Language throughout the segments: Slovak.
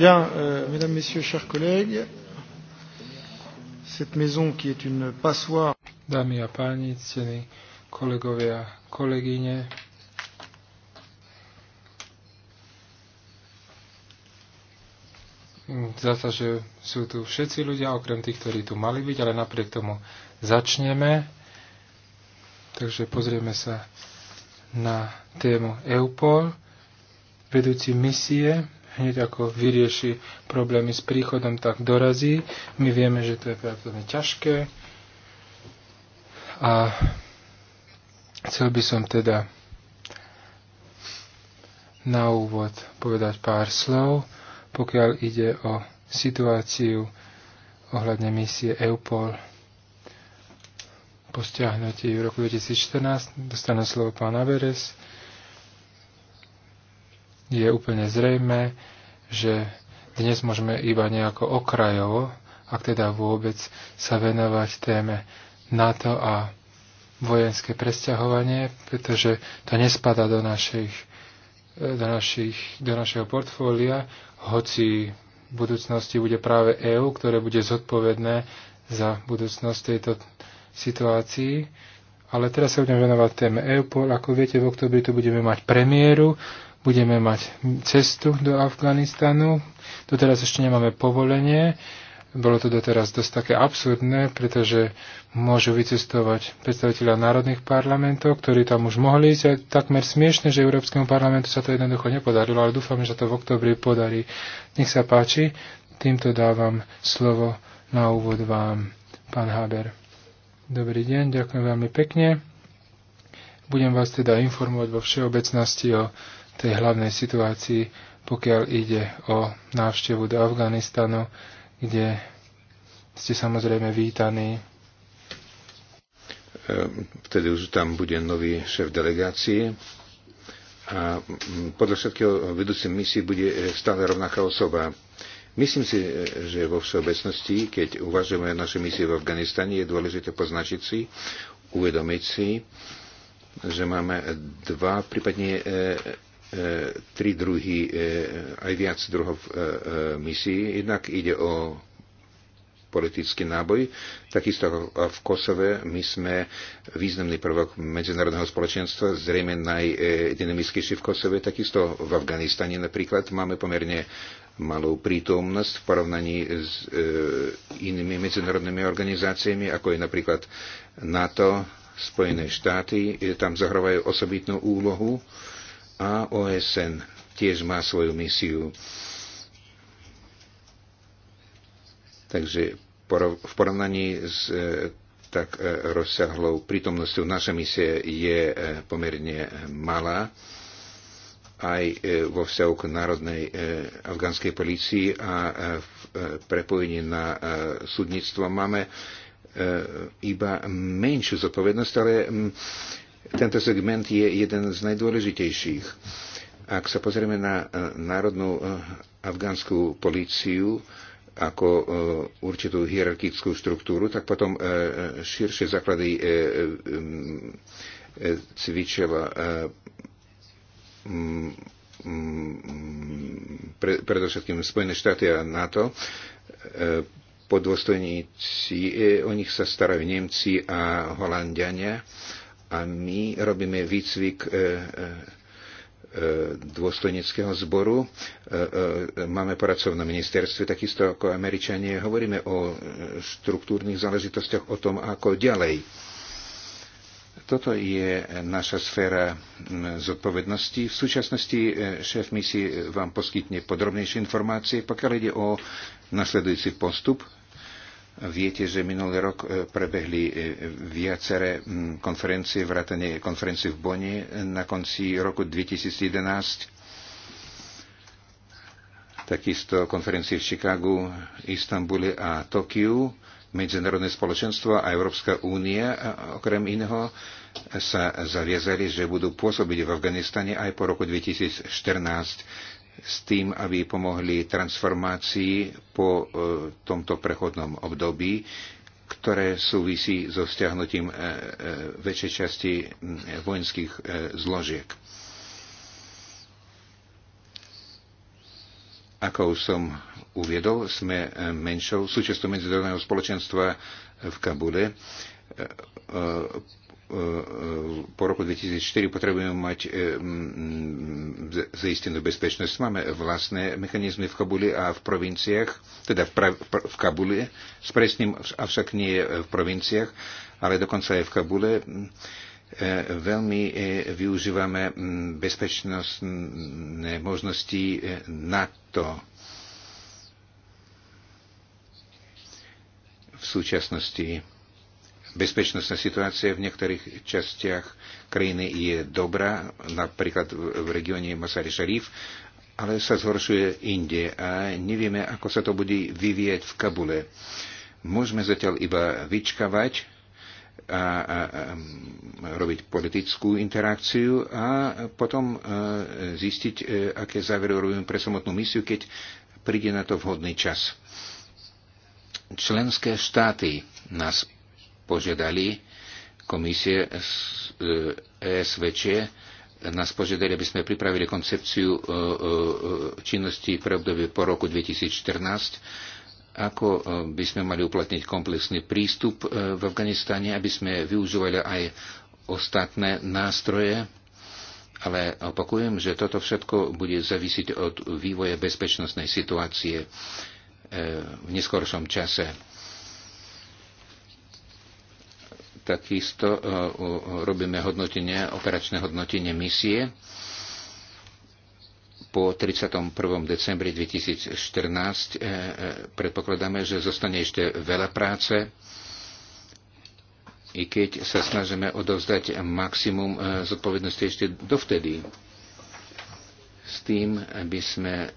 Bien, euh, mesdames, messieurs, chers collègues, cette maison qui est une passoire. Dámy a páni, cení kolegovia, kolegyne, Zasa, že sú tu všetci ľudia, okrem tých, ktorí tu mali byť, ale napriek tomu začneme. Takže pozrieme sa na tému EUPOL, vedúci misie hneď ako vyrieši problémy s príchodom, tak dorazí. My vieme, že to je pravdepodobne ťažké. A chcel by som teda na úvod povedať pár slov, pokiaľ ide o situáciu ohľadne misie EUPOL po stiahnutí v roku 2014. Dostane slovo pán Averes je úplne zrejme, že dnes môžeme iba nejako okrajovo, ak teda vôbec, sa venovať téme NATO a vojenské presťahovanie, pretože to nespada do, našich, do, našich, do našeho portfólia, hoci v budúcnosti bude práve EÚ, ktoré bude zodpovedné za budúcnosť tejto situácii. Ale teraz sa budem venovať téme EUPOL. Ako viete, v oktobri tu budeme mať premiéru budeme mať cestu do Afganistanu. Doteraz ešte nemáme povolenie. Bolo to doteraz dosť také absurdné, pretože môžu vycestovať predstaviteľa národných parlamentov, ktorí tam už mohli ísť. A takmer smiešne, že Európskemu parlamentu sa to jednoducho nepodarilo, ale dúfam, že to v oktobri podarí. Nech sa páči, týmto dávam slovo na úvod vám, pán Haber. Dobrý deň, ďakujem veľmi pekne. Budem vás teda informovať vo všeobecnosti o tej hlavnej situácii, pokiaľ ide o návštevu do Afganistanu, kde ste samozrejme vítaní. Ehm, vtedy už tam bude nový šéf delegácie a podľa všetkého vedúcim misie bude e, stále rovnaká osoba. Myslím si, e, že vo všeobecnosti, keď uvažujeme o našej misie v Afganistane, je dôležité poznačiť si, uvedomiť si, že máme dva, prípadne e, E, tri druhy, e, aj viac druhov e, misií. Jednak ide o politický náboj. Takisto v Kosove my sme významný prvok medzinárodného spoločenstva, zrejme najdynamickejší v Kosove. Takisto v Afganistane napríklad máme pomerne malú prítomnosť v porovnaní s inými medzinárodnými organizáciami, ako je napríklad NATO, Spojené štáty. Tam zahrávajú osobitnú úlohu. E, a OSN tiež má svoju misiu. Takže v porovnaní s e, tak e, rozsiahlou prítomnosťou naša misie je e, pomerne malá aj vo vzťahu k národnej afgánskej polícii a v prepojení na súdnictvo máme iba menšiu zodpovednosť, ale mm, tento segment je jeden z najdôležitejších. Ak sa pozrieme na e, národnú e, afgánsku políciu ako e, určitú hierarchickú štruktúru, tak potom širšie základy cvičila predovšetkým Spojené štáty a NATO Podvostojníci, o nich sa starajú Nemci a Holandiania a my robíme výcvik e, e, e, dôstojnického zboru. Máme poradcov na ministerstve, takisto ako Američanie. Hovoríme o štruktúrnych záležitostiach, o tom, ako ďalej. Toto je naša sféra zodpovednosti. V súčasnosti šéf misie vám poskytne podrobnejšie informácie, pokiaľ ide o nasledujúci postup. Viete, že minulý rok e, prebehli e, viaceré konferencie, vrátane konferencie v Boni e, na konci roku 2011, takisto konferencie v Chicagu, Istambule a Tokiu. Medzinárodné spoločenstvo a Európska únia, okrem iného, sa zaviazali, že budú pôsobiť v Afganistane aj po roku 2014 s tým, aby pomohli transformácii po e, tomto prechodnom období, ktoré súvisí so stiahnutím e, e, väčšej časti vojenských zložiek. Ako som uviedol, sme menšou súčasťou medzinárodného spoločenstva v Kabule po roku 2004 potrebujeme mať e, zaistenú bezpečnosť. Máme vlastné mechanizmy v Kabuli a v provinciách, teda v, pra, v Kabuli, s presným, avšak nie v provinciách, ale dokonca aj v Kabule. E, veľmi e, využívame bezpečnostné možnosti NATO. V súčasnosti Bezpečnostná situácia v niektorých častiach krajiny je dobrá, napríklad v regióne Masary Šarif, ale sa zhoršuje inde a nevieme, ako sa to bude vyvieť v Kabule. Môžeme zatiaľ iba vyčkavať a, a, a robiť politickú interakciu a potom a, e, zistiť, a, e, aké závery robíme pre samotnú misiu, keď príde na to vhodný čas. Členské štáty nás požiadali komisie ESVČ, e nás požiadali, aby sme pripravili koncepciu e, e, činnosti pre obdobie po roku 2014, ako by sme mali uplatniť komplexný prístup v Afganistane, aby sme využívali aj ostatné nástroje, ale opakujem, že toto všetko bude zavisiť od vývoja bezpečnostnej situácie v neskoršom čase Takisto e, robíme hodnotenie, operačné hodnotenie misie po 31. decembri 2014. E, e, predpokladáme, že zostane ešte veľa práce i keď sa snažíme odovzdať maximum zodpovednosti ešte dovtedy. S tým, aby sme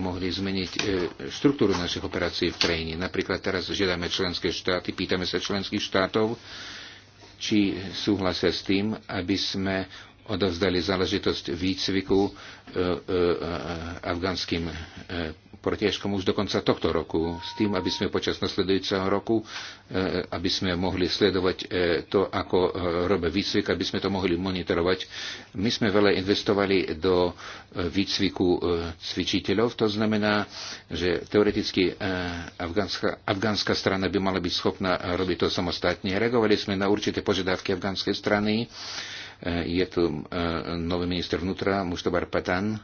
mohli zmeniť štruktúru našich operácií v krajine. Napríklad teraz žiadame členské štáty, pýtame sa členských štátov, či súhlasia s tým, aby sme odovzdali záležitosť výcviku e, e, e, afgánskym protiažkom už do konca tohto roku, s tým, aby sme počas nasledujúceho roku, e, aby sme mohli sledovať e, to, ako e, robia výcvik, aby sme to mohli monitorovať. My sme veľa investovali do výcviku cvičiteľov, to znamená, že teoreticky afgánska, afgánska strana by mala byť schopná robiť to samostatne. Reagovali sme na určité požiadavky afgánskej strany. Je tu nový minister vnútra, Muštobar Patan,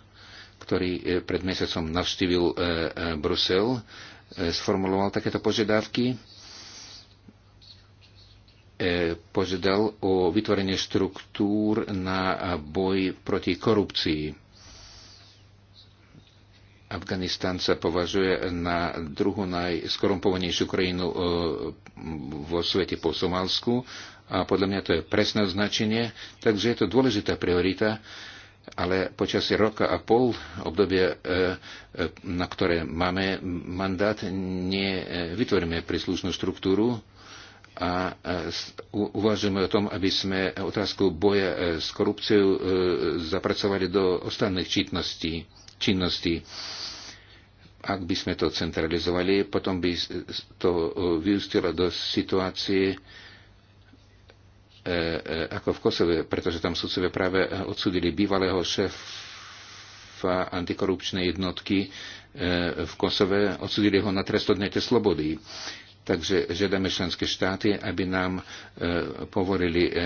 ktorý e, pred mesiacom navštívil e, e, Brusel, sformuloval takéto požiadavky. Požiadal o vytvorenie štruktúr na boj proti korupcii. Afganistan sa považuje na druhú najskorumpovanejšiu krajinu vo svete po Somálsku a podľa mňa to je presné označenie, takže je to dôležitá priorita ale počas roka a pol obdobia, e, e, na ktoré máme mandát, nevytvoríme e, príslušnú štruktúru a uvažujeme o tom, aby sme otázku boja s korupciou zapracovali do ostatných činností. činností. Ak by sme to centralizovali, potom by to vyústilo do situácie, E, e, ako v Kosove, pretože tam sudcovia práve odsudili bývalého šéfa antikorupčnej jednotky e, v Kosove, odsudili ho na trest odnete slobody. Takže žiadame členské štáty, aby nám e, povolili e, e,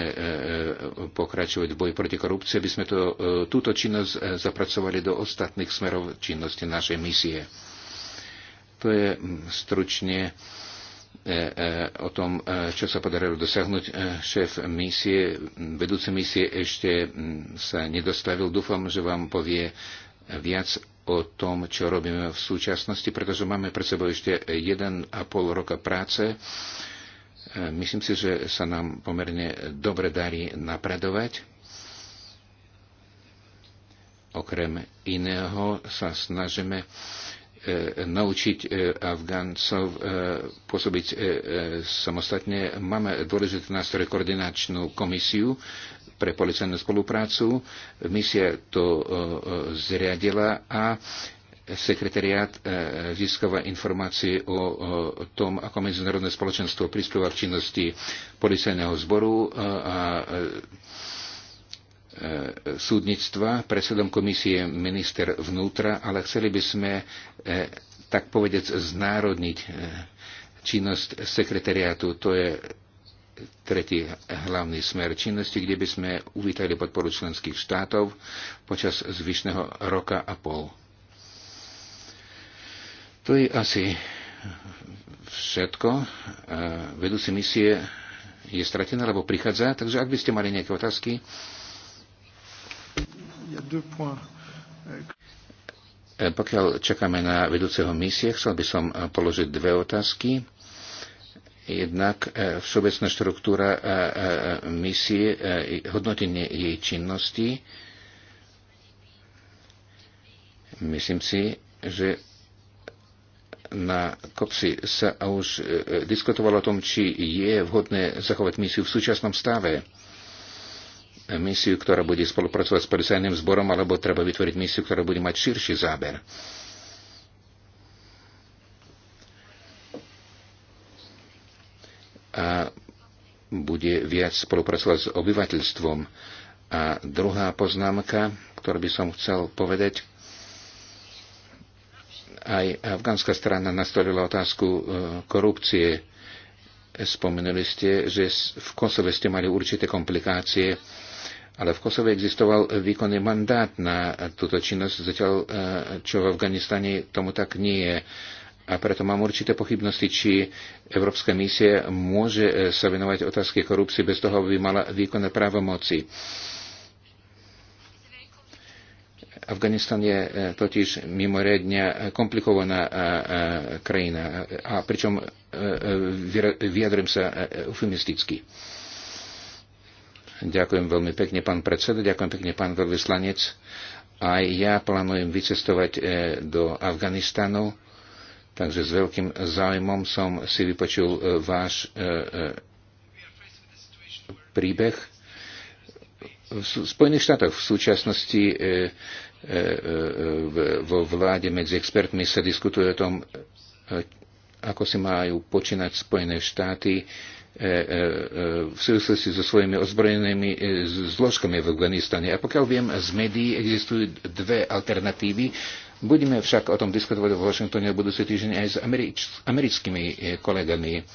pokračovať v boji proti korupcii, aby sme to, e, túto činnosť zapracovali do ostatných smerov činnosti našej misie. To je mm, stručne e, E, e, o tom, e, čo sa podarilo dosiahnuť. Šéf misie, vedúci misie ešte sa nedostavil. Dúfam, že vám povie viac o tom, čo robíme v súčasnosti, pretože máme pred sebou ešte 1,5 roka práce. Myslím si, že sa nám pomerne dobre darí napredovať. Okrem iného sa snažíme E, naučiť e, Afgáncov e, pôsobiť samostatne. Máme dôležitý nástroj koordinačnú komisiu pre policajnú spoluprácu. Misia to zriadila a e, získava informácie o tom, ako medzinárodné spoločenstvo prispieva k činnosti policajného zboru a E, súdnictva, predsedom komisie minister vnútra, ale chceli by sme, e, tak povedec, znárodniť e, činnosť sekretariátu. To je tretí hlavný smer činnosti, kde by sme uvítali podporu členských štátov počas zvyšného roka a pol. To je asi všetko. Vedúci misie je stratená, lebo prichádza, takže ak by ste mali nejaké otázky, Eh, pokiaľ čakáme na vedúceho misie, chcel by som eh, položiť dve otázky. Jednak eh, všeobecná štruktúra misie, hodnotenie jej činnosti. Myslím si, že na kopci sa už diskutovalo o tom, či je vhodné zachovať misiu v súčasnom stave misiu, ktorá bude spolupracovať s policajným zborom, alebo treba vytvoriť misiu, ktorá bude mať širší záber. A bude viac spolupracovať s obyvateľstvom. A druhá poznámka, ktorú by som chcel povedať, aj afgánska strana nastolila otázku e, korupcie. Spomenuli ste, že v Kosove ste mali určité komplikácie ale v Kosove existoval výkonný mandát na túto činnosť, zatiaľ eh, čo v Afganistane tomu tak nie je. A preto mám určité pochybnosti, či Európska misia môže eh, sa venovať otázke korupcie bez toho, aby mala výkonné právomoci. Afganistan je eh, totiž mimoriadne komplikovaná krajina, a pričom vyjadrujem sa eufemisticky. Ďakujem veľmi pekne, pán predseda, ďakujem pekne, pán veľvyslanec. Aj ja plánujem vycestovať e, do Afganistanu, takže s veľkým záujmom som si vypočul e, váš e, príbeh. V Spojených štátoch v súčasnosti vo vláde medzi expertmi sa diskutuje o tom, ako si majú počínať Spojené štáty E, e, v súvislosti so svojimi ozbrojenými e, zložkami v Afganistane. A pokiaľ viem, z médií existujú dve alternatívy. Budeme však o tom diskutovať v Washingtone budúci týždeň aj s americkými kolegami.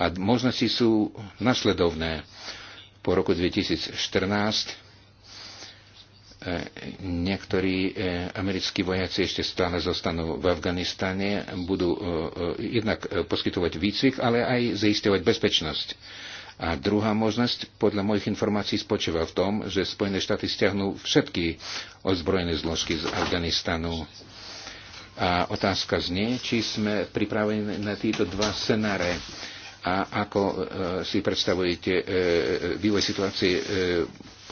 A možnosti sú nasledovné. Po roku 2014 E, niektorí e, americkí vojaci ešte stále zostanú v Afganistane, budú e, jednak poskytovať výcvik, ale aj zaistovať bezpečnosť. A druhá možnosť, podľa mojich informácií, spočíva v tom, že Spojené štáty stiahnu všetky ozbrojené zložky z Afganistanu. A otázka znie, či sme pripravení na títo dva scenáre a ako si predstavujete vývoj situácie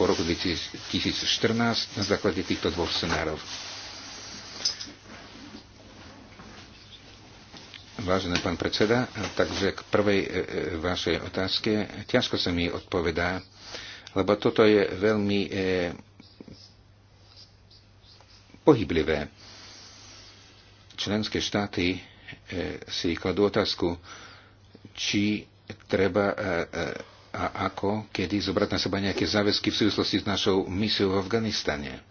po roku 2014 na základe týchto dvoch scenárov. Vážený pán predseda, takže k prvej e, e, vašej otázke. Ťažko sa mi odpovedá, lebo toto je veľmi e, pohyblivé. Členské štáty si kladú otázku, či treba eh, a ako, kedy zobrať na seba nejaké záväzky v súvislosti s našou misiou v Afganistane.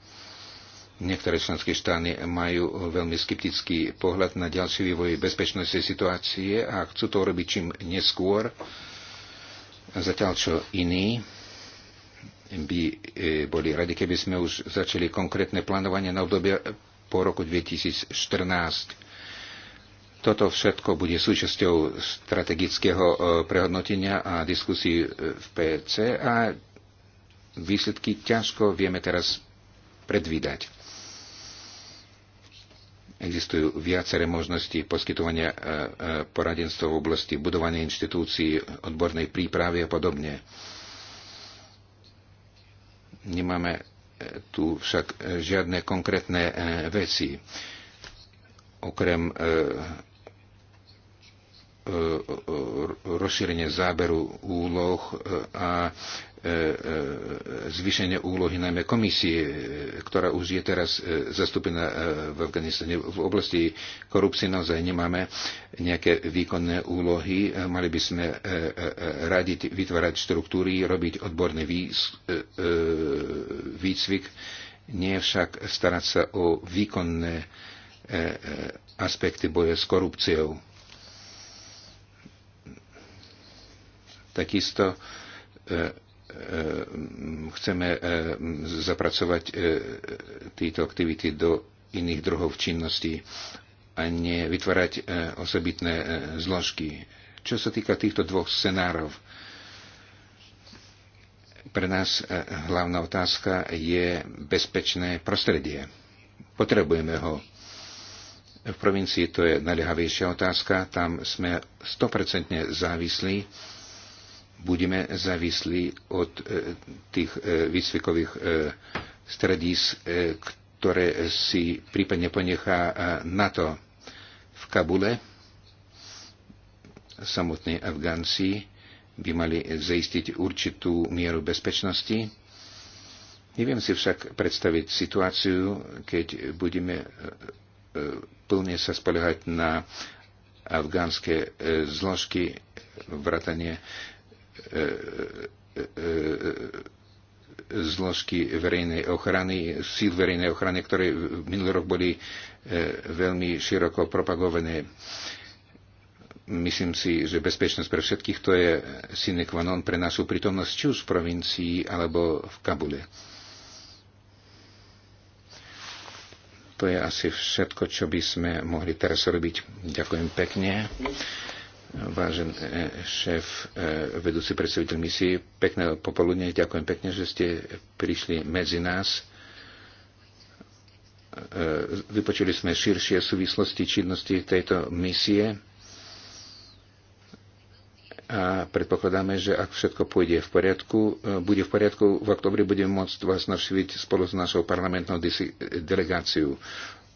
Niektoré členské štáty majú veľmi skeptický pohľad na ďalší vývoj bezpečnostnej situácie a chcú to robiť čím neskôr, zatiaľ čo iní by e, boli radi, keby sme už začali konkrétne plánovanie na obdobie po roku 2014 toto všetko bude súčasťou strategického e, prehodnotenia a diskusí e, v PC a výsledky ťažko vieme teraz predvídať. Existujú viaceré možnosti poskytovania e, poradenstva v oblasti budovania inštitúcií, odbornej prípravy a podobne. Nemáme tu však žiadne konkrétne veci. Okrem E, e, rozšírenie záberu úloh e, a zvýšenie úlohy najmä komisie, ktorá už je teraz zastúpená v Afganistane. V oblasti korupcie naozaj nemáme nejaké výkonné úlohy. Mali by sme radiť, vytvárať štruktúry, robiť odborný výcvik, nie však starať sa o výkonné aspekty boja s korupciou Takisto e, e, chceme e, zapracovať tieto aktivity do iných druhov činností a nevytvárať osobitné zložky. Čo sa týka týchto dvoch scenárov, pre nás hlavná otázka je bezpečné prostredie. Potrebujeme ho. V provincii to je najľahavejšia otázka, tam sme 100% závislí budeme závislí od e, tých e, výcvikových e, stredísk, ktoré si prípadne ponechá NATO v Kabule. Samotní Afgánci by mali zaistiť určitú mieru bezpečnosti. Neviem si však predstaviť situáciu, keď budeme plne sa spoliehať na afgánske zložky vrátanie E, e, e, zložky verejnej ochrany, síl verejnej ochrany, ktoré minulý rok boli veľmi široko propagované. Myslím si, že bezpečnosť pre všetkých to je sine qua non pre našu prítomnosť či už v provincii alebo v Kabule. To je asi všetko, čo by sme mohli teraz robiť. Ďakujem pekne vážen eh, šéf, eh, vedúci predstaviteľ misie. Pekné popoludne, ďakujem pekne, že ste prišli medzi nás. Eh, vypočuli sme širšie súvislosti činnosti tejto misie a predpokladáme, že ak všetko pôjde v poriadku, bude v poriadku, v oktobri budeme môcť vás navštíviť spolu s našou parlamentnou delegáciou.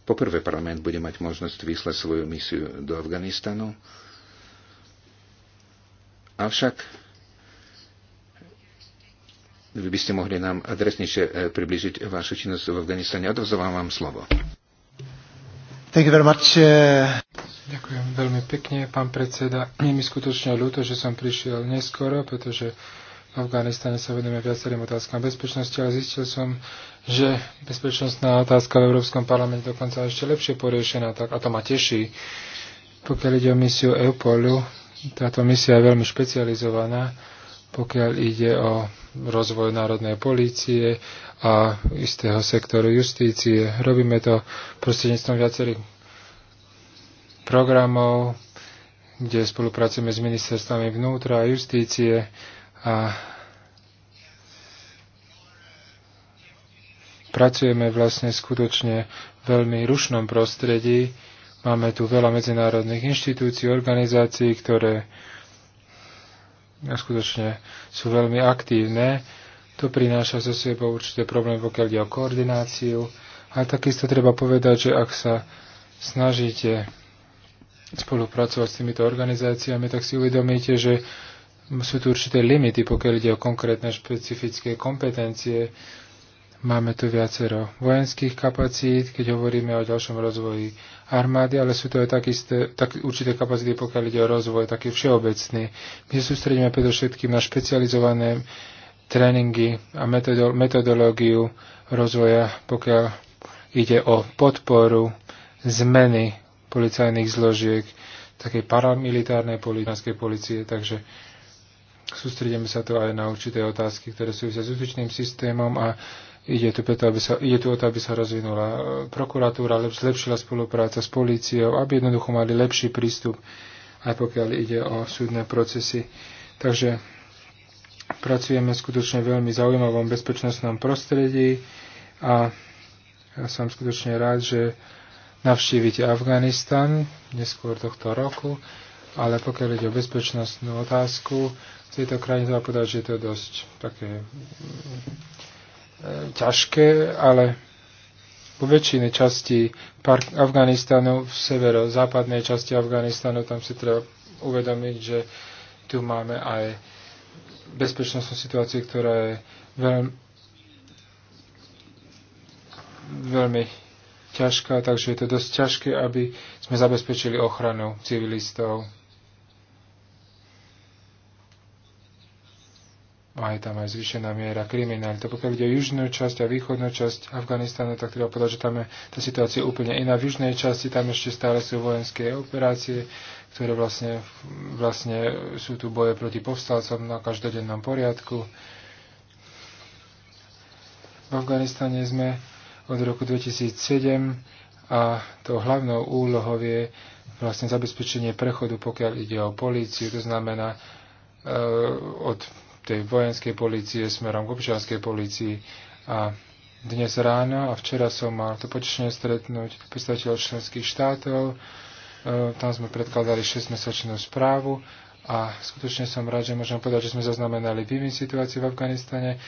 Poprvé parlament bude mať možnosť vyslať svoju misiu do Afganistanu Avšak vy by ste mohli nám adresnejšie e, približiť vašu činnosť v Afganistane. Odovzdávam vám slovo. Thank you very much. E. Ďakujem veľmi pekne, pán predseda. Je mi skutočne ľúto, že som prišiel neskoro, pretože v Afganistane sa vedeme viacerým otázkam bezpečnosti, ale zistil som, že bezpečnostná otázka v Európskom parlamente dokonca ešte lepšie poriešená, tak a to ma teší. Pokiaľ ide o misiu EUPOLu, táto misia je veľmi špecializovaná, pokiaľ ide o rozvoj národnej polície a istého sektoru justície. Robíme to prostredníctvom viacerých programov, kde spolupracujeme s ministerstvami vnútra a justície a pracujeme vlastne skutočne v veľmi rušnom prostredí, Máme tu veľa medzinárodných inštitúcií, organizácií, ktoré skutočne sú veľmi aktívne. To prináša so sebou určité problémy, pokiaľ ide o koordináciu. A takisto treba povedať, že ak sa snažíte spolupracovať s týmito organizáciami, tak si uvedomíte, že sú tu určité limity, pokiaľ ide o konkrétne špecifické kompetencie Máme tu viacero vojenských kapacít, keď hovoríme o ďalšom rozvoji armády, ale sú to aj isté, tak, určité kapacity, pokiaľ ide o rozvoj, taký všeobecný. My sa sústredíme predovšetkým na špecializované tréningy a metodológiu rozvoja, pokiaľ ide o podporu zmeny policajných zložiek, takej paramilitárnej policajnej policie, takže sústredíme sa tu aj na určité otázky, ktoré súvisia s útočným systémom a Ide tu, preto, aby sa, ide tu o to, aby sa rozvinula e, prokuratúra, lep, zlepšila spolupráca s políciou, aby jednoducho mali lepší prístup, aj pokiaľ ide o súdne procesy. Takže pracujeme skutočne veľmi zaujímavom bezpečnostnom prostredí a ja som skutočne rád, že navštívite Afganistan neskôr tohto roku, ale pokiaľ ide o bezpečnostnú otázku, v tejto krajine treba povedať, že je to dosť také E, ťažké, ale vo väčšine časti Afganistanu, v severozápadnej časti Afganistanu, tam si treba uvedomiť, že tu máme aj bezpečnostnú situáciu, ktorá je veľmi, veľmi ťažká, takže je to dosť ťažké, aby sme zabezpečili ochranu civilistov. a je tam aj zvýšená miera kriminality. Pokiaľ ide o južnú časť a východnú časť Afganistanu, tak treba povedať, že tam je tá situácia úplne iná. V južnej časti tam ešte stále sú vojenské operácie, ktoré vlastne, vlastne sú tu boje proti povstalcom na každodennom poriadku. V Afganistane sme od roku 2007 a to hlavnou úlohou je vlastne zabezpečenie prechodu, pokiaľ ide o políciu, to znamená e, od tej vojenskej policie smerom k občianskej policii. A dnes ráno a včera som mal to počne stretnúť predstaviteľov členských štátov. E, tam sme predkladali 6-mesačnú správu a skutočne som rád, že môžem povedať, že sme zaznamenali vývin situácie v Afganistane.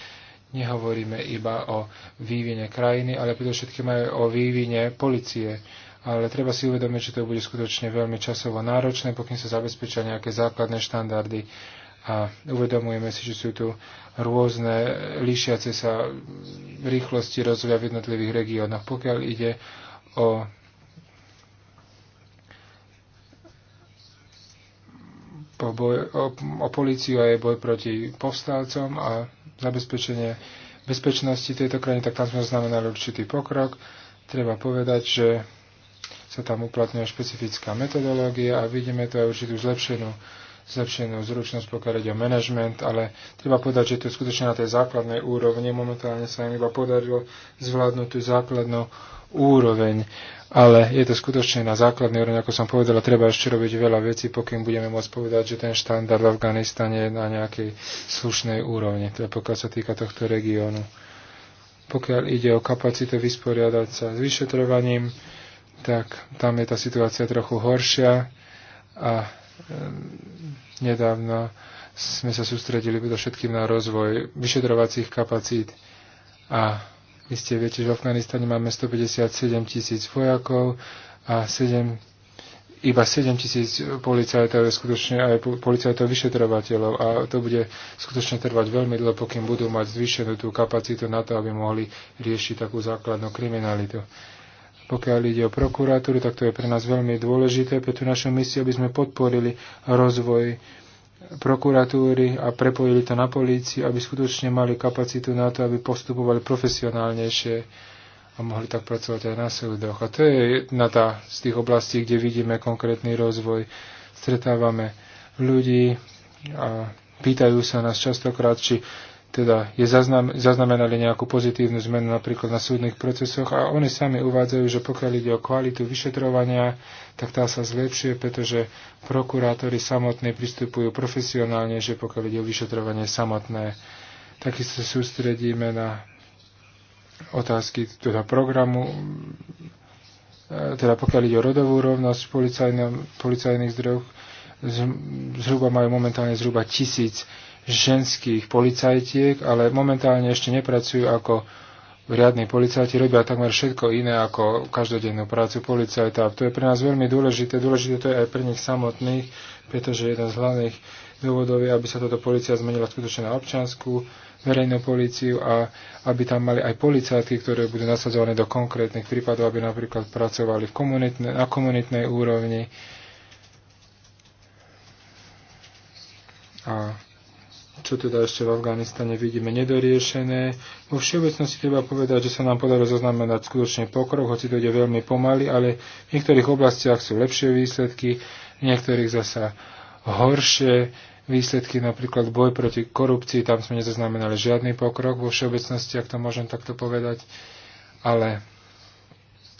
Nehovoríme iba o vývine krajiny, ale predovšetkým aj o vývine policie. Ale treba si uvedomiť, že to bude skutočne veľmi časovo náročné, pokým sa zabezpečia nejaké základné štandardy a uvedomujeme si, že sú tu rôzne líšiace sa rýchlosti rozvoja v jednotlivých regiónoch. Pokiaľ ide o O, boj, o, o policiu a jej boj proti povstalcom a zabezpečenie bezpečnosti tejto krajiny, tak tam sme znamenali určitý pokrok. Treba povedať, že sa tam uplatňuje špecifická metodológia a vidíme tu aj určitú zlepšenú zlepšenú zručnosť, pokiaľ ide o manažment, ale treba povedať, že to je skutočne na tej základnej úrovni. Momentálne sa im iba podarilo zvládnuť tú základnú úroveň, ale je to skutočne na základnej úrovni, ako som povedala, treba ešte robiť veľa vecí, pokým budeme môcť povedať, že ten štandard v Afganistane je na nejakej slušnej úrovni, teda pokiaľ sa týka tohto regiónu. Pokiaľ ide o kapacitu vysporiadať sa s vyšetrovaním, tak tam je tá situácia trochu horšia a nedávno sme sa sústredili predovšetkým na rozvoj vyšetrovacích kapacít a vy ste viete, že v Afganistane máme 157 tisíc vojakov a 7, iba 7 tisíc policajtov je skutočne aj policajtov vyšetrovateľov a to bude skutočne trvať veľmi dlho, pokým budú mať zvýšenú tú kapacitu na to, aby mohli riešiť takú základnú kriminalitu. Pokiaľ ide o prokuratúru, tak to je pre nás veľmi dôležité, pre tú našu misiu, aby sme podporili rozvoj prokuratúry a prepojili to na políciu, aby skutočne mali kapacitu na to, aby postupovali profesionálnejšie a mohli tak pracovať aj na súdoch. A to je jedna tá z tých oblastí, kde vidíme konkrétny rozvoj. Stretávame ľudí a pýtajú sa nás častokrát, či teda je zaznam, zaznamenali nejakú pozitívnu zmenu napríklad na súdnych procesoch a oni sami uvádzajú, že pokiaľ ide o kvalitu vyšetrovania, tak tá sa zlepšuje, pretože prokurátori samotní pristupujú profesionálne, že pokiaľ ide o vyšetrovanie samotné, takisto sa sústredíme na otázky teda programu, e, teda pokiaľ ide o rodovú rovnosť v policajných zdrojoch, zhruba majú momentálne zhruba tisíc ženských policajtiek, ale momentálne ešte nepracujú ako riadni policajti, robia takmer všetko iné ako každodennú prácu policajta. To je pre nás veľmi dôležité, dôležité to je aj pre nich samotných, pretože jeden z hlavných dôvodov je, aby sa toto policia zmenila skutočne na občanskú verejnú políciu a aby tam mali aj policajtky, ktoré budú nasadzované do konkrétnych prípadov, aby napríklad pracovali v komunitne, na komunitnej úrovni. A čo teda ešte v Afganistane vidíme nedoriešené. Vo všeobecnosti treba povedať, že sa nám podarilo zaznamenať skutočne pokrok, hoci to ide veľmi pomaly, ale v niektorých oblastiach sú lepšie výsledky, v niektorých zasa horšie výsledky, napríklad boj proti korupcii, tam sme nezaznamenali žiadny pokrok vo všeobecnosti, ak to môžem takto povedať, ale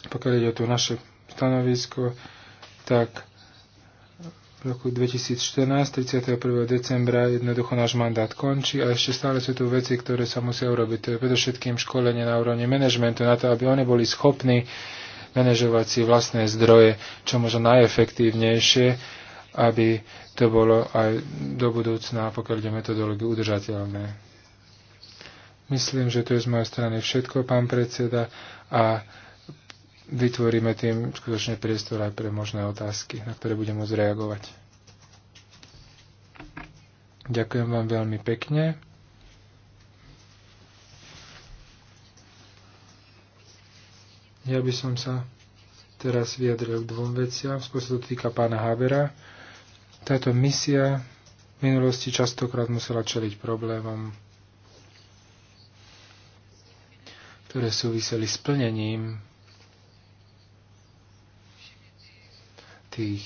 pokiaľ ide o to naše stanovisko, tak roku 2014, 31. decembra, jednoducho náš mandát končí a ešte stále sú tu veci, ktoré sa musia urobiť. To je predovšetkým školenie na úrovni manažmentu, na to, aby oni boli schopní manažovať si vlastné zdroje, čo možno najefektívnejšie, aby to bolo aj do budúcna, pokiaľ ide metodológiu, udržateľné. Myslím, že to je z mojej strany všetko, pán predseda, a vytvoríme tým skutočne priestor aj pre možné otázky, na ktoré budem môcť reagovať. Ďakujem vám veľmi pekne. Ja by som sa teraz vyjadril k dvom veciam. Skôr sa to týka pána Habera, Táto misia v minulosti častokrát musela čeliť problémom, ktoré súviseli s plnením tých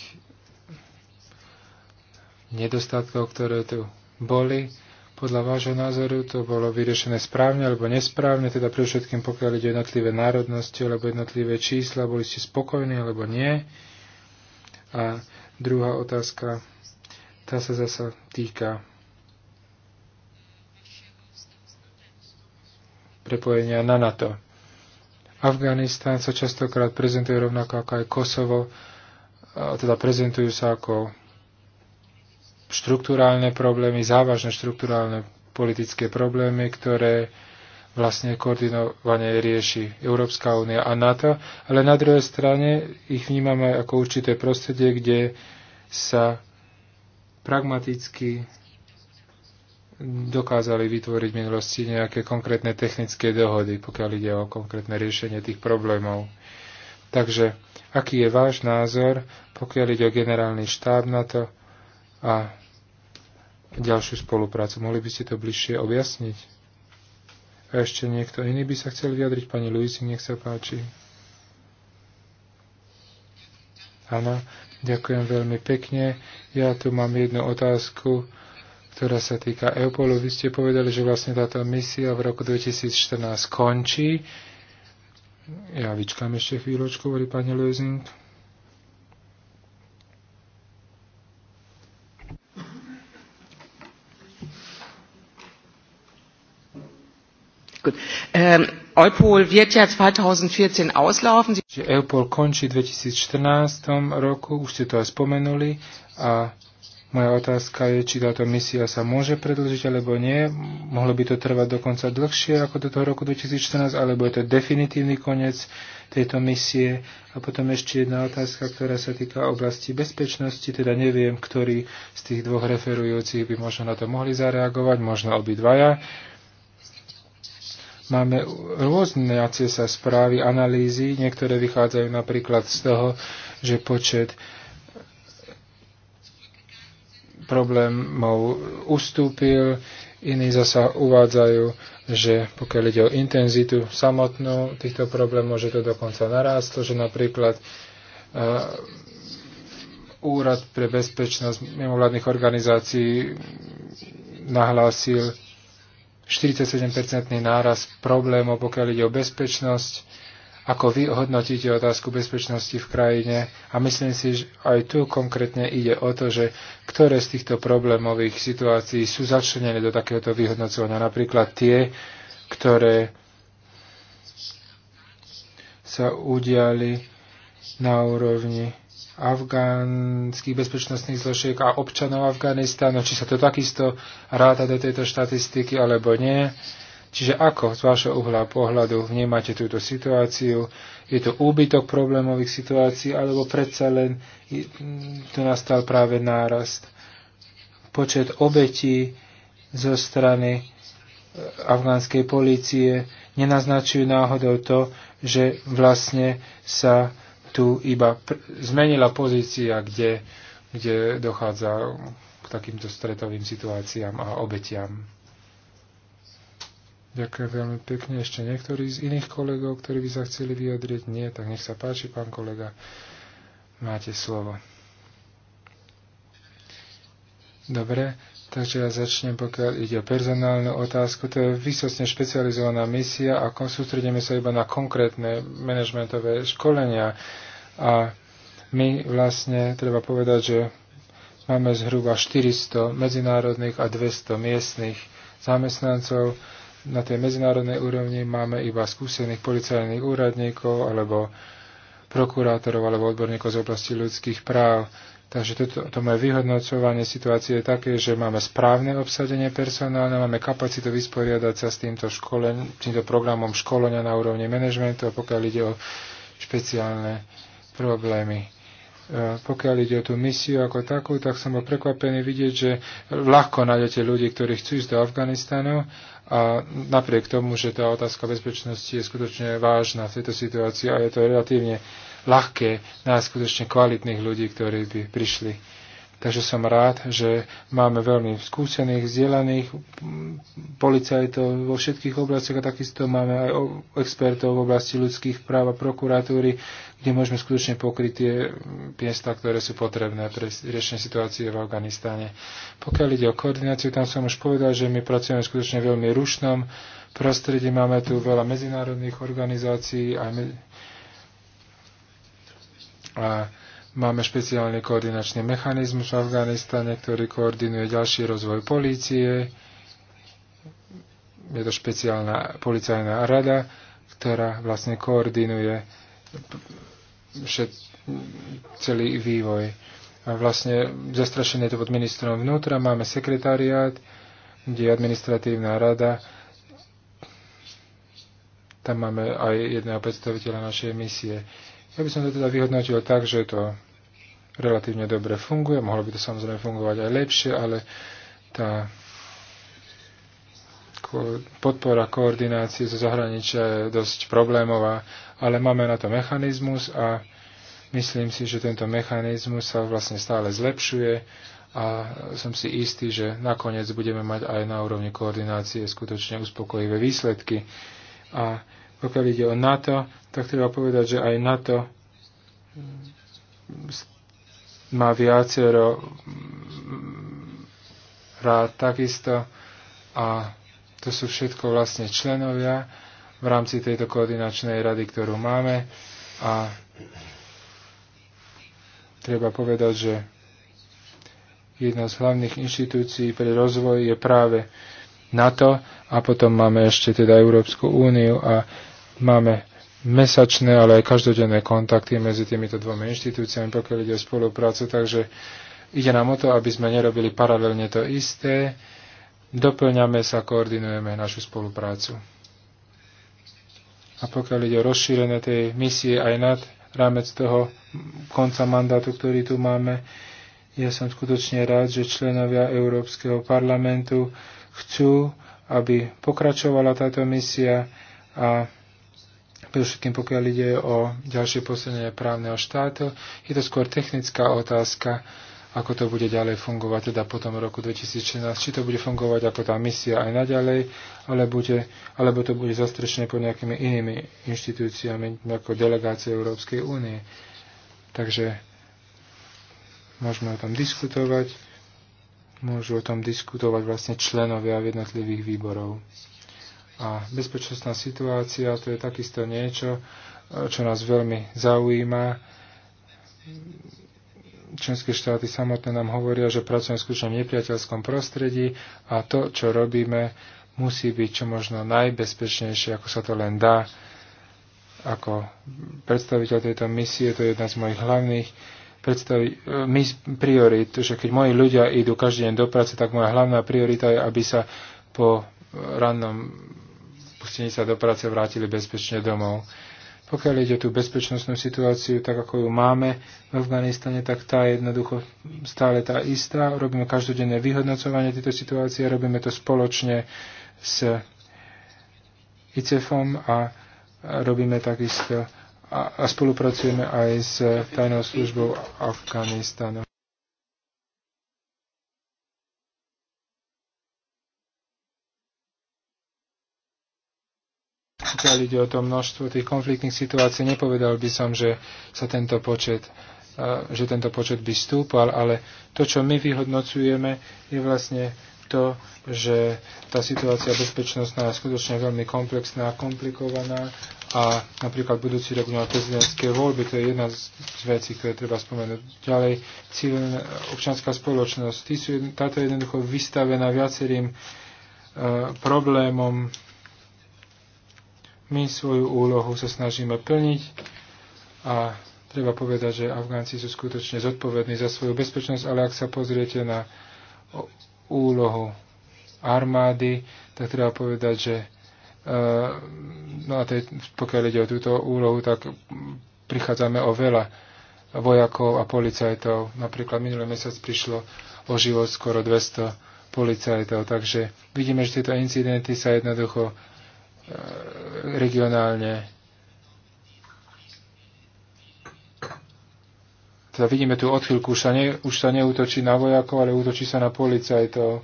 nedostatkov, ktoré tu boli. Podľa vášho názoru to bolo vyriešené správne alebo nesprávne, teda pre všetkým pokiaľ ide jednotlivé národnosti alebo jednotlivé čísla, boli ste spokojní alebo nie. A druhá otázka, tá sa zasa týka prepojenia na NATO. Afganistán sa častokrát prezentuje rovnako ako aj Kosovo teda prezentujú sa ako štruktúrálne problémy, závažné štruktúrálne politické problémy, ktoré vlastne koordinovane rieši Európska únia a NATO, ale na druhej strane ich vnímame ako určité prostredie, kde sa pragmaticky dokázali vytvoriť v minulosti nejaké konkrétne technické dohody, pokiaľ ide o konkrétne riešenie tých problémov. Takže aký je váš názor, pokiaľ ide o generálny štáb na to a ďalšiu spoluprácu? Mohli by ste to bližšie objasniť? A ešte niekto iný by sa chcel vyjadriť? Pani Luisi, nech sa páči. Áno, ďakujem veľmi pekne. Ja tu mám jednu otázku ktorá sa týka EUPOLu. Vy ste povedali, že vlastne táto misia v roku 2014 končí. Ja vyčkám ešte chvíľočku, hovorí pani Lezing. Ähm, Eupol wird ja 2014 auslaufen. Eupol končí v 2014 roku, už ste to aj spomenuli, a moja otázka je, či táto misia sa môže predlžiť alebo nie. Mohlo by to trvať dokonca dlhšie ako do toho roku 2014, alebo je to definitívny koniec tejto misie. A potom ešte jedna otázka, ktorá sa týka oblasti bezpečnosti. Teda neviem, ktorý z tých dvoch referujúcich by možno na to mohli zareagovať, možno obidvaja. Máme rôzne sa správy, analýzy. Niektoré vychádzajú napríklad z toho, že počet problémov ustúpil, iní zasa uvádzajú, že pokiaľ ide o intenzitu samotnú týchto problémov, že to dokonca narástlo, že napríklad e, Úrad pre bezpečnosť mimovládnych organizácií nahlásil 47-percentný náraz problémov, pokiaľ ide o bezpečnosť ako vy hodnotíte otázku bezpečnosti v krajine a myslím si, že aj tu konkrétne ide o to, že ktoré z týchto problémových situácií sú začlenené do takéhoto vyhodnocovania. Napríklad tie, ktoré sa udiali na úrovni afgánskych bezpečnostných zložiek a občanov Afganistánu, či sa to takisto ráta do tejto štatistiky alebo nie. Čiže ako z vášho uhla pohľadu vnímate túto situáciu? Je to úbytok problémových situácií, alebo predsa len tu nastal práve nárast? Počet obetí zo strany e, afgánskej polície nenaznačujú náhodou to, že vlastne sa tu iba zmenila pozícia, kde, kde dochádza k takýmto stretovým situáciám a obetiam. Ďakujem veľmi pekne. Ešte niektorí z iných kolegov, ktorí by sa chceli vyjadriť? Nie, tak nech sa páči, pán kolega. Máte slovo. Dobre, takže ja začnem, pokiaľ ide o personálnu otázku. To je vysocne špecializovaná misia a sústredíme sa iba na konkrétne manažmentové školenia. A my vlastne, treba povedať, že máme zhruba 400 medzinárodných a 200 miestnych zamestnancov na tej medzinárodnej úrovni máme iba skúsených policajných úradníkov alebo prokurátorov alebo odborníkov z oblasti ľudských práv. Takže toto, to moje vyhodnocovanie situácie je také, že máme správne obsadenie personálne, máme kapacitu vysporiadať sa s týmto, školen, týmto programom školenia na úrovni manažmentu a pokiaľ ide o špeciálne problémy pokiaľ ide o tú misiu ako takú, tak som bol prekvapený vidieť, že ľahko nájdete ľudí, ktorí chcú ísť do Afganistanu a napriek tomu, že tá otázka bezpečnosti je skutočne vážna v tejto situácii a je to relatívne ľahké nájsť skutočne kvalitných ľudí, ktorí by prišli Takže som rád, že máme veľmi skúsených, vzdelaných policajtov vo všetkých oblastiach a takisto máme aj expertov v oblasti ľudských práv a prokuratúry, kde môžeme skutočne pokryť tie miesta, ktoré sú potrebné pre riešenie situácie v Afganistáne. Pokiaľ ide o koordináciu, tam som už povedal, že my pracujeme skutočne veľmi rušnom prostredí, máme tu veľa medzinárodných organizácií aj me- a Máme špeciálny koordinačný mechanizmus v Afganistane, ktorý koordinuje ďalší rozvoj polície. Je to špeciálna policajná rada, ktorá vlastne koordinuje celý vývoj. A vlastne zastrašené to pod ministrom vnútra. Máme sekretariát, kde je administratívna rada. Tam máme aj jedného predstaviteľa našej misie. Ja by som to teda vyhodnotil tak, že to relatívne dobre funguje. Mohlo by to samozrejme fungovať aj lepšie, ale tá podpora koordinácie zo zahraničia je dosť problémová, ale máme na to mechanizmus a myslím si, že tento mechanizmus sa vlastne stále zlepšuje a som si istý, že nakoniec budeme mať aj na úrovni koordinácie skutočne uspokojivé výsledky. A pokiaľ ide o NATO, tak treba povedať, že aj NATO má viacero rád takisto a to sú všetko vlastne členovia v rámci tejto koordinačnej rady, ktorú máme a treba povedať, že jedna z hlavných inštitúcií pre rozvoj je práve NATO a potom máme ešte teda Európsku úniu a máme mesačné, ale aj každodenné kontakty medzi týmito dvomi inštitúciami, pokiaľ ide o spoluprácu. Takže ide nám o to, aby sme nerobili paralelne to isté. Doplňame sa, koordinujeme našu spoluprácu. A pokiaľ ide o rozšírenie tej misie aj nad rámec toho konca mandátu, ktorý tu máme, ja som skutočne rád, že členovia Európskeho parlamentu chcú, aby pokračovala táto misia a predovšetkým pokiaľ ide o ďalšie posledenie právneho štátu. Je to skôr technická otázka, ako to bude ďalej fungovať, teda po tom roku 2016, či to bude fungovať ako tá misia aj naďalej, ale bude, alebo to bude zastrešené pod nejakými inými inštitúciami, ako delegácie Európskej únie. Takže môžeme o tom diskutovať, môžu o tom diskutovať vlastne členovia v jednotlivých výborov. A bezpečnostná situácia to je takisto niečo, čo nás veľmi zaujíma. Členské štáty samotné nám hovoria, že pracujeme v skutočnom nepriateľskom prostredí a to, čo robíme, musí byť čo možno najbezpečnejšie, ako sa to len dá. Ako predstaviteľ tejto misie, to je jedna z mojich hlavných predstavi, my priorit, že keď moji ľudia idú každý deň do práce, tak moja hlavná priorita je, aby sa po rannom pustení sa do práce vrátili bezpečne domov. Pokiaľ ide o tú bezpečnostnú situáciu, tak ako ju máme v Afganistane, tak tá je jednoducho stále tá istá. Robíme každodenné vyhodnocovanie tejto situácie, robíme to spoločne s ICEFom a robíme takisto a, a spolupracujeme aj s tajnou službou Afganistanu. pokiaľ ide o to množstvo tých konfliktných situácií, nepovedal by som, že sa tento počet že tento počet by stúpal, ale to, čo my vyhodnocujeme, je vlastne to, že tá situácia bezpečnostná je skutočne veľmi komplexná a komplikovaná a napríklad budúci rok na prezidentské voľby, to je jedna z vecí, ktoré treba spomenúť. Ďalej, civilná občanská spoločnosť, Tí sú, táto je jednoducho vystavená viacerým e, problémom, my svoju úlohu sa snažíme plniť a treba povedať, že Afgánci sú skutočne zodpovední za svoju bezpečnosť, ale ak sa pozriete na úlohu armády, tak treba povedať, že eh, no a tej, pokiaľ ide o túto úlohu, tak prichádzame o veľa vojakov a policajtov. Napríklad minulý mesiac prišlo o život skoro 200 policajtov. Takže vidíme, že tieto incidenty sa jednoducho regionálne. Teda vidíme tu odchylku, už sa, ne, už sa neútočí na vojakov, ale útočí sa na policajtov.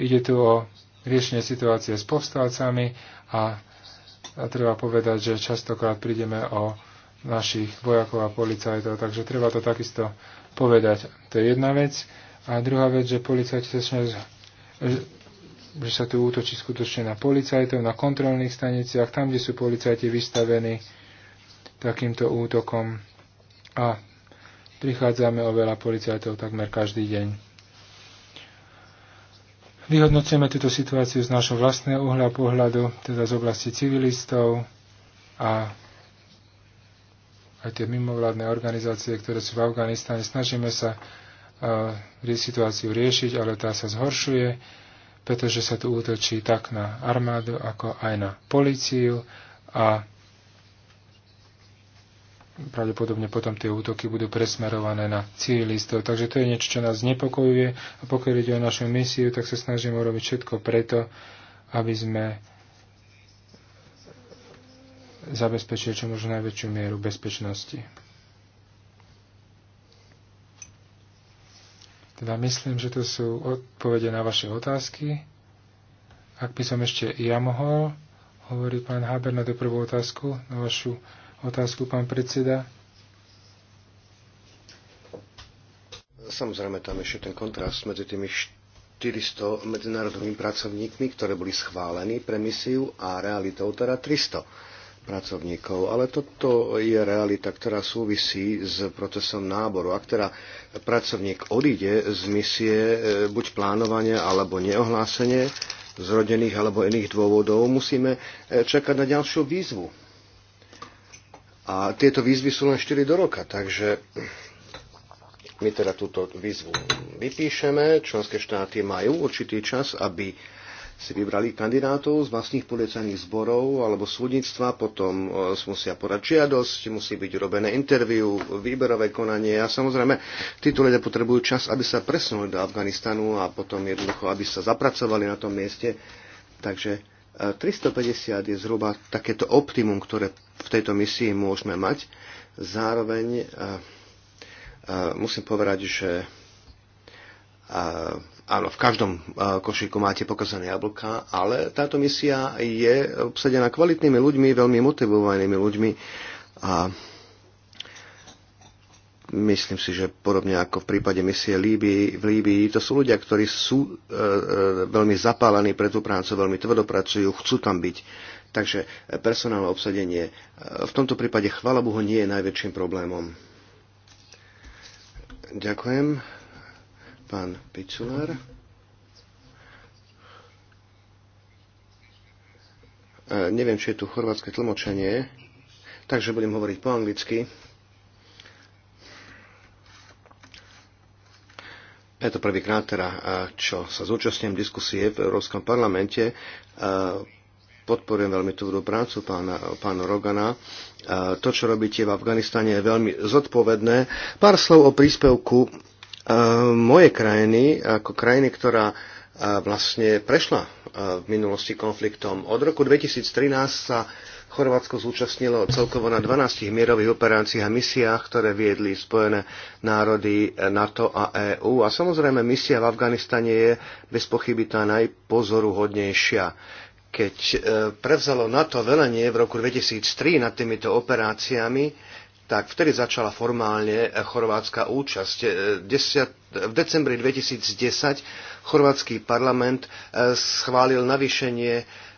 Ide tu o riešenie situácie s povstalcami a, a treba povedať, že častokrát prídeme o našich vojakov a policajtov, takže treba to takisto povedať. To je jedna vec. A druhá vec, že policajti sa že sa tu útočí skutočne na policajtov, na kontrolných staniciach, tam, kde sú policajti vystavení takýmto útokom. A prichádzame o veľa policajtov takmer každý deň. Vyhodnocujeme túto situáciu z našho vlastného uhla pohľadu, teda z oblasti civilistov a aj tie mimovládne organizácie, ktoré sú v Afganistane. Snažíme sa uh, situáciu riešiť, ale tá sa zhoršuje pretože sa tu útočí tak na armádu, ako aj na políciu a pravdepodobne potom tie útoky budú presmerované na civilistov. Takže to je niečo, čo nás nepokojuje a pokiaľ ide o našu misiu, tak sa snažíme urobiť všetko preto, aby sme zabezpečili čo možno najväčšiu mieru bezpečnosti. Teda myslím, že to sú odpovede na vaše otázky. Ak by som ešte ja mohol, hovorí pán Haber na tú prvú otázku, na vašu otázku, pán predseda. Samozrejme, tam ešte ten kontrast medzi tými 400 medzinárodnými pracovníkmi, ktoré boli schválení pre misiu a realitou teda 300 pracovníkov. Ale toto je realita, ktorá súvisí s procesom náboru. Ak teda pracovník odíde z misie e, buď plánovanie alebo neohlásenie z rodených alebo iných dôvodov, musíme e, čakať na ďalšiu výzvu. A tieto výzvy sú len 4 do roka, takže my teda túto výzvu vypíšeme, členské štáty majú určitý čas, aby si vybrali kandidátov z vlastných policajných zborov alebo súdnictva, potom e, musia podať žiadosť, musí byť urobené interviu, výberové konanie a samozrejme títo ľudia potrebujú čas, aby sa presunuli do Afganistanu a potom jednoducho, aby sa zapracovali na tom mieste. Takže 350 e, je zhruba takéto optimum, ktoré v tejto misii môžeme mať. Zároveň e, musím povedať, že Áno, v každom e, košíku máte pokazané jablka, ale táto misia je obsadená kvalitnými ľuďmi, veľmi motivovanými ľuďmi a myslím si, že podobne ako v prípade misie Líbii, v Líbii, to sú ľudia, ktorí sú e, e, veľmi zapálení pre tú prácu, veľmi tvrdopracujú, chcú tam byť. Takže personálne obsadenie e, v tomto prípade, chvala Bohu, nie je najväčším problémom. Ďakujem pán Pičulár. E, neviem, či je tu chorvátske tlmočenie, takže budem hovoriť po anglicky. Je to prvýkrát teda, e, čo sa zúčastňujem diskusie v Európskom parlamente. E, podporujem veľmi tú prácu pána, pána Rogana. To, čo robíte v Afganistane, je veľmi zodpovedné. Pár slov o príspevku mojej krajiny ako krajiny, ktorá vlastne prešla v minulosti konfliktom. Od roku 2013 sa Chorvátsko zúčastnilo celkovo na 12 mierových operáciách a misiách, ktoré viedli Spojené národy e, NATO a EÚ. A samozrejme misia v Afganistane je bez pochyby tá najpozoruhodnejšia. Keď e, prevzalo NATO velenie v roku 2003 nad týmito operáciami, tak vtedy začala formálne eh, chorvátska účasť. Eh, v decembri 2010 chorvátsky parlament eh, schválil navýšenie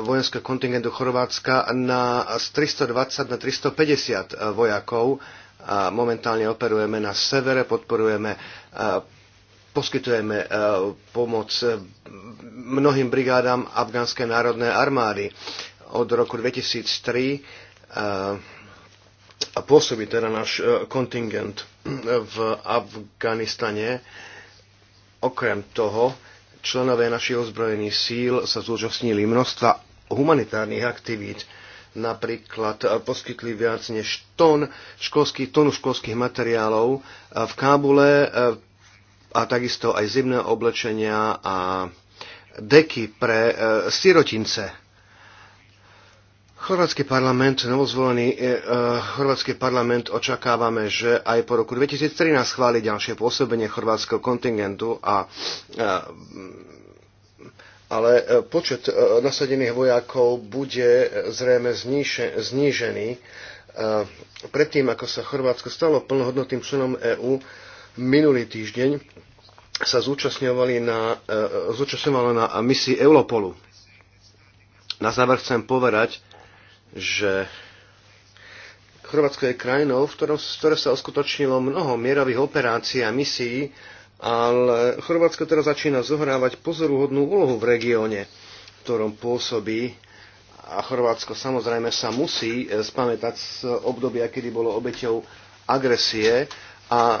vojenského kontingentu Chorvátska na z 320 na 350 vojakov. A momentálne operujeme na severe, podporujeme, poskytujeme pomoc mnohým brigádám afgánskej národnej armády. Od roku 2003 a pôsobí teda náš e, kontingent e, v Afganistane. Okrem toho, členové našich ozbrojených síl sa zúčastnili množstva humanitárnych aktivít, napríklad e, poskytli viac než ton školských, tonu školských materiálov v Kábule a takisto aj zimné oblečenia a deky pre sirotince Chorvátsky parlament, novozvolený e, e, chorvátsky parlament očakávame, že aj po roku 2013 schváli ďalšie pôsobenie chorvátskeho kontingentu a e, ale e, počet e, nasadených vojakov bude zrejme znížený. Predtým, ako sa Chorvátsko stalo plnohodnotným členom EÚ, minulý týždeň sa zúčastňovali na, zúčastňovalo na misii Europolu. Na záver chcem povedať, že Chorvátsko je krajinou, v ktorom, ktoré sa uskutočnilo mnoho mierových operácií a misií, ale Chorvátsko teraz začína zohrávať pozoruhodnú úlohu v regióne, v ktorom pôsobí a Chorvátsko samozrejme sa musí eh, spamätať z obdobia, kedy bolo obeťou agresie a e,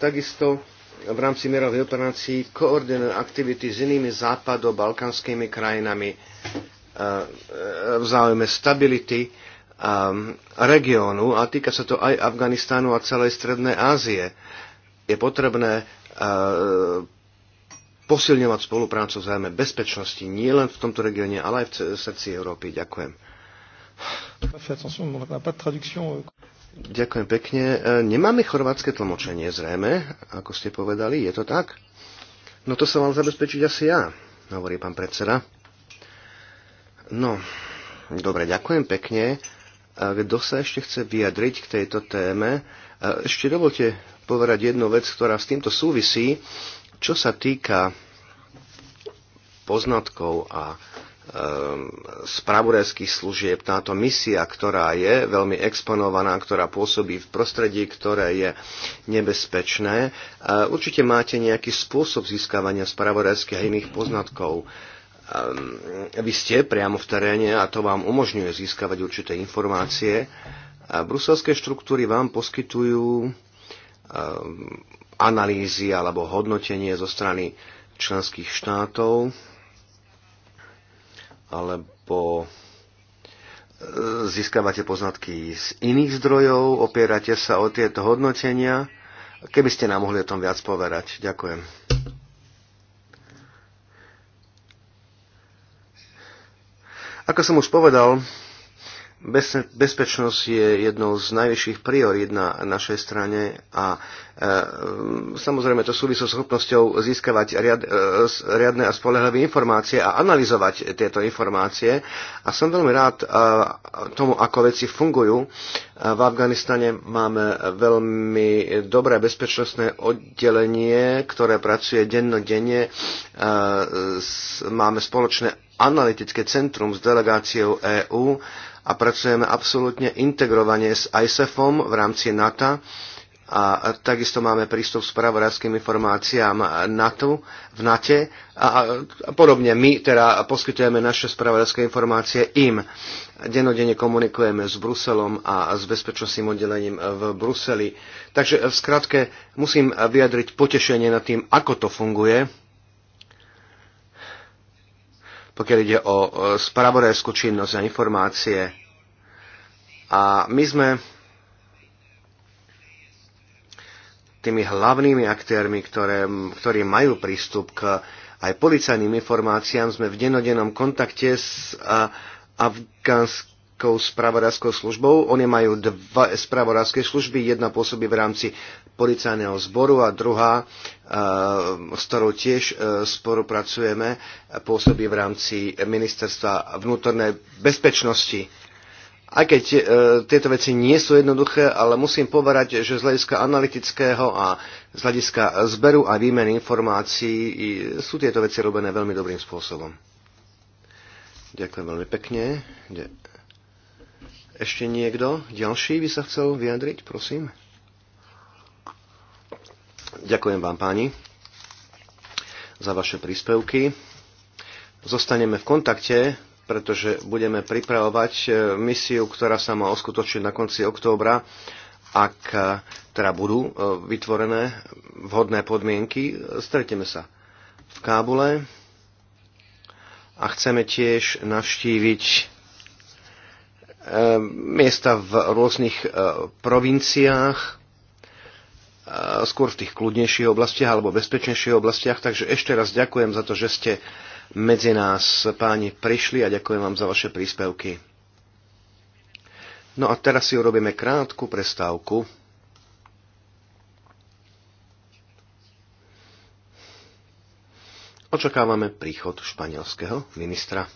takisto v rámci mierovej operácií koordinujú aktivity s inými západo-balkanskými krajinami v záujme stability um, regiónu a týka sa to aj Afganistánu a celej Strednej Ázie. Je potrebné uh, posilňovať spoluprácu v záujme bezpečnosti nielen v tomto regióne, ale aj v srdci Európy. Ďakujem. Ďakujem pekne. Uh, nemáme chorvátske tlmočenie, zrejme, ako ste povedali, je to tak? No to sa mal zabezpečiť asi ja, hovorí pán predseda. No, dobre, ďakujem pekne. Kto sa ešte chce vyjadriť k tejto téme? Ešte dovolte povedať jednu vec, ktorá s týmto súvisí. Čo sa týka poznatkov a e, spravodajských služieb, táto misia, ktorá je veľmi exponovaná, ktorá pôsobí v prostredí, ktoré je nebezpečné. E, určite máte nejaký spôsob získavania spravodajských a iných poznatkov. Ehm, vy ste priamo v teréne a to vám umožňuje získavať určité informácie. A bruselské štruktúry vám poskytujú ehm, analýzy alebo hodnotenie zo strany členských štátov alebo ehm, získavate poznatky z iných zdrojov, opierate sa o tieto hodnotenia. Keby ste nám mohli o tom viac poverať Ďakujem. Ako som už povedal, bezpečnosť je jednou z najvyšších priorít na našej strane a e, samozrejme to súvisí s schopnosťou získavať riad, e, riadne a spolehlivé informácie a analyzovať tieto informácie. A som veľmi rád e, tomu, ako veci fungujú. E, v Afganistane máme veľmi dobré bezpečnostné oddelenie, ktoré pracuje dennodenne. E, s, máme spoločné analytické centrum s delegáciou EÚ a pracujeme absolútne integrovane s ISEFom v rámci NATO a takisto máme prístup k spravodajským informáciám NATO, v NATE a, a podobne. My teda poskytujeme naše spravodajské informácie im. Denodene komunikujeme s Bruselom a s bezpečnostným oddelením v Bruseli. Takže v skratke musím vyjadriť potešenie nad tým, ako to funguje pokiaľ ide o e, spravodajskú činnosť a informácie. A my sme tými hlavnými aktérmi, ktoré, ktorí majú prístup k aj policajným informáciám, sme v denodennom kontakte s afgánskou spravodajskou službou. Oni majú dva spravodajské služby, jedna pôsobí v rámci policajného zboru a druhá, e, s ktorou tiež e, spolupracujeme, pôsobí v rámci ministerstva vnútornej bezpečnosti. Aj keď e, tieto veci nie sú jednoduché, ale musím povedať, že z hľadiska analytického a z hľadiska zberu a výmeny informácií sú tieto veci robené veľmi dobrým spôsobom. Ďakujem veľmi pekne. Ešte niekto ďalší by sa chcel vyjadriť, prosím? Ďakujem vám páni za vaše príspevky. Zostaneme v kontakte, pretože budeme pripravovať e, misiu, ktorá sa má oskutočiť na konci októbra, ak e, teda budú e, vytvorené vhodné podmienky. Stretneme sa v Kábule a chceme tiež navštíviť miesta v rôznych provinciách, skôr v tých kľudnejších oblastiach alebo bezpečnejších oblastiach. Takže ešte raz ďakujem za to, že ste medzi nás páni prišli a ďakujem vám za vaše príspevky. No a teraz si urobíme krátku prestávku. Očakávame príchod španielského ministra.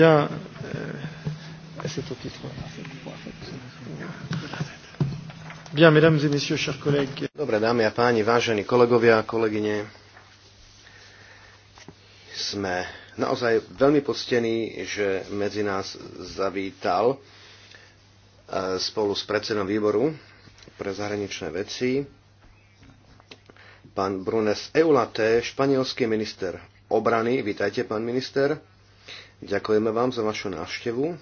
Bien. Eh, c'est au titre. Bien, mesdames et messieurs, chers collègues. Dobre dámy a páni, vážení kolegovia a kolegyne, sme naozaj veľmi poctení, že medzi nás zavítal eh, spolu s predsedom výboru pre zahraničné veci pán Brunes Eulate, španielský minister obrany. Vítajte, pán minister. Ďakujeme vám za vašu návštevu.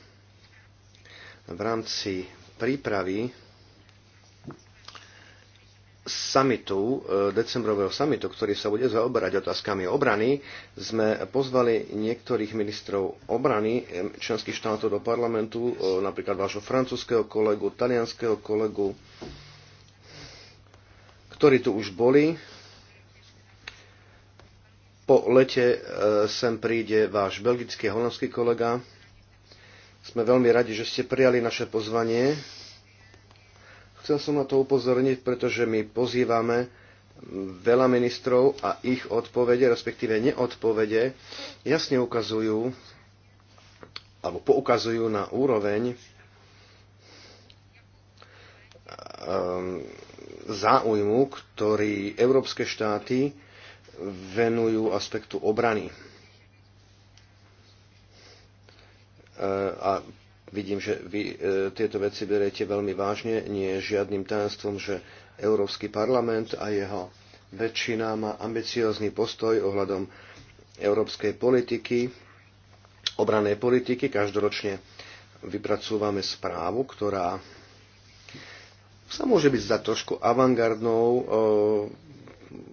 V rámci prípravy samitu, e, decembrového samitu, ktorý sa bude zaoberať otázkami obrany, sme pozvali niektorých ministrov obrany e, členských štátov do parlamentu, e, napríklad vášho francúzského kolegu, talianského kolegu, ktorí tu už boli po lete e, sem príde váš belgický a holandský kolega. Sme veľmi radi, že ste prijali naše pozvanie. Chcel som na to upozorniť, pretože my pozývame veľa ministrov a ich odpovede, respektíve neodpovede, jasne ukazujú alebo poukazujú na úroveň e, záujmu, ktorý európske štáty venujú aspektu obrany. E, a vidím, že vy e, tieto veci beriete veľmi vážne. Nie je žiadnym tajomstvom, že Európsky parlament a jeho väčšina má ambiciózny postoj ohľadom európskej politiky, obranej politiky. Každoročne vypracúvame správu, ktorá sa môže byť za trošku avangardnou e,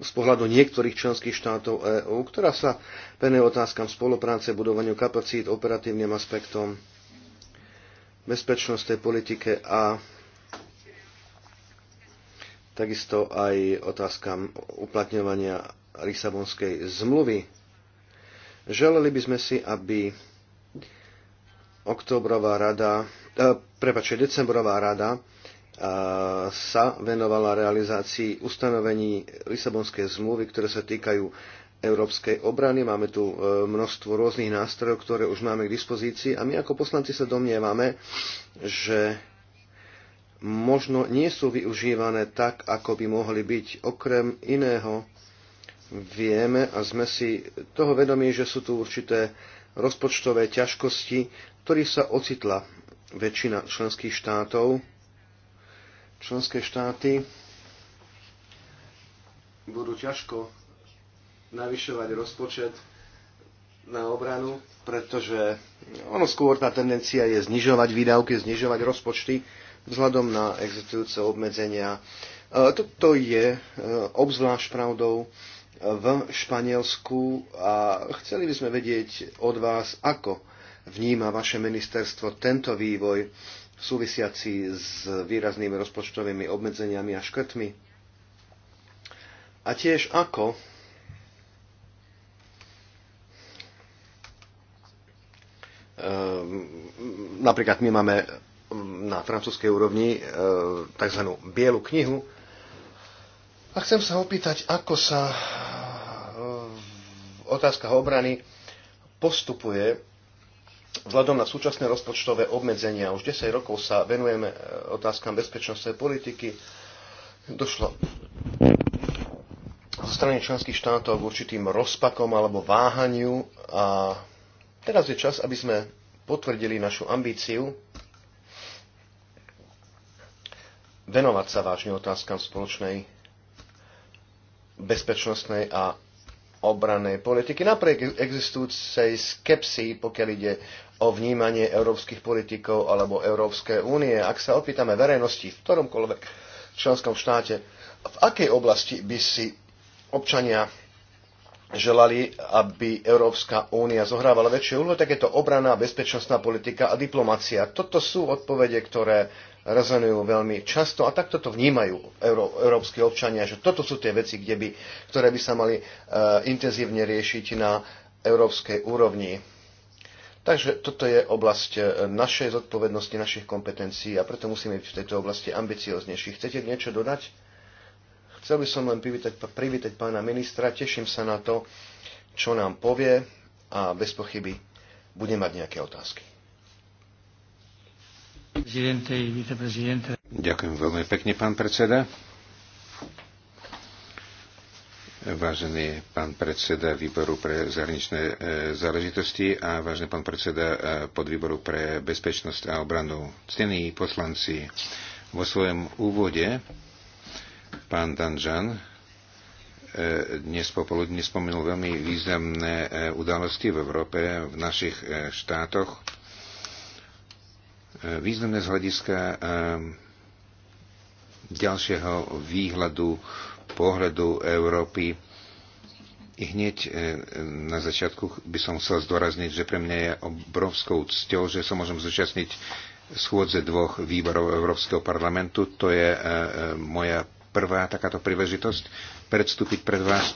z pohľadu niektorých členských štátov EÚ, ktorá sa venuje otázkam spolupráce, budovaniu kapacít, operatívnym aspektom, bezpečnostnej politike a takisto aj otázkam uplatňovania Lisabonskej zmluvy. Želeli by sme si, aby oktobrová rada, eh, prepačte, decembrová rada sa venovala realizácii ustanovení Lisabonskej zmluvy, ktoré sa týkajú európskej obrany. Máme tu e, množstvo rôznych nástrojov, ktoré už máme k dispozícii a my ako poslanci sa domnievame, že možno nie sú využívané tak, ako by mohli byť. Okrem iného vieme a sme si toho vedomí, že sú tu určité rozpočtové ťažkosti, ktorých sa ocitla väčšina členských štátov členské štáty budú ťažko navyšovať rozpočet na obranu, pretože ono skôr tá tendencia je znižovať výdavky, znižovať rozpočty vzhľadom na existujúce obmedzenia. E, toto je e, obzvlášť pravdou e, v Španielsku a chceli by sme vedieť od vás, ako vníma vaše ministerstvo tento vývoj súvisiaci s výraznými rozpočtovými obmedzeniami a škrtmi. A tiež ako ehm, napríklad my máme na francúzskej úrovni ehm, tzv. bielu knihu a chcem sa opýtať, ako sa ehm, v otázkach obrany postupuje Vzhľadom na súčasné rozpočtové obmedzenia už 10 rokov sa venujeme e, otázkam bezpečnostnej politiky. Došlo zo strany členských štátov k určitým rozpakom alebo váhaniu a teraz je čas, aby sme potvrdili našu ambíciu venovať sa vážne otázkam spoločnej bezpečnostnej a obranej politiky, napriek existujúcej skepsii, pokiaľ ide o vnímanie európskych politikov alebo Európskej únie. Ak sa opýtame verejnosti v ktoromkoľvek členskom štáte, v akej oblasti by si občania želali, aby Európska únia zohrávala väčšiu úlohu, tak je to obrana, bezpečnostná politika a diplomacia. Toto sú odpovede, ktoré rezonujú veľmi často a takto to vnímajú euró, európsky občania, že toto sú tie veci, kde by, ktoré by sa mali e, intenzívne riešiť na európskej úrovni. Takže toto je oblasť e, našej zodpovednosti, našich kompetencií a preto musíme byť v tejto oblasti ambicioznejší. Chcete niečo dodať? Chcel by som len privítať, privítať pána ministra, teším sa na to, čo nám povie a bez pochyby budem mať nejaké otázky. Ďakujem veľmi pekne, pán predseda. Vážený pán predseda výboru pre zahraničné e, záležitosti a vážený pán predseda e, podvýboru pre bezpečnosť a obranu. Ctení poslanci, vo svojom úvode pán Danžan e, dnes popoludne spomenul veľmi významné udalosti v Európe, v našich štátoch významné z hľadiska ehm, ďalšieho výhľadu, pohľadu Európy. I hneď e, na začiatku by som chcel zdôrazniť, že pre mňa je obrovskou cťou, že sa môžem zúčastniť schôdze dvoch výborov Európskeho parlamentu. To je e, e, moja prvá takáto príležitosť predstúpiť pred vás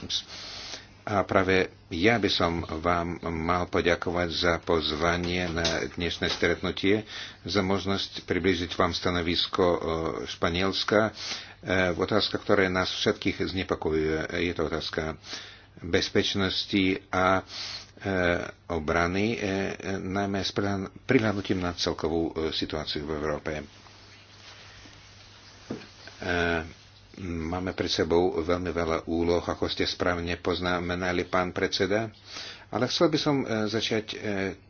a práve ja by som vám mal poďakovať za pozvanie na dnešné stretnutie, za možnosť približiť vám stanovisko e, Španielska e, Otázka, ktorá nás všetkých znepokojuje. Je to otázka bezpečnosti a e, obrany, najmä s prihľadnutím na celkovú situáciu v Európe Máme pred sebou veľmi veľa úloh, ako ste správne poznamenali, pán predseda, ale chcel by som e, začať e,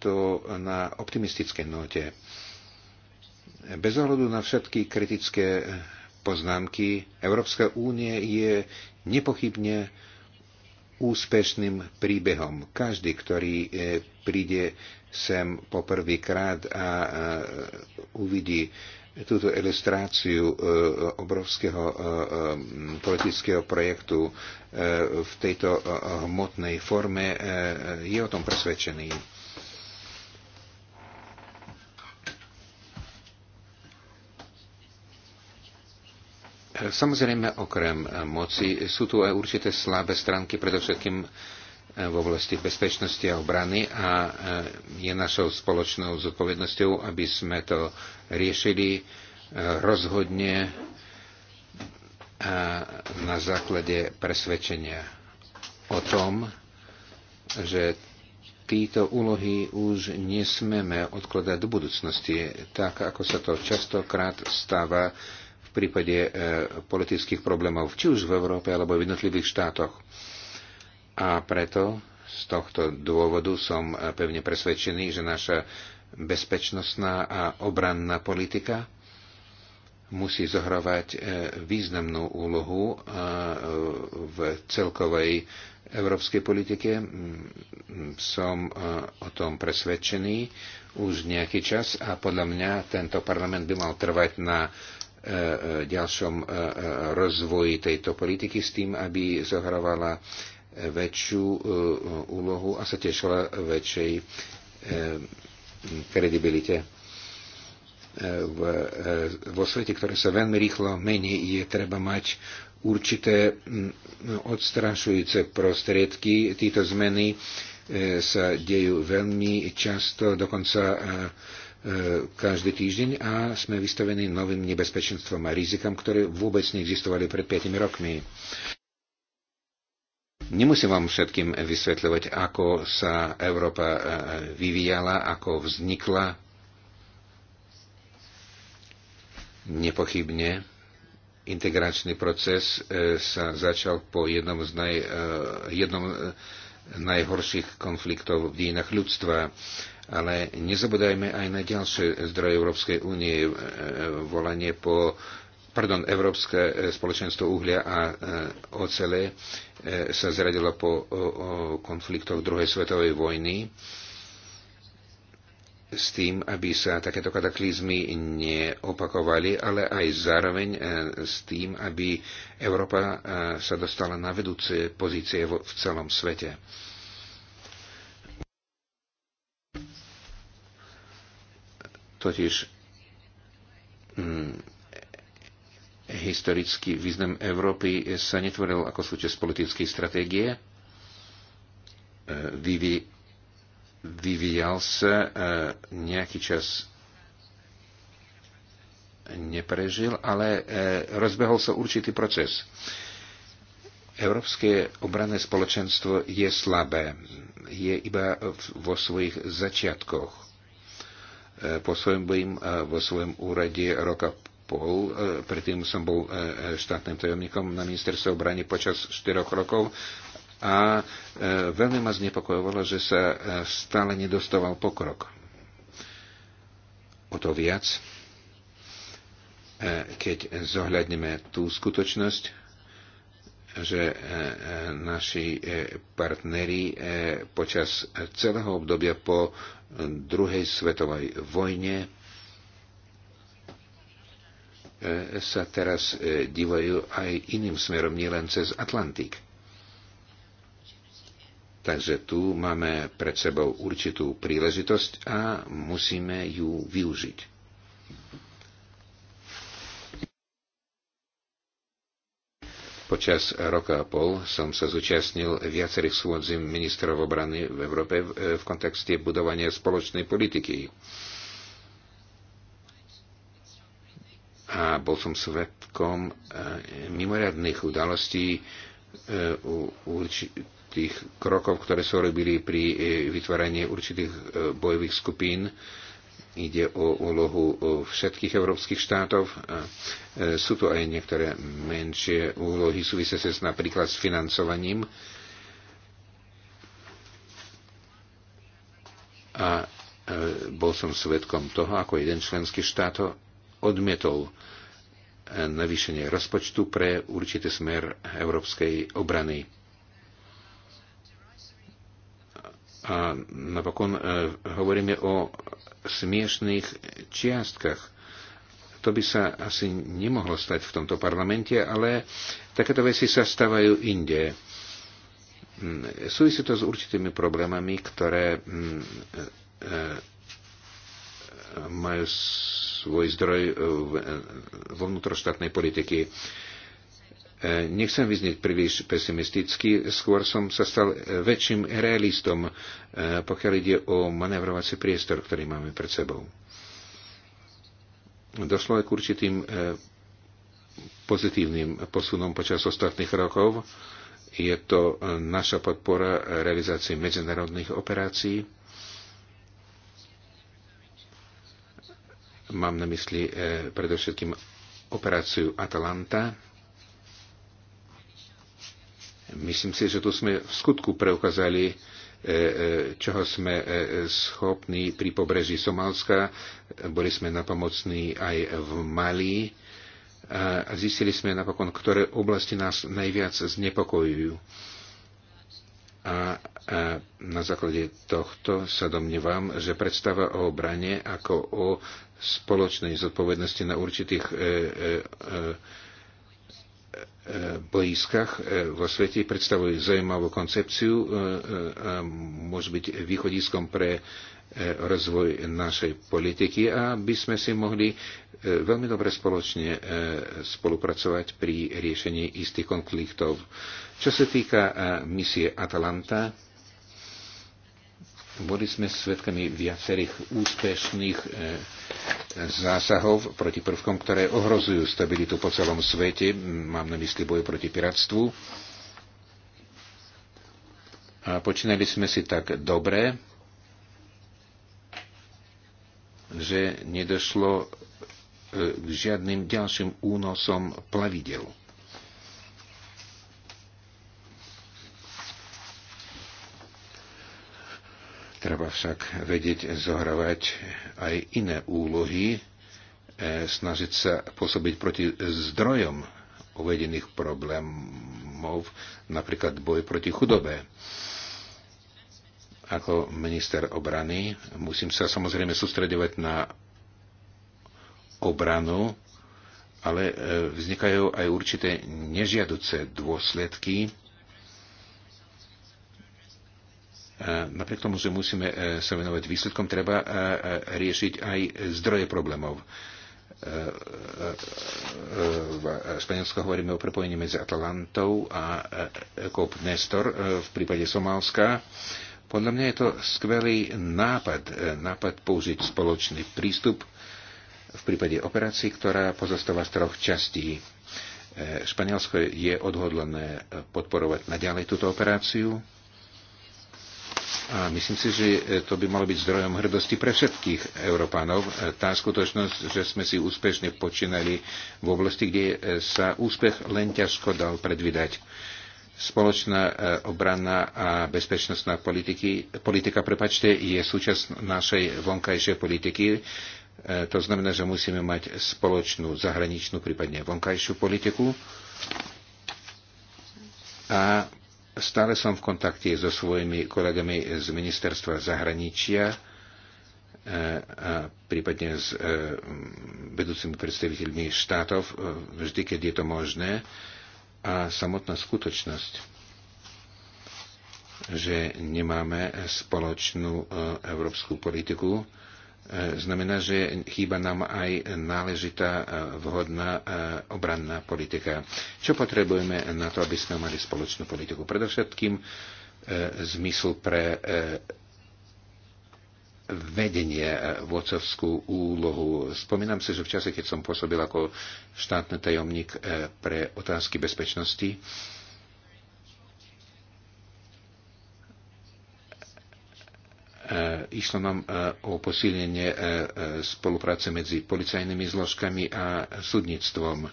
to na optimistickej note. Bez ohľadu na všetky kritické e, poznámky, Európska únie je nepochybne úspešným príbehom. Každý, ktorý príde sem poprvýkrát a uvidí túto ilustráciu e, obrovského e, e, politického projektu v tejto hmotnej forme, je o tom presvedčený. Samozrejme, okrem moci sú tu aj určité slabé stránky, predovšetkým Eh, v oblasti bezpečnosti a obrany a eh, je našou spoločnou zodpovednosťou, aby sme to riešili eh, rozhodne a na základe presvedčenia o tom, že títo úlohy už nesmeme odkladať do budúcnosti, tak ako sa to častokrát stáva v prípade e, politických problémov, či už v Európe alebo v jednotlivých štátoch. A preto z tohto dôvodu som e, pevne presvedčený, že naša bezpečnostná a obranná politika musí zohrávať e, významnú úlohu e, v celkovej európskej politike. Som o tom presvedčený už nejaký čas a podľa mňa tento parlament by mal trvať na ďalšom rozvoji tejto politiky s tým, aby zohrávala väčšiu e, úlohu a sa tešila väčšej e, kredibilite. E, vo svete, ktoré sa veľmi rýchlo mení, je treba mať určité odstrašujúce prostriedky. Títo zmeny sa dejú veľmi často, dokonca každý týždeň a sme vystavení novým nebezpečenstvom a rizikám, ktoré vôbec neexistovali pred 5 rokmi. Nemusím vám všetkým vysvetľovať, ako sa Európa e, vyvíjala, ako vznikla. Nepochybne integračný proces e, sa začal po jednom z naj, e, jednom najhorších konfliktov v dínach ľudstva. Ale nezabudajme aj na ďalšie zdroje Európskej únie, volanie po pardon, Európske e, spoločenstvo uhlia a e, ocele e, sa zradilo po konfliktoch druhej svetovej vojny s tým, aby sa takéto kataklizmy neopakovali, ale aj zároveň s tým, aby Európa sa dostala na vedúce pozície v celom svete. Totiž mm, historický význam Európy sa netvoril ako súčasť politickej stratégie. E, vyvi, vyvíjal sa e, nejaký čas neprežil, ale e, rozbehol sa určitý proces. Európske obranné spoločenstvo je slabé. Je iba vo svojich začiatkoch. Po svojom bojím, vo svojom úrade roka pol, e, predtým som bol e, e, štátnym tajomníkom na ministerstve obrany počas 4 rokov a veľmi ma znepokojovalo, že sa stále nedostával pokrok. O to viac, keď zohľadneme tú skutočnosť, že naši partneri počas celého obdobia po druhej svetovej vojne E, sa teraz e, divajú aj iným smerom, nielen cez Atlantik. Takže tu máme pred sebou určitú príležitosť a musíme ju využiť. Počas roka a pol som sa zúčastnil viacerých schôdzí ministrov obrany v Európe v e, kontexte budovania spoločnej politiky a bol som svetkom e, mimoriadných udalostí e, určitých krokov, ktoré sa robili pri e, vytváraní určitých bojových skupín. Ide o úlohu všetkých európskych štátov. Sú tu aj niektoré menšie úlohy súvisiace napríklad s financovaním. A bol som svetkom toho, ako jeden členský štát odmietol eh, navýšenie rozpočtu pre určitý smer európskej obrany. A napokon eh, hovoríme o smiešných čiastkach. To by sa asi nemohlo stať v tomto parlamente, ale takéto veci sa stávajú inde. Súvisí to s určitými problémami, ktoré mm, eh, majú svoj zdroj e, vo e, vnútroštátnej politiky. E, nechcem vyznieť príliš pesimisticky, skôr som sa stal väčším realistom, pokiaľ ide o manévrovací priestor, ktorý máme pred sebou. Došlo aj k určitým pozitívnym posunom počas ostatných rokov. Je to naša podpora realizácie medzinárodných operácií, Mám na mysli e, predovšetkým operáciu Atalanta. Myslím si, že tu sme v skutku preukázali, e, e, čoho sme e, schopní pri pobreží Somálska. Boli sme napomocní aj v Mali. A zistili sme napokon, ktoré oblasti nás najviac znepokojujú. A, a na základe tohto sa domnievam, že predstava o obrane ako o spoločnej zodpovednosti na určitých e, e, e, bojiskách vo svete predstavujú zaujímavú koncepciu a môžu byť východiskom pre rozvoj našej politiky a by sme si mohli veľmi dobre spoločne spolupracovať pri riešení istých konfliktov. Čo sa týka misie Atalanta, boli sme svedkami viacerých úspešných zásahov proti prvkom, ktoré ohrozujú stabilitu po celom svete. Mám na mysli boj proti piratstvu. A počínali sme si tak dobre, že nedošlo e, k žiadnym ďalším únosom plavidelu. Treba však vedieť zohrávať aj iné úlohy, e, snažiť sa pôsobiť proti zdrojom uvedených problémov, napríklad boj proti chudobe. Ako minister obrany musím sa samozrejme sústredovať na obranu, ale e, vznikajú aj určité nežiaduce dôsledky, E, napriek tomu, že musíme e, sa venovať výsledkom, treba e, riešiť aj zdroje problémov. V Španielsku hovoríme o prepojení medzi Atalantou a kop Nestor v prípade Somálska. Podľa mňa je to skvelý nápad, nápad použiť spoločný prístup v prípade operácií, ktorá pozostáva z troch častí. Španielsko je odhodlané podporovať naďalej túto operáciu a myslím si, že to by malo byť zdrojom hrdosti pre všetkých Európanov. E, tá skutočnosť, že sme si úspešne počínali v oblasti, kde sa úspech len ťažko dal predvidať. Spoločná e, obranná a bezpečnostná politiky, politika prepačte, je súčasť našej vonkajšej politiky. E, to znamená, že musíme mať spoločnú zahraničnú, prípadne vonkajšiu politiku a Stále som v kontakte so svojimi kolegami z ministerstva zahraničia e, a prípadne s e, vedúcimi predstaviteľmi štátov, e, vždy, keď je to možné. A samotná skutočnosť, že nemáme spoločnú európsku politiku, E, znamená, že chýba nám aj náležitá e, vhodná e, obranná politika. Čo potrebujeme na to, aby sme mali spoločnú politiku? Predovšetkým zmysl pre vedenie vodcovskú úlohu. Spomínam si, že v čase, keď som pôsobil ako štátny tajomník pre otázky bezpečnosti, E, išlo nám e, o posilnenie e, spolupráce medzi policajnými zložkami a súdnictvom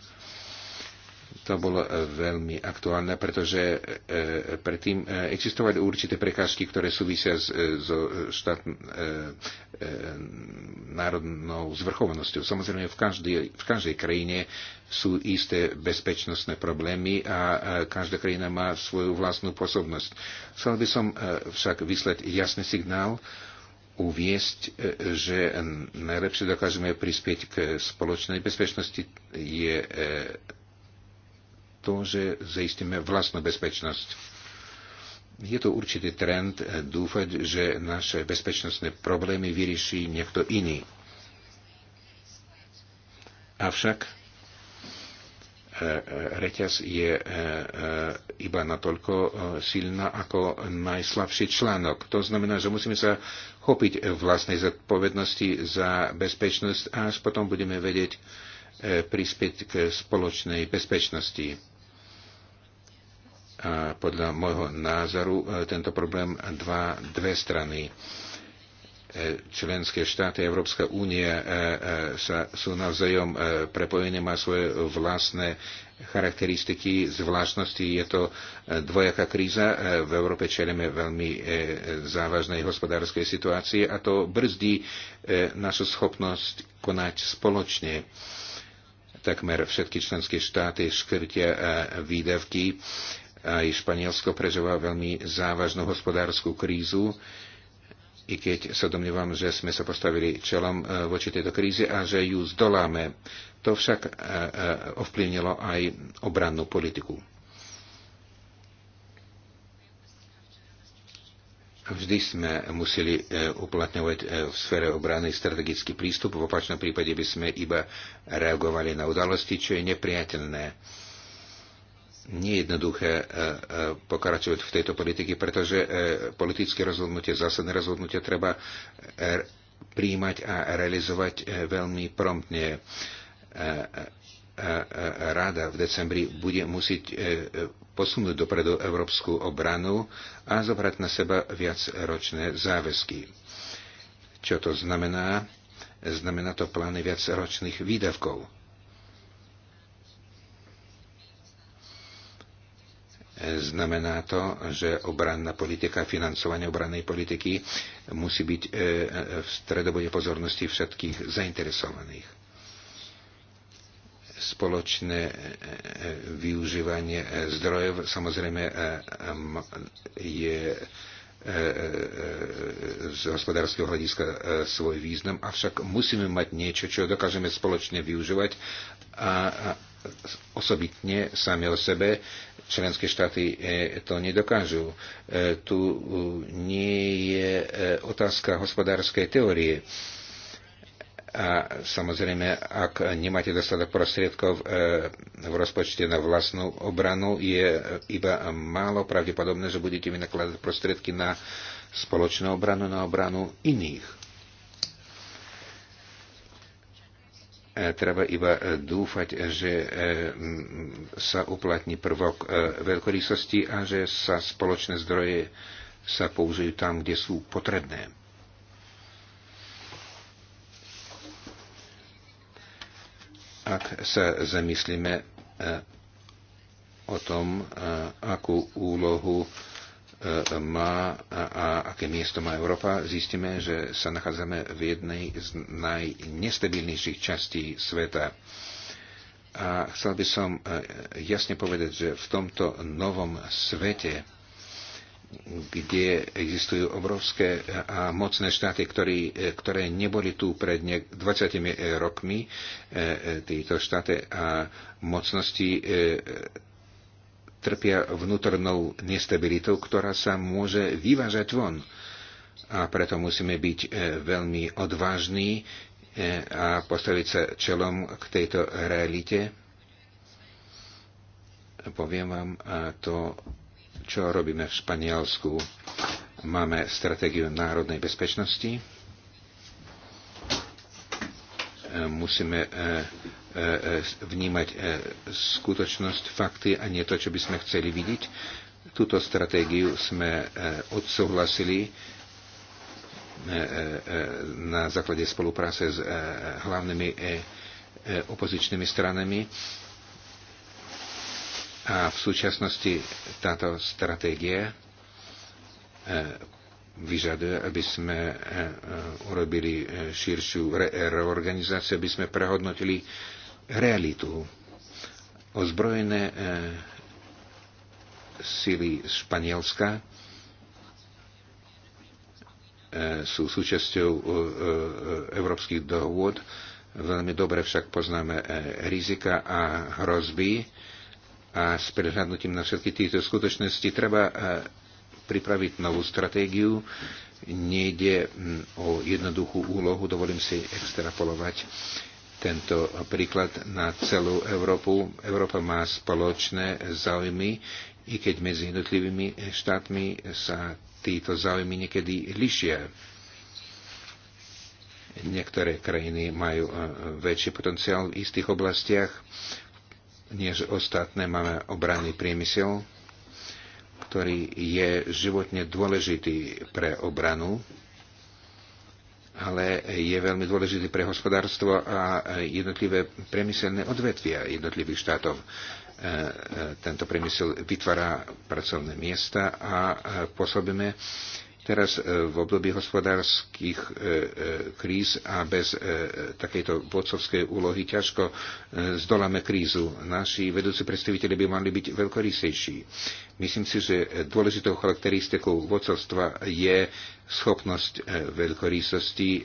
to bolo e, veľmi aktuálne, pretože e, predtým e, existovali určité prekážky, ktoré súvisia so štát, národnou zvrchovanosťou. Samozrejme, v každej, v každej krajine sú isté bezpečnostné problémy a každá krajina má svoju vlastnú pôsobnosť. Chcel by som však vysleť jasný signál, uviesť, že najlepšie dokážeme prispieť k spoločnej bezpečnosti je to, že zaistíme vlastnú bezpečnosť. Je to určitý trend eh, dúfať, že naše bezpečnostné problémy vyrieši niekto iný. Avšak eh, eh, reťaz je iba natoľko silná ako najslabší článok. To znamená, že musíme sa chopiť vlastnej zodpovednosti za bezpečnosť a až potom budeme vedieť prispieť k spoločnej bezpečnosti podľa môjho názoru e, tento problém dva, dve strany. E, členské štáty Európska únie e, sa, sú navzájom prepojené, má svoje vlastné charakteristiky, zvláštnosti. Je to dvojaká kríza. V Európe čelíme veľmi závažnej hospodárskej situácii a to brzdí našu schopnosť konať spoločne takmer všetky členské štáty škrtia výdavky aj Španielsko prežíva veľmi závažnú hospodárskú krízu, i keď sa domnievam, že sme sa postavili čelom e, voči tejto kríze a že ju zdoláme. To však e, e, ovplyvnilo aj obrannú politiku. Vždy sme museli uplatňovať v sfére obrany strategický prístup, v opačnom prípade by sme iba reagovali na udalosti, čo je nepriateľné nie je jednoduché e, e, pokračovať v tejto politike, pretože e, politické rozhodnutie, zásadné rozhodnutie treba príjmať a realizovať veľmi promptne. Rada v decembri bude musieť posunúť dopredu európsku obranu a zobrať na seba viacročné záväzky. Čo to znamená? Znamená to plány viacročných výdavkov Znamená to, že obranná politika, financovanie obrannej politiky musí byť e, e, v stredobode pozornosti všetkých zainteresovaných. Spoločné e, využívanie zdrojov samozrejme je z hospodárskeho hľadiska svoj význam, avšak musíme mať niečo, čo dokážeme spoločne využívať a osobitne sami o sebe členské štáty e, to nedokážu. E, tu e, nie je otázka hospodárskej teórie. A samozrejme, ak nemáte dostatok prostriedkov v rozpočte na vlastnú obranu, je iba málo pravdepodobné, že budete vynakladať prostriedky na spoločnú obranu, na obranu iných. E, treba iba e, dúfať, e, že sa uplatní prvok veľkorysosti a že sa spoločné zdroje sa použijú tam, kde sú potrebné. Ak sa zamyslíme o tom, akú úlohu E, má a aké miesto má Európa, zistíme, že sa nachádzame v jednej z najnestabilnejších častí sveta. A chcel by som e, jasne povedať, že v tomto novom svete, kde existujú obrovské a mocné štáty, ktorý, e, ktoré neboli tu pred 20 rokmi, títo štáty a mocnosti trpia vnútornou nestabilitou, ktorá sa môže vyvážať von. A preto musíme byť e, veľmi odvážni e, a postaviť sa čelom k tejto realite. Poviem vám to, čo robíme v Španielsku. Máme stratégiu národnej bezpečnosti. E, musíme E, e, vnímať e, skutočnosť, fakty a nie to, čo by sme chceli vidieť. Túto stratégiu sme odsúhlasili na základe spolupráce s hlavnými opozičnými stranami. A v súčasnosti táto stratégia vyžaduje, aby sme urobili širšiu reorganizáciu, aby sme prehodnotili realitu. Ozbrojené e, sily Španielska e, sú súčasťou e, európskych dohôd. Veľmi dobre však poznáme rizika a hrozby a s prehľadnutím na všetky tieto skutočnosti treba pripraviť novú stratégiu. Nejde o jednoduchú úlohu, dovolím si extrapolovať tento príklad na celú Európu. Európa má spoločné záujmy, i keď medzi jednotlivými štátmi sa títo záujmy niekedy lišia. Niektoré krajiny majú e, väčší potenciál v istých oblastiach, než ostatné máme obranný priemysel, ktorý je životne dôležitý pre obranu ale je veľmi dôležitý pre hospodárstvo a jednotlivé priemyselné odvetvia jednotlivých štátov. E, e, tento priemysel vytvára pracovné miesta a e, pôsobíme Teraz e, v období hospodárskych e, e, kríz a bez takejto vodcovskej úlohy ťažko zdoláme krízu. Naši vedúci predstaviteľi by mali byť veľkorysejší. Myslím si, že dôležitou charakteristikou vodcovstva je schopnosť veľkorysosti,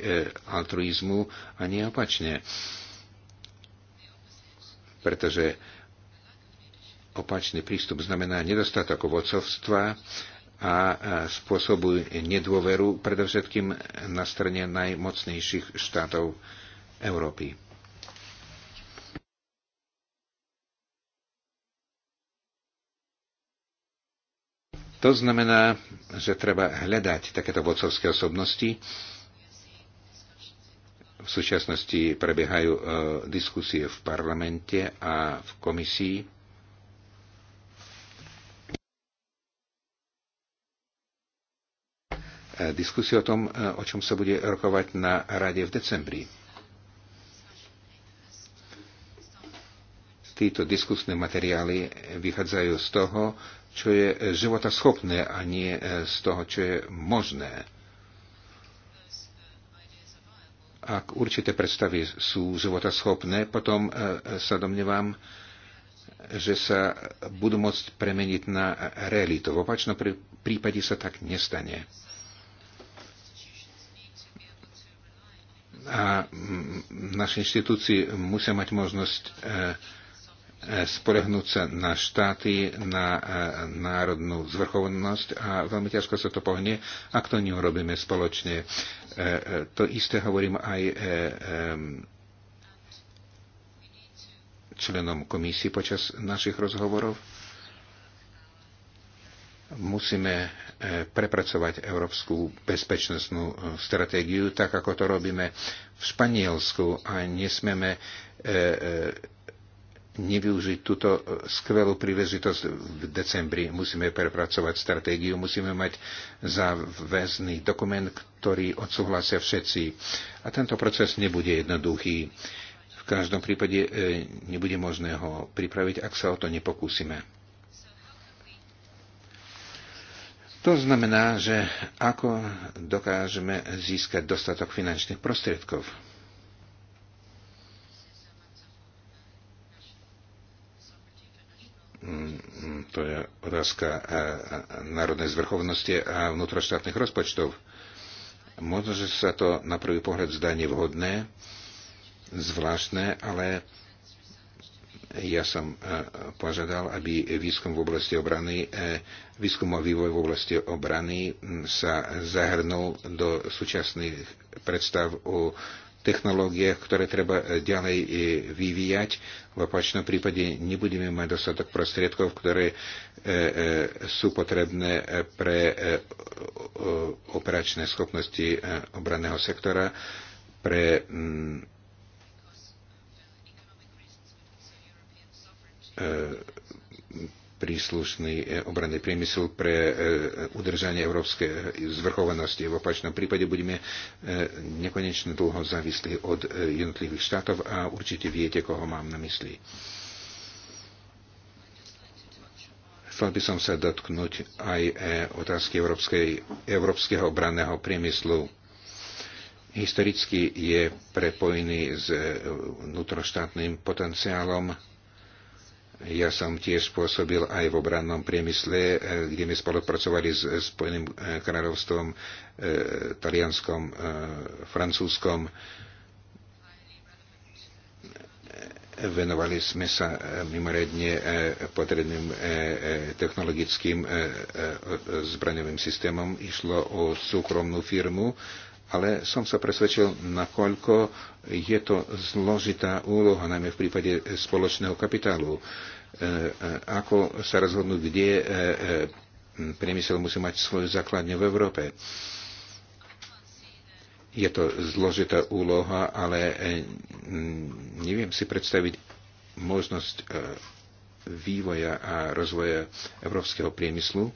altruizmu a neopačne. Pretože opačný prístup znamená nedostatok vodcovstva, a spôsobujú nedôveru predovšetkým na strane najmocnejších štátov Európy. To znamená, že treba hľadať takéto vodcovské osobnosti. V súčasnosti prebiehajú e, diskusie v parlamente a v komisii diskusiu o tom, e, o čom sa bude rokovať na rade v decembri. Títo diskusné materiály vychádzajú z toho, čo je schopné a nie e, z toho, čo je možné. Ak určité predstavy sú schopné, potom e, sa domnievam, že sa budú môcť premeniť na realitu. V opačnom prípade sa tak nestane. a naše inštitúcie musia mať možnosť e, e, sporehnúť sa na štáty, na e, národnú zvrchovanosť a veľmi ťažko sa to pohne, ak to neurobíme spoločne. To isté hovorím aj členom komisie počas našich rozhovorov musíme e, prepracovať európsku bezpečnostnú e, stratégiu, tak ako to robíme v Španielsku a nesmieme e, nevyužiť túto skvelú príležitosť v decembri. Musíme prepracovať stratégiu, musíme mať záväzný dokument, ktorý odsúhlasia všetci. A tento proces nebude jednoduchý. V každom prípade nebude možné ho pripraviť, ak sa o to nepokúsime. To znamená, že ako dokážeme získať dostatok finančných prostriedkov. Mm, to je otázka eh, národnej zvrchovnosti a vnútroštátnych rozpočtov. Možno, že sa to na prvý pohľad zdá nevhodné, zvláštne, ale ja som e, požadal, aby výskum v oblasti obrany, e, výskum a vývoj v oblasti obrany sa zahrnul do súčasných predstav o technológiách, ktoré treba ďalej e, vyvíjať. V opačnom prípade nebudeme mať dostatok prostriedkov, ktoré sú potrebné pre operačné schopnosti obranného sektora, pre E, príslušný e, obranný priemysel pre e, udržanie európskej zvrchovanosti. V opačnom prípade budeme nekonečne dlho závislí od jednotlivých štátov a určite viete, koho mám na mysli. Chcel by som sa dotknúť aj otázky európskej, európskeho obranného priemyslu. Historicky je prepojený s vnútroštátnym potenciálom ja som tiež spôsobil aj v obrannom priemysle, e, kde sme spolupracovali s e, Spojeným e, kráľovstvom, Talianskom, Francúzskom. Venovali sme sa mimoriadne potrebným technologickým zbraňovým systémom. Išlo o súkromnú firmu, ale som sa presvedčil, nakoľko je to zložitá úloha, najmä v prípade spoločného kapitálu. E, E, e, ako sa rozhodnúť, kde e, priemysel musí mať svoju základňu v Európe. Je to zložitá úloha, ale neviem si predstaviť možnosť vývoja a rozvoja európskeho priemyslu.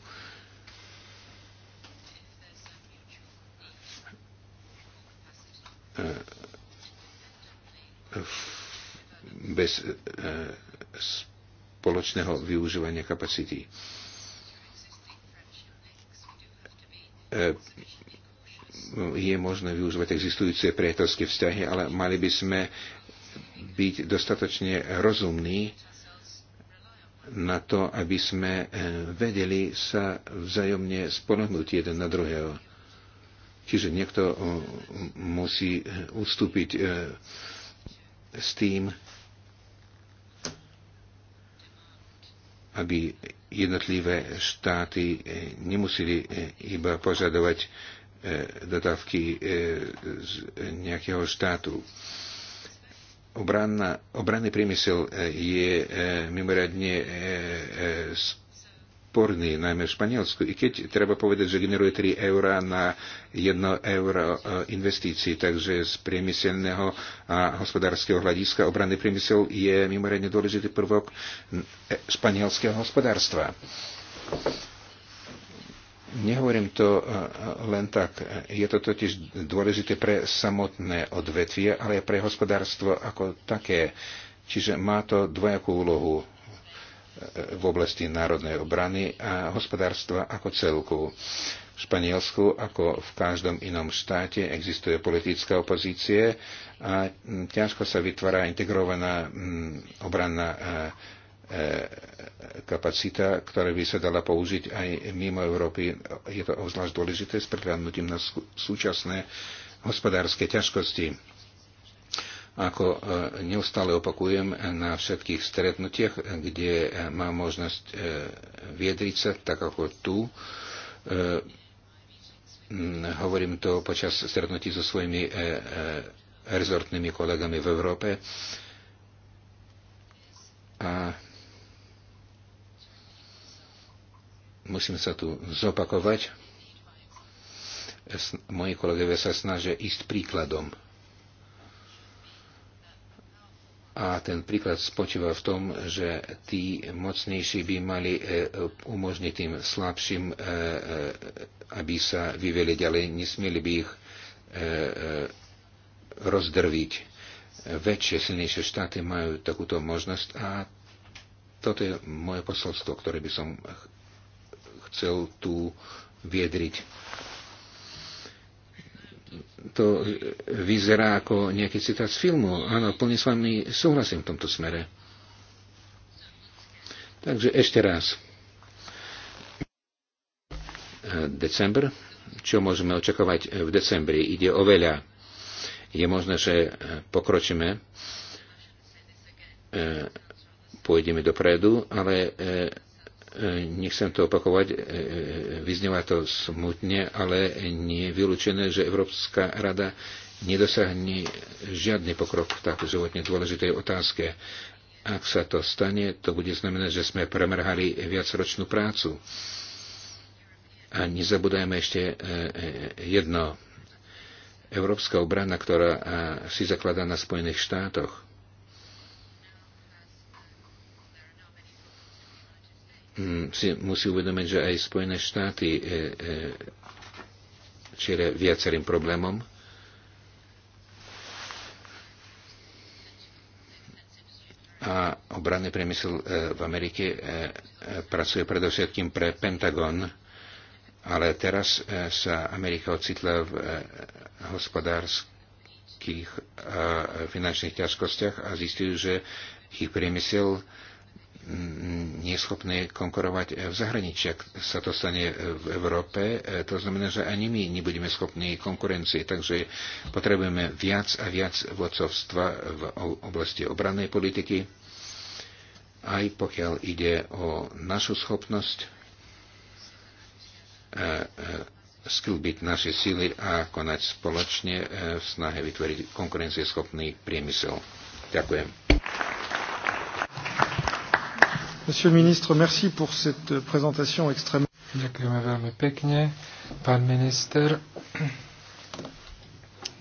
bez spoločného využívania kapacity. E, je možné využívať existujúce priateľské vzťahy, ale mali by sme byť dostatočne rozumní na to, aby sme e, vedeli sa vzájomne spolahnúť jeden na druhého. Čiže niekto e, musí ustúpiť s tým, aby jednotlivé štáty e, nemuseli e, iba požadovať e, dodávky z nejakého štátu. Obranná, obranný priemysel je mimoriadne sporný, najmä v Španielsku. I keď treba povedať, že generuje 3 eurá na 1 euro e, investícií, takže z priemyselného a hospodárskeho hľadiska obranný priemysel je mimoriadne dôležitý prvok e, španielského hospodárstva. Nehovorím to e, len tak. Je to totiž dôležité pre samotné odvetvie, ale aj pre hospodárstvo ako také. Čiže má to dvojakú úlohu v oblasti národnej obrany a hospodárstva ako celku. V Španielsku, ako v každom inom štáte, existuje politická opozície a ťažko sa vytvára integrovaná mm, obranná e, e, kapacita, ktorá by sa dala použiť aj mimo Európy. Je to obzvlášť dôležité s prihľadnutím na súčasné hospodárske ťažkosti ako e, neustále opakujem na všetkých stretnutiach, kde e, mám možnosť e, viedriť sa, tak ako tu, hovorím to počas stretnutí so svojimi rezortnými kolegami v Európe. A musím sa tu zopakovať. Moji kolegovia sa snažia ísť príkladom. A ten príklad spočíva v tom, že tí mocnejší by mali e, umožniť tým slabším, e, e, aby sa vyveli ďalej, nesmieli by ich rozdrviť. Väčšie, silnejšie štáty majú takúto možnosť a toto je moje posolstvo, ktoré by som chcel tu viedriť to vyzerá ako nejaký citát z filmu. Áno, plne s vami súhlasím v tomto smere. Takže ešte raz. December. Čo môžeme očakovať v decembri? Ide o veľa. Je možné, že pokročíme, e, pôjdeme dopredu, ale e, nechcem to opakovať, e, e, vyznieva to smutne, ale nie je vylúčené, že Európska rada nedosahne žiadny pokrok v tak životne dôležitej otázke. Ak sa to stane, to bude znamenať, že sme premrhali viacročnú prácu. A nezabudajme ešte e, jedno. Európska obrana, ktorá si zakladá na Spojených štátoch, Mm, si musí uvedomiť, že aj Spojené štáty čiere e, viacerým problémom. A obranný priemysel e, v Amerike e, pracuje predovšetkým pre Pentagon, ale teraz sa Amerika ocitla v hospodárskych a finančných ťažkostiach a zistujú, že ich priemysel neschopné konkurovať v zahraničí. Ak sa to stane v Európe, to znamená, že ani my nebudeme schopní konkurencie. Takže potrebujeme viac a viac vodcovstva v oblasti obrannej politiky, aj pokiaľ ide o našu schopnosť e, e, sklbiť naše sily a konať spoločne e, v snahe vytvoriť konkurencieschopný priemysel. Ďakujem. Monsieur le ministre, merci pour cette présentation extrêmement. Ďakujeme veľmi pekne. Pán minister,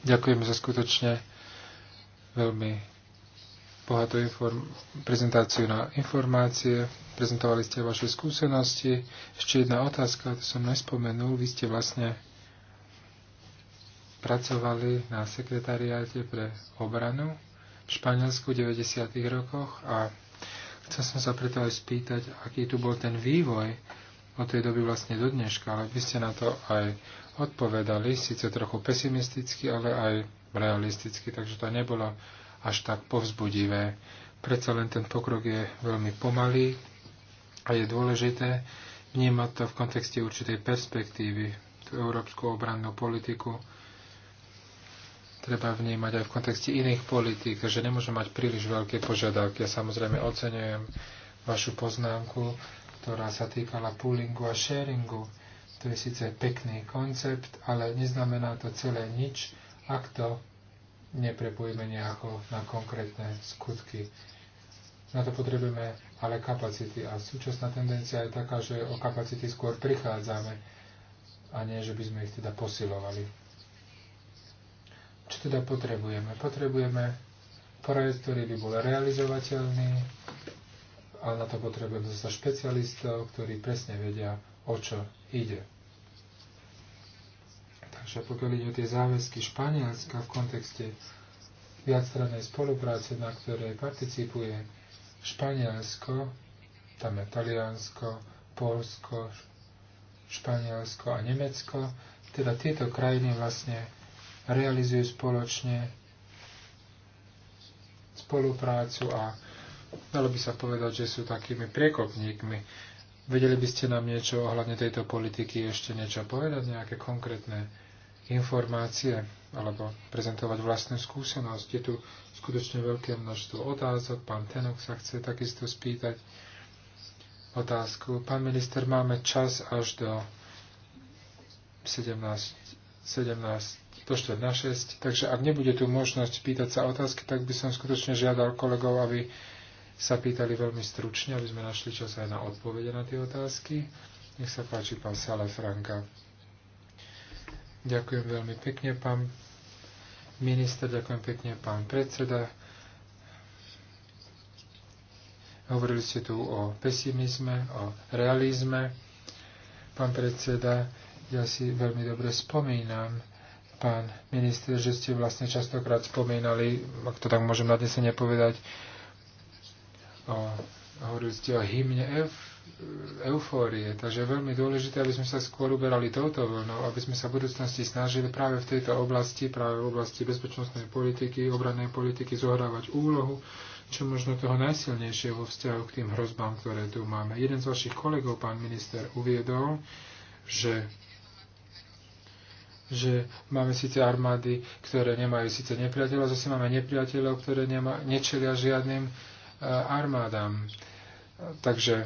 ďakujeme za skutočne veľmi bohatú inform- prezentáciu na informácie. Prezentovali ste vaše skúsenosti. Ešte jedna otázka, to som nespomenul. Vy ste vlastne pracovali na sekretariáte pre obranu v Španielsku v 90. rokoch a Chcel som sa preto aj spýtať, aký tu bol ten vývoj od tej doby vlastne do dneška, ale vy ste na to aj odpovedali, síce trochu pesimisticky, ale aj realisticky, takže to nebolo až tak povzbudivé. Predsa len ten pokrok je veľmi pomalý a je dôležité vnímať to v kontexte určitej perspektívy, tú európsku obrannú politiku, treba vnímať aj v kontexte iných politík, že nemôžem mať príliš veľké požiadavky. Ja samozrejme oceňujem vašu poznámku, ktorá sa týkala poolingu a sharingu. To je síce pekný koncept, ale neznamená to celé nič, ak to neprepojíme nejako na konkrétne skutky. Na to potrebujeme ale kapacity a súčasná tendencia je taká, že o kapacity skôr prichádzame a nie, že by sme ich teda posilovali. Čo teda potrebujeme? Potrebujeme projekt, ktorý by bol realizovateľný, ale na to potrebujeme zase špecialistov, ktorí presne vedia, o čo ide. Takže pokiaľ ide o tie záväzky Španielska v kontexte viacstrannej spolupráce, na ktorej participuje Španielsko, tam je Taliansko, Polsko, Španielsko a Nemecko, teda tieto krajiny vlastne realizujú spoločne spoluprácu a dalo by sa povedať, že sú takými priekopníkmi. Vedeli by ste nám niečo ohľadne tejto politiky ešte niečo povedať, nejaké konkrétne informácie alebo prezentovať vlastnú skúsenosť. Je tu skutočne veľké množstvo otázok. Pán Tenok sa chce takisto spýtať otázku. Pán minister, máme čas až do 17, 17 do štvrt na 6. Takže ak nebude tu možnosť pýtať sa otázky, tak by som skutočne žiadal kolegov, aby sa pýtali veľmi stručne, aby sme našli čas aj na odpovede na tie otázky. Nech sa páči pán Sala Franka. Ďakujem veľmi pekne, pán minister, ďakujem pekne, pán predseda. Hovorili ste tu o pesimizme, o realizme. Pán predseda, ja si veľmi dobre spomínam pán minister, že ste vlastne častokrát spomínali, ak to tak môžem na dnes nepovedať, o, hovorili ste o hymne F, eufórie. Takže je veľmi dôležité, aby sme sa skôr uberali touto vlnou, aby sme sa v budúcnosti snažili práve v tejto oblasti, práve v oblasti bezpečnostnej politiky, obrannej politiky zohrávať úlohu, čo možno toho najsilnejšie vo vzťahu k tým hrozbám, ktoré tu máme. Jeden z vašich kolegov, pán minister, uviedol, že že máme síce armády, ktoré nemajú síce nepriateľov, zase máme nepriateľov, ktoré nema, nečelia žiadnym e, armádám. Takže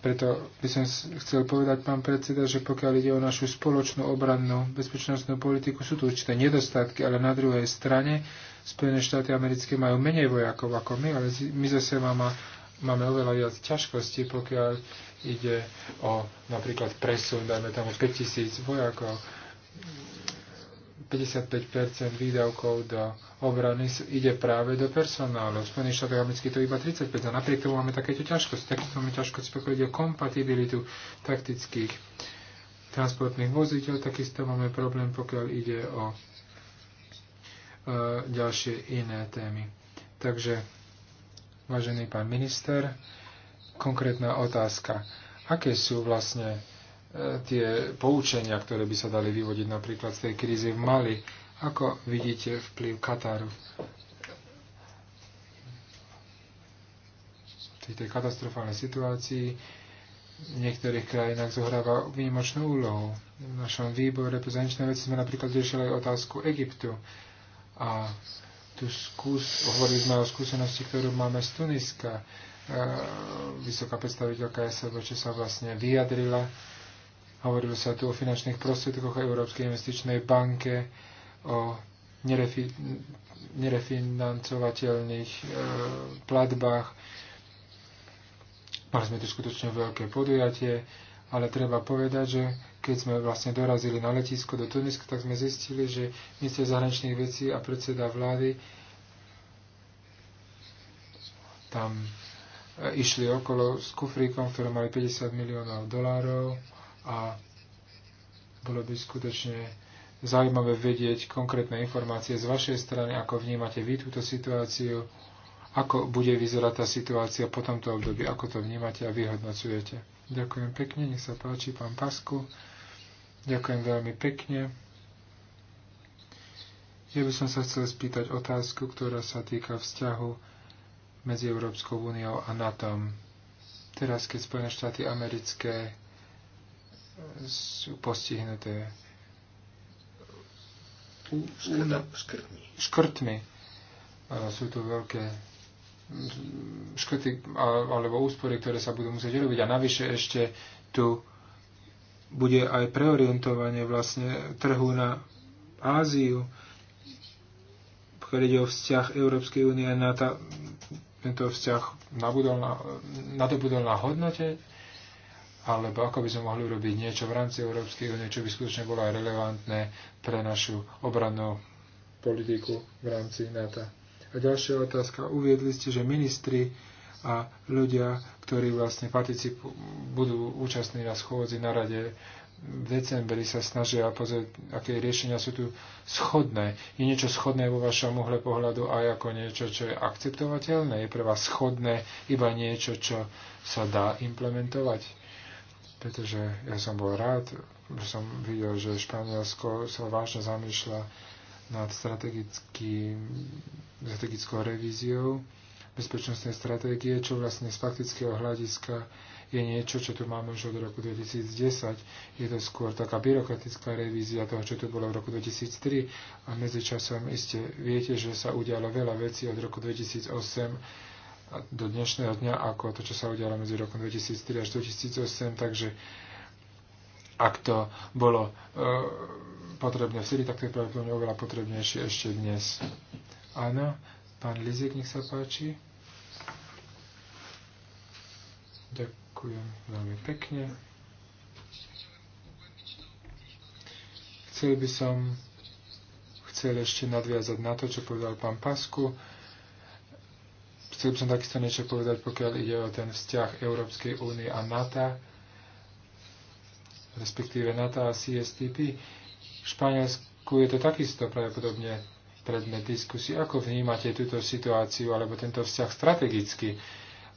preto by som chcel povedať, pán predseda, že pokiaľ ide o našu spoločnú obrannú bezpečnostnú politiku, sú tu určité nedostatky, ale na druhej strane Spojené štáty americké majú menej vojakov ako my, ale my zase máme, máme oveľa viac ťažkostí, pokiaľ ide o napríklad presun, dajme tomu 5000 vojakov 55 výdavkov do obrany ide práve do personálu. V Spojených štátoch amerických to iba 35 a napriek tomu máme takéto ťažkosti. Takisto máme ťažkosti, pokiaľ ide o kompatibilitu taktických transportných vozidel, takisto máme problém, pokiaľ ide o e, ďalšie iné témy. Takže, vážený pán minister, konkrétna otázka. Aké sú vlastne tie poučenia, ktoré by sa dali vyvodiť napríklad z tej krízy v Mali. Ako vidíte vplyv Kataru? V tej katastrofálnej situácii v niektorých krajinách zohráva výnimočnú úlohu. V našom výbore pre zahraničné veci sme napríklad riešili aj otázku Egyptu. A tu skús, hovorili sme o skúsenosti, ktorú máme z Tuniska. E, vysoká predstaviteľka SVČ sa vlastne vyjadrila Hovorilo sa tu o finančných prostriedkoch Európskej investičnej banke, o nerefi- nerefinancovateľných e, platbách. Mali sme tu skutočne veľké podujatie, ale treba povedať, že keď sme vlastne dorazili na letisko do Tuniska, tak sme zistili, že minister zahraničných vecí a predseda vlády tam e, išli okolo s kufríkom, ktoré mali 50 miliónov dolárov a bolo by skutočne zaujímavé vedieť konkrétne informácie z vašej strany, ako vnímate vy túto situáciu, ako bude vyzerať tá situácia po tomto období, ako to vnímate a vyhodnocujete. Ďakujem pekne, nech sa páči, pán Pasku. Ďakujem veľmi pekne. Ja by som sa chcel spýtať otázku, ktorá sa týka vzťahu medzi Európskou úniou a NATO. Teraz, keď Spojené štáty americké sú postihnuté škrtmi. škrtmi. Sú to veľké škrty alebo úspory, ktoré sa budú musieť robiť. A navyše ešte tu bude aj preorientovanie vlastne trhu na Áziu, pokiaľ ide o vzťah Európskej únie na tá, tento vzťah nadobudol na, na hodnote, alebo ako by sme mohli urobiť niečo v rámci Európskej únie, čo by skutočne bolo aj relevantné pre našu obrannú politiku v rámci NATO. A ďalšia otázka. Uviedli ste, že ministri a ľudia, ktorí vlastne participu, budú účastní na schôdzi na rade v decembri sa snažia pozrieť, aké riešenia sú tu schodné. Je niečo schodné vo vašom uhle pohľadu aj ako niečo, čo je akceptovateľné? Je pre vás schodné iba niečo, čo sa dá implementovať? pretože ja som bol rád, že som videl, že Španielsko sa vážne zamýšľa nad strategickou revíziou bezpečnostnej stratégie, čo vlastne z faktického hľadiska je niečo, čo tu máme už od roku 2010. Je to skôr taká byrokratická revízia toho, čo tu bolo v roku 2003 a medzičasom iste viete, že sa udialo veľa vecí od roku 2008 do dnešného dňa ako to, čo sa udialo medzi rokom 2003 až 2008, takže ak to bolo e, potrebné vtedy, tak to je pravdepodobne oveľa potrebnejšie ešte dnes. Áno, pán Lizik, nech sa páči. Ďakujem veľmi pekne. Chcel by som chcel ešte nadviazať na to, čo povedal pán Pasku E, Chcel by som takisto niečo povedať, pokiaľ ide o ten vzťah Európskej únie a NATO, respektíve NATO a CSTP. V Španielsku je to takisto pravdepodobne predmet diskusie. Ako vnímate túto situáciu alebo tento vzťah strategicky e,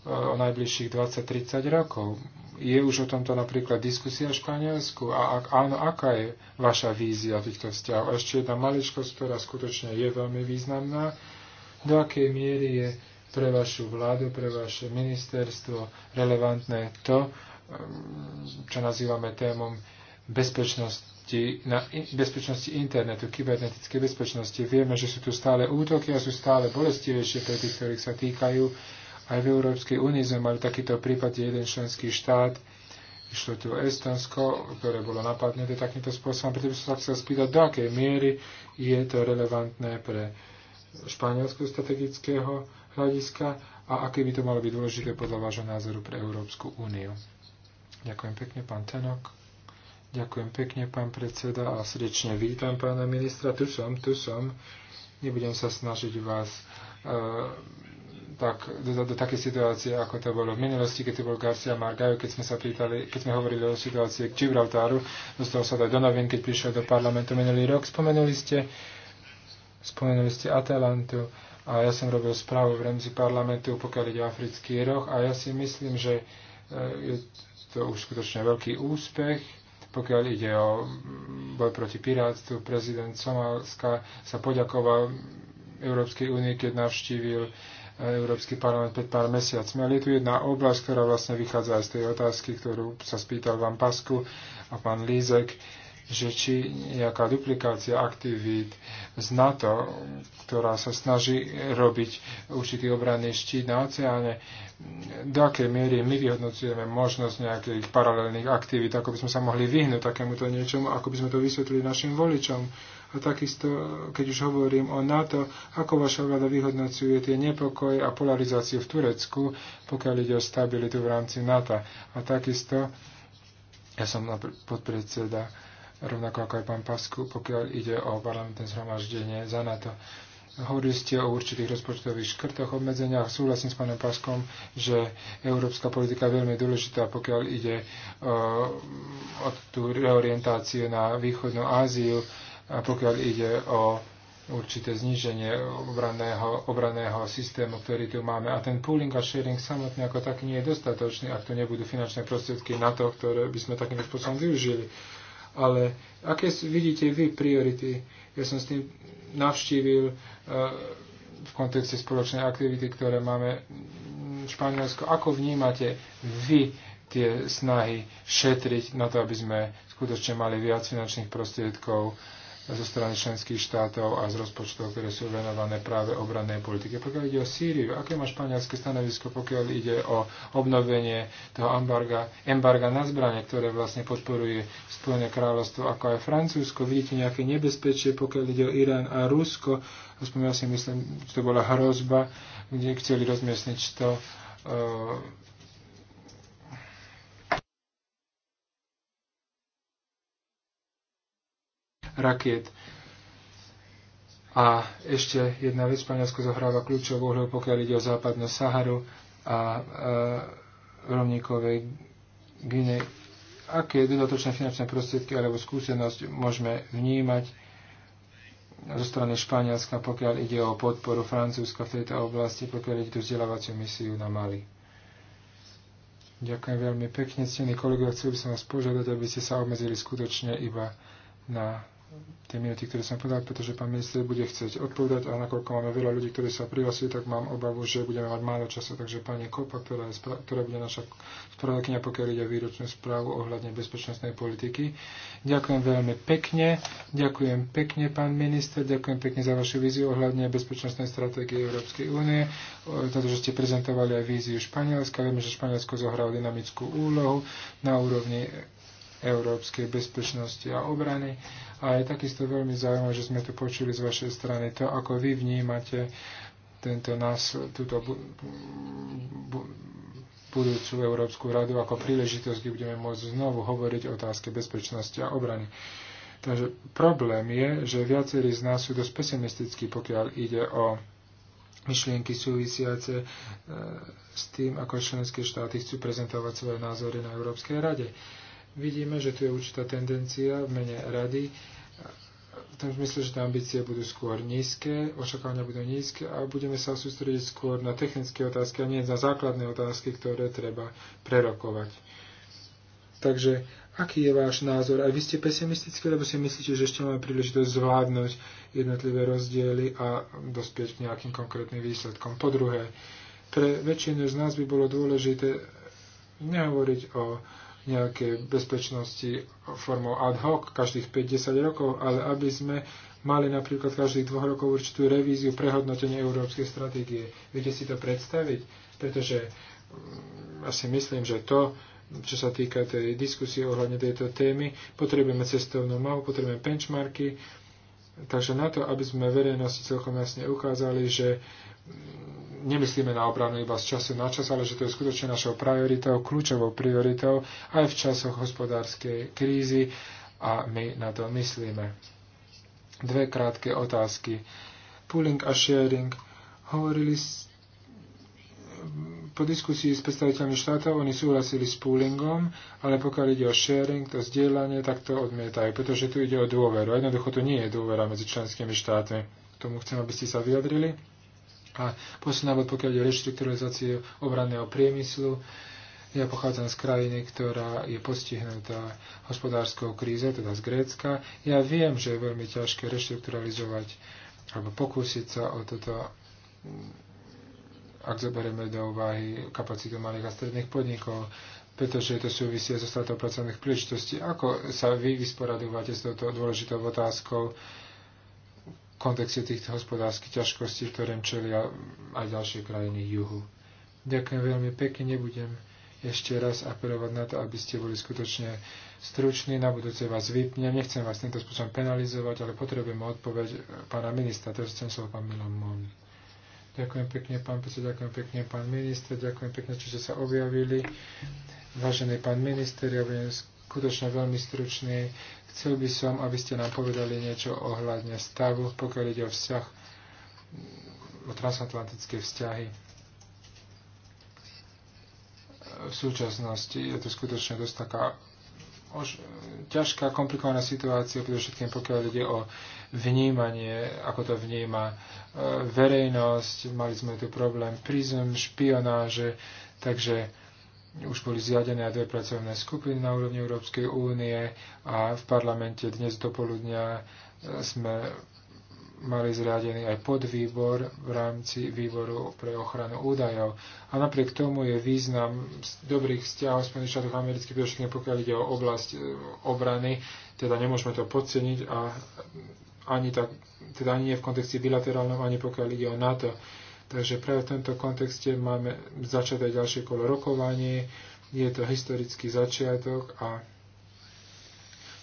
o najbližších 20-30 rokov? Je už o tomto napríklad diskusia v Španielsku? A ak áno, aká je vaša vízia týchto vzťahov? ešte jedna maličkosť, ktorá skutočne je veľmi významná. Do akej miery je pre vašu vládu, pre vaše ministerstvo relevantné to, um, čo nazývame témom bezpečnosti, na, bezpečnosti internetu, kybernetickej bezpečnosti. Vieme, že sú tu stále útoky a sú stále bolestivejšie pre tých, ktorých sa týkajú. Aj v Európskej únii sme mali takýto prípad, kde jeden členský štát, išlo tu Estonsko, ktoré bolo napadnuté takýmto spôsobom, preto by som sa chcel spýtať, do akej miery je to relevantné pre španielsku strategického hľadiska a aké by to malo byť dôležité podľa vášho názoru pre Európsku úniu. Ďakujem pekne, pán Tenok. Ďakujem pekne, pán predseda, a srdečne vítam pána ministra. Tu som, tu som. Nebudem sa snažiť vás uh, tak, do, do také situácie, ako to bolo v minulosti, keď to bol Garcia Margajo, keď sme sa pýtali, keď sme hovorili o situácii k Gibraltáru, dostal sa to do novín, keď prišiel do parlamentu minulý rok. Spomenuli ste, spomenuli ste Atalantu, a ja som robil správu v rámci parlamentu, pokiaľ ide o africký roh a ja si myslím, že e, je to už skutočne veľký úspech, pokiaľ ide o boj proti pirátstvu. Prezident Somálska sa poďakoval Európskej únie, keď navštívil e, Európsky parlament pred pár mesiacmi. Ale je tu jedna oblasť, ktorá vlastne vychádza aj z tej otázky, ktorú sa spýtal vám Pasku a pán Lízek že či nejaká duplikácia aktivít z NATO, ktorá sa snaží robiť určitý obranný štít na oceáne, do akej miery my vyhodnocujeme možnosť nejakých paralelných aktivít, ako by sme sa mohli vyhnúť takémuto niečomu, ako by sme to vysvetlili našim voličom. A takisto, keď už hovorím o NATO, ako vaša vláda vyhodnocuje tie nepokoje a polarizáciu v Turecku, pokiaľ ide o stabilitu v rámci NATO. A takisto, ja som podpredseda rovnako ako aj pán Pasku, pokiaľ ide o parlamentné zhromaždenie za NATO. Hovorili ste o určitých rozpočtových škrtoch, obmedzeniach. Súhlasím s pánom Paskom, že európska politika je veľmi dôležitá, pokiaľ ide o, tú reorientáciu na východnú Áziu a pokiaľ ide o určité zníženie obranného, obranného systému, ktorý tu máme. A ten pooling a sharing samotný ako taký nie je dostatočný, ak to nebudú finančné prostriedky na to, ktoré by sme takým spôsobom využili ale aké vidíte vy priority? Ja som s tým navštívil e, v kontexte spoločnej aktivity, ktoré máme v Španielsku. Ako vnímate vy tie snahy šetriť na to, aby sme skutočne mali viac finančných prostriedkov zo strany členských štátov a z rozpočtov, ktoré sú venované práve obrannej politike. Pokiaľ ide o Sýriu, aké má španielské stanovisko, pokiaľ ide o obnovenie toho embarga, embarga na zbranie, ktoré vlastne podporuje Spojené kráľovstvo, ako aj Francúzsko? Vidíte nejaké nebezpečie, pokiaľ ide o Irán a Rusko? Aspoň ja si myslím, že to bola hrozba, kde chceli rozmiestniť to rakiet. A ešte jedna vec, Španielsko zohráva kľúčovú úlohu, pokiaľ ide o západnú Saharu a e, rovníkovej Gine. Aké dodatočné finančné prostriedky alebo skúsenosť môžeme vnímať zo strany Španielska, pokiaľ ide o podporu Francúzska v tejto oblasti, pokiaľ ide tú vzdelávaciu misiu na Mali? Ďakujem veľmi pekne, ctení kolegovia. Chcel by som vás požiadať, aby ste sa obmedzili skutočne iba na tie minuty, ktoré som povedal, pretože pán minister bude chcieť odpovedať a nakoľko máme veľa ľudí, ktorí sa prihlasili, tak mám obavu, že budeme mať málo času. Takže pani Kopa, ktorá, je, ktorá bude naša spravodajkynia, pokiaľ ide výročnú správu ohľadne bezpečnostnej politiky. Ďakujem veľmi pekne. Ďakujem pekne, pán minister. Ďakujem pekne za vašu víziu ohľadne bezpečnostnej stratégie Európskej únie, za to, že ste prezentovali aj víziu Španielska. Vieme, že Španielsko zohralo dynamickú úlohu na úrovni európskej bezpečnosti a obrany. A je takisto veľmi zaujímavé, že sme tu počuli z vašej strany to, ako vy vnímate tento nás, túto bu, bu, budúcu Európsku radu ako príležitosť, kde budeme môcť znovu hovoriť o otázke bezpečnosti a obrany. Takže problém je, že viacerí z nás sú dosť pesimistickí, pokiaľ ide o myšlienky súvisiace e, s tým, ako členské štáty chcú prezentovať svoje názory na Európskej rade. Vidíme, že tu je určitá tendencia v mene rady, v tom zmysle, že tie ambície budú skôr nízke, očakávania budú nízke a budeme sa sústrediť skôr na technické otázky a nie na základné otázky, ktoré treba prerokovať. Takže aký je váš názor? Aj vy ste pesimistické, lebo si myslíte, že ešte máme príležitosť zvládnuť jednotlivé rozdiely a dospieť k nejakým konkrétnym výsledkom. Po druhé, pre väčšinu z nás by bolo dôležité nehovoriť o nejaké bezpečnosti formou ad hoc každých 5-10 rokov, ale aby sme mali napríklad každých dvoch rokov určitú revíziu prehodnotenie európskej stratégie. Viete si to predstaviť? Pretože mm, ja si myslím, že to, čo sa týka tej diskusie ohľadne tejto témy, potrebujeme cestovnú mapu, potrebujeme benchmarky, takže na to, aby sme verejnosti celkom jasne ukázali, že mm, nemyslíme na obranu iba z času na čas, ale že to je skutočne našou prioritou, kľúčovou prioritou aj v časoch hospodárskej krízy a my na to myslíme. Dve krátke otázky. Pooling a sharing. Hovorili s... po diskusii s predstaviteľmi štátov, oni súhlasili s poolingom, ale pokiaľ ide o sharing, to zdieľanie, tak to odmietajú, pretože tu ide o dôveru. Jednoducho to nie je dôvera medzi členskými štátmi. K tomu chcem, aby ste sa vyjadrili. A posledná bod, pokiaľ ide reštrukturalizácie obranného priemyslu, ja pochádzam z krajiny, ktorá je postihnutá hospodárskou krízou, teda z Grécka. Ja viem, že je veľmi ťažké reštrukturalizovať alebo pokúsiť sa o toto, mm, ak zoberieme do úvahy kapacitu malých a stredných podnikov, pretože to súvisí so stratou pracovných príležitostí. Ako sa vy vysporadujete s touto dôležitou otázkou kontexte týchto hospodárskych ťažkostí, ktorým čelia aj ďalšie krajiny juhu. Ďakujem veľmi pekne, nebudem ešte raz apelovať na to, aby ste boli skutočne struční, na budúce vás vypnem, nechcem vás tento spôsobom penalizovať, ale potrebujem odpoveď pána ministra, to chcem slovo pán Milan Mon. Ďakujem pekne, pán predseda, ďakujem pekne, pán minister, ďakujem pekne, že ste sa objavili. Vážený pán minister, ja budem skutočne veľmi stručný. Chcel by som, aby ste nám povedali niečo ohľadne stavu, pokiaľ ide o vzťah, o transatlantické vzťahy. V súčasnosti je to skutočne dosť taká ož, ťažká, komplikovaná situácia, predovšetkým pokiaľ ide o vnímanie, ako to vníma e, verejnosť. Mali sme tu problém prízem, špionáže, takže už boli zriadené dve pracovné skupiny na úrovni Európskej únie a v parlamente dnes do poludnia e, sme mali zriadený aj podvýbor v rámci výboru pre ochranu údajov. A napriek tomu je význam dobrých vzťahov Spojených štátov amerických, predovšetkým pokiaľ ide o oblasť e, obrany, teda nemôžeme to podceniť a ani, tak, teda ani nie v kontexte bilaterálnom, ani pokiaľ ide o NATO. Takže práve v tomto kontexte máme začať aj ďalšie kolo rokovanie. Je to historický začiatok a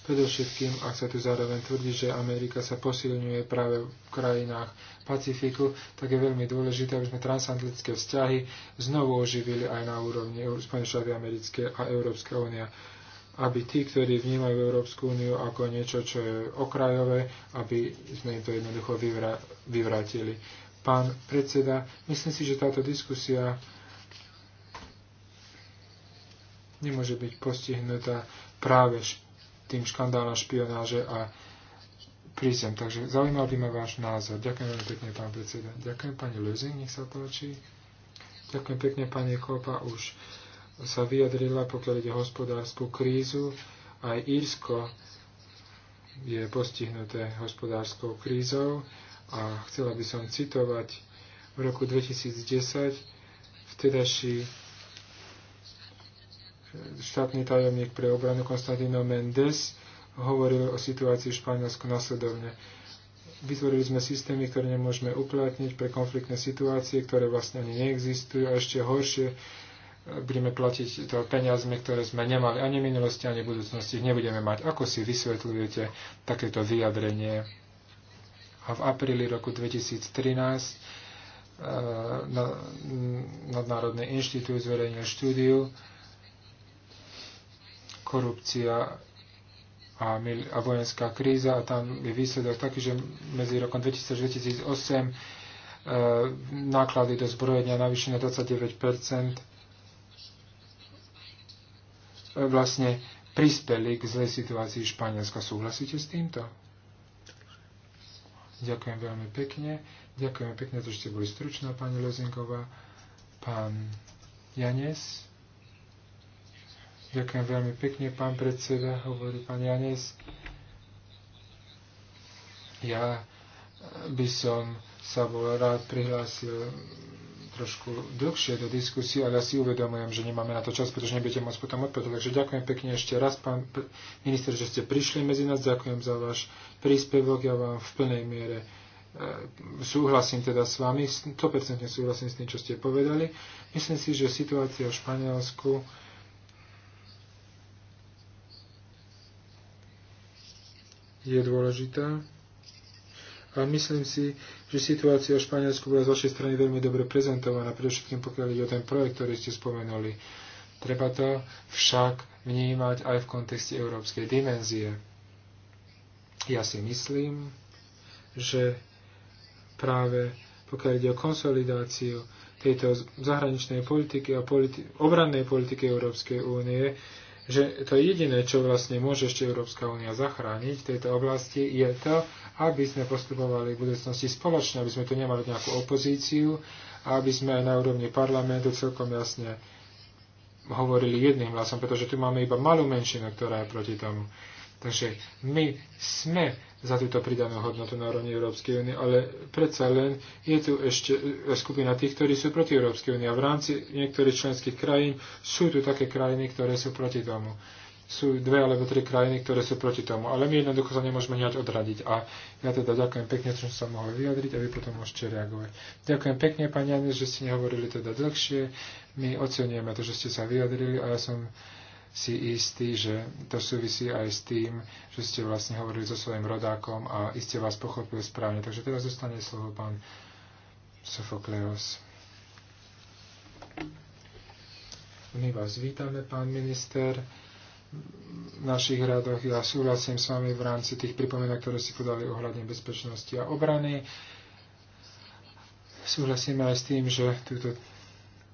Predovšetkým, ak sa tu zároveň tvrdí, že Amerika sa posilňuje práve v krajinách Pacifiku, tak je veľmi dôležité, aby sme transatlantické vzťahy znovu oživili aj na úrovni Spojených americké a Európska únia. Aby tí, ktorí vnímajú Európsku úniu ako niečo, čo je okrajové, aby sme im to jednoducho vyvra- vyvratili pán predseda. Myslím si, že táto diskusia nemôže byť postihnutá práve tým škandálom špionáže a prízem. Takže zaujímal by ma váš názor. Ďakujem veľmi pekne, pán predseda. Ďakujem pani Lezing, nech sa páči. Ďakujem pekne, pani Kopa už sa vyjadrila, pokiaľ ide hospodárskú krízu. Aj Írsko je postihnuté hospodárskou krízou a chcela by som citovať v roku 2010 vtedajší eh, štátny tajomník pre obranu Konstantino Mendes hovoril o situácii v Španielsku nasledovne. Vytvorili sme systémy, ktoré nemôžeme uplatniť pre konfliktné situácie, ktoré vlastne ani neexistujú a ešte horšie eh, budeme platiť to peniazmi, ktoré sme nemali ani v minulosti, ani v budúcnosti nebudeme mať. Ako si vysvetľujete takéto vyjadrenie a v apríli roku 2013 e, Nadnárodný inštitút zverejnil štúdiu korupcia a, mil, a vojenská kríza a tam je výsledok taký, že medzi rokom 2000 2008 e, náklady do zbrojenia navýšili na 29 vlastne prispeli k zlej situácii Španielska. Súhlasíte s týmto? Ďakujem veľmi pekne. Ďakujem pekne, to, že ste boli stručná, pani Lezinková. Pán Janes. Ďakujem veľmi pekne, pán predseda, hovorí pán Janes. Ja by som sa bol rád prihlásil trošku dlhšie do diskusie, ale ja si uvedomujem, že nemáme na to čas, pretože nebudete môcť potom odpovedať. Takže ďakujem pekne ešte raz, pán minister, že ste prišli medzi nás. Ďakujem za váš príspevok. Ja vám v plnej miere e, súhlasím teda s vami, 100% súhlasím s tým, čo ste povedali. Myslím si, že situácia v Španielsku je dôležitá. A myslím si, že situácia v Španielsku bola z vašej strany veľmi dobre prezentovaná, predovšetkým pokiaľ ide o ten projekt, ktorý ste spomenuli. Treba to však vnímať aj v kontexte európskej dimenzie. Ja si myslím, že práve pokiaľ ide o konsolidáciu tejto zahraničnej politiky a politi- obrannej politiky Európskej únie, že to jediné, čo vlastne môže ešte Európska únia zachrániť v tejto oblasti, je to, aby sme postupovali v budúcnosti spoločne, aby sme tu nemali nejakú opozíciu a aby sme aj na úrovni parlamentu celkom jasne hovorili jedným hlasom, pretože tu máme iba malú menšinu, ktorá je proti tomu. Takže my sme za túto pridanú hodnotu na úrovni Európskej únie, ale predsa len je tu ešte e, skupina tých, ktorí sú proti Európskej únie. A v rámci niektorých členských krajín sú tu také krajiny, ktoré sú proti tomu. Sú dve alebo tri krajiny, ktoré sú proti tomu. Ale my jednoducho sa nemôžeme nejak odradiť. A ja teda ďakujem pekne, čo som sa mohol vyjadriť a vy potom môžete reagovať. Ďakujem pekne, pani Janes, že ste nehovorili teda dlhšie. My ocenujeme to, že ste sa vyjadrili a ja som si istý, že to súvisí aj s tým, že ste vlastne hovorili so svojim rodákom a iste vás pochopil správne. Takže teraz zostane slovo pán Sofokleos. My vás vítame, pán minister. V našich radoch ja súhlasím s vami v rámci tých pripomienok, ktoré si podali ohľadne bezpečnosti a obrany. Súhlasím aj s tým, že túto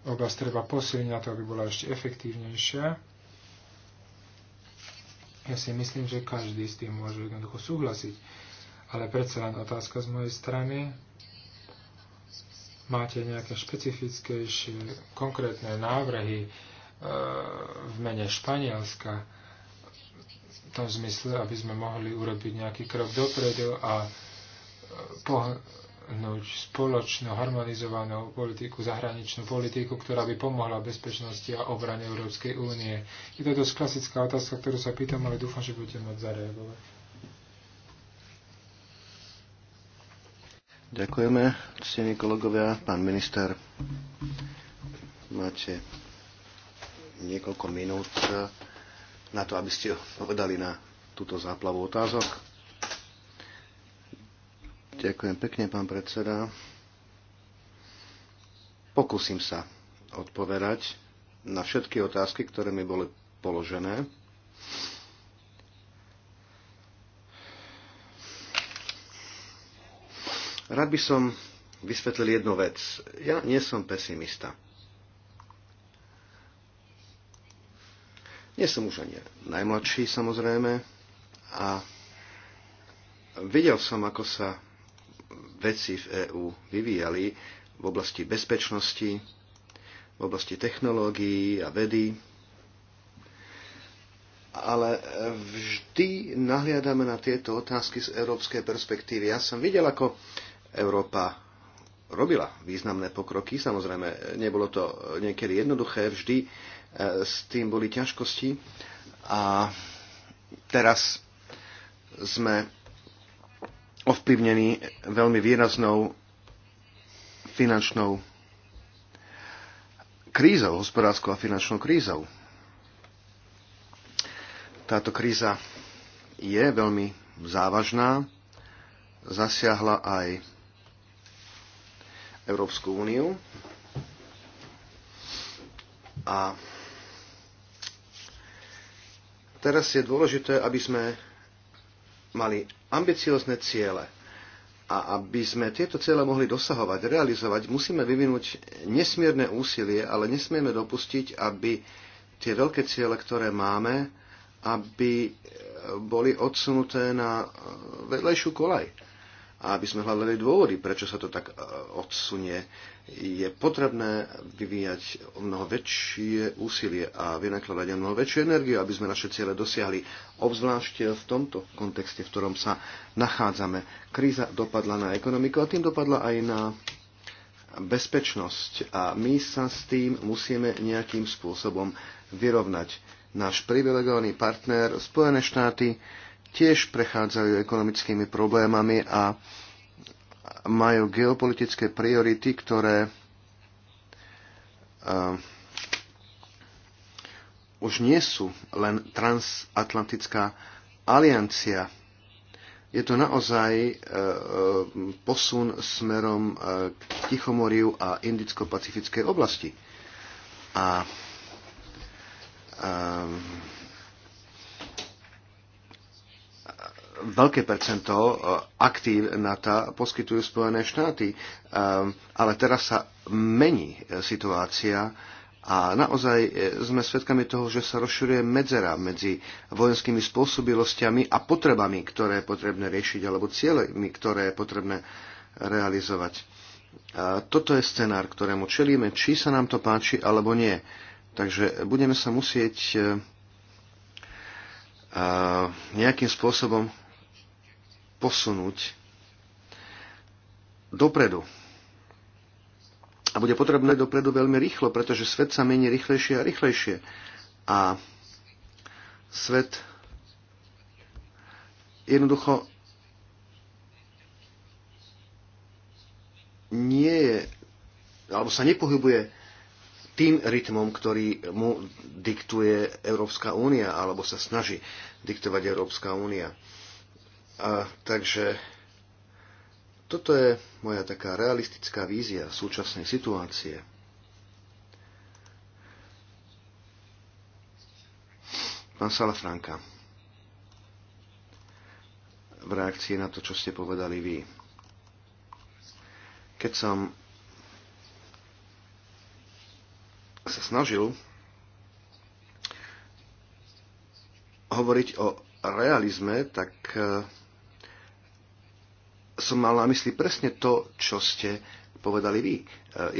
oblasť treba posilniť na to, aby bola ešte efektívnejšia. Ja si myslím, že každý s tým môže jednoducho súhlasiť. Ale predsa len otázka z mojej strany. Máte nejaké špecifickejšie, konkrétne návrhy e, v mene Španielska v tom zmysle, aby sme mohli urobiť nejaký krok dopredu a e, po, ponúknuť no, spoločnú harmonizovanú politiku, zahraničnú politiku, ktorá by pomohla bezpečnosti a obrane Európskej únie? Je to dosť klasická otázka, ktorú sa pýtam, ale dúfam, že budete môcť zareagovať. Ďakujeme, ctení kolegovia, pán minister. Máte niekoľko minút eh, na to, aby ste povedali na túto záplavu otázok. Ďakujem pekne, pán predseda. Pokúsim sa odpovedať na všetky otázky, ktoré mi boli položené. Rád by som vysvetlil jednu vec. Ja nie som pesimista. Nie som už ani najmladší, samozrejme. A videl som, ako sa veci v EÚ vyvíjali v oblasti bezpečnosti, v oblasti technológií a vedy, ale vždy nahliadame na tieto otázky z európskej perspektívy. Ja som videl, ako Európa robila významné pokroky. Samozrejme, nebolo to niekedy jednoduché, vždy e, s tým boli ťažkosti. A teraz sme ovplyvnený veľmi výraznou finančnou krízou, hospodárskou a finančnou krízou. Táto kríza je veľmi závažná, zasiahla aj Európsku úniu a teraz je dôležité, aby sme mali ambiciozne ciele. A aby sme tieto ciele mohli dosahovať, realizovať, musíme vyvinúť nesmierne úsilie, ale nesmieme dopustiť, aby tie veľké ciele, ktoré máme, aby e, boli odsunuté na e, vedlejšiu kolaj. A aby sme hľadali dôvody, prečo sa to tak e, odsunie je potrebné vyvíjať o mnoho väčšie úsilie a vynakladať o mnoho väčšiu energiu, aby sme naše ciele dosiahli, obzvlášť v tomto kontexte, v ktorom sa nachádzame. Kríza dopadla na ekonomiku a tým dopadla aj na bezpečnosť a my sa s tým musíme nejakým spôsobom vyrovnať. Náš privilegovaný partner, Spojené štáty, tiež prechádzajú ekonomickými problémami a majú geopolitické priority, ktoré uh, už nie sú len transatlantická aliancia. Je to naozaj uh, posun smerom uh, k Tichomoriu a Indicko-pacifickej oblasti. A uh, veľké percento e, aktív NATO poskytujú Spojené štáty, e, ale teraz sa mení e, situácia a naozaj sme svedkami toho, že sa rozširuje medzera medzi vojenskými spôsobilosťami a potrebami, ktoré je potrebné riešiť, alebo cieľmi, ktoré je potrebné realizovať. A toto je scenár, ktorému čelíme, či sa nám to páči alebo nie. Takže budeme sa musieť nejakým spôsobom posunúť dopredu. A bude potrebné dopredu veľmi rýchlo, pretože svet sa mení rýchlejšie a rýchlejšie. A svet jednoducho nie je, alebo sa nepohybuje tým rytmom, ktorý mu diktuje Európska únia, alebo sa snaží diktovať Európska únia. A takže toto je moja taká realistická vízia súčasnej situácie. Pán Salafranka, v reakcii na to, čo ste povedali vy. Keď som sa snažil hovoriť o realizme, tak eh, som mal na mysli presne to, čo ste povedali vy. E,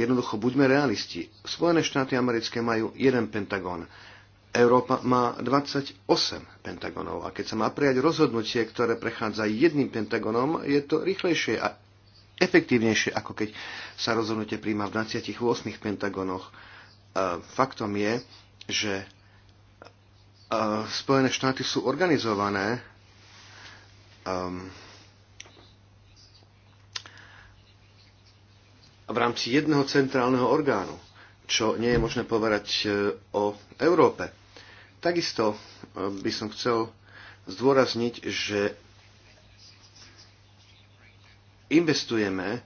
jednoducho, buďme realisti. Spojené štáty americké majú jeden pentagón. Európa má 28 pentagonov a keď sa má prijať rozhodnutie, ktoré prechádza jedným pentagonom, je to rýchlejšie a efektívnejšie, ako keď sa rozhodnutie príjma v 28 pentagonoch. E, faktom je, že e, Spojené štáty sú organizované ehm, v rámci jedného centrálneho orgánu, čo nie je možné povedať e, o Európe. Takisto e, by som chcel zdôrazniť, že investujeme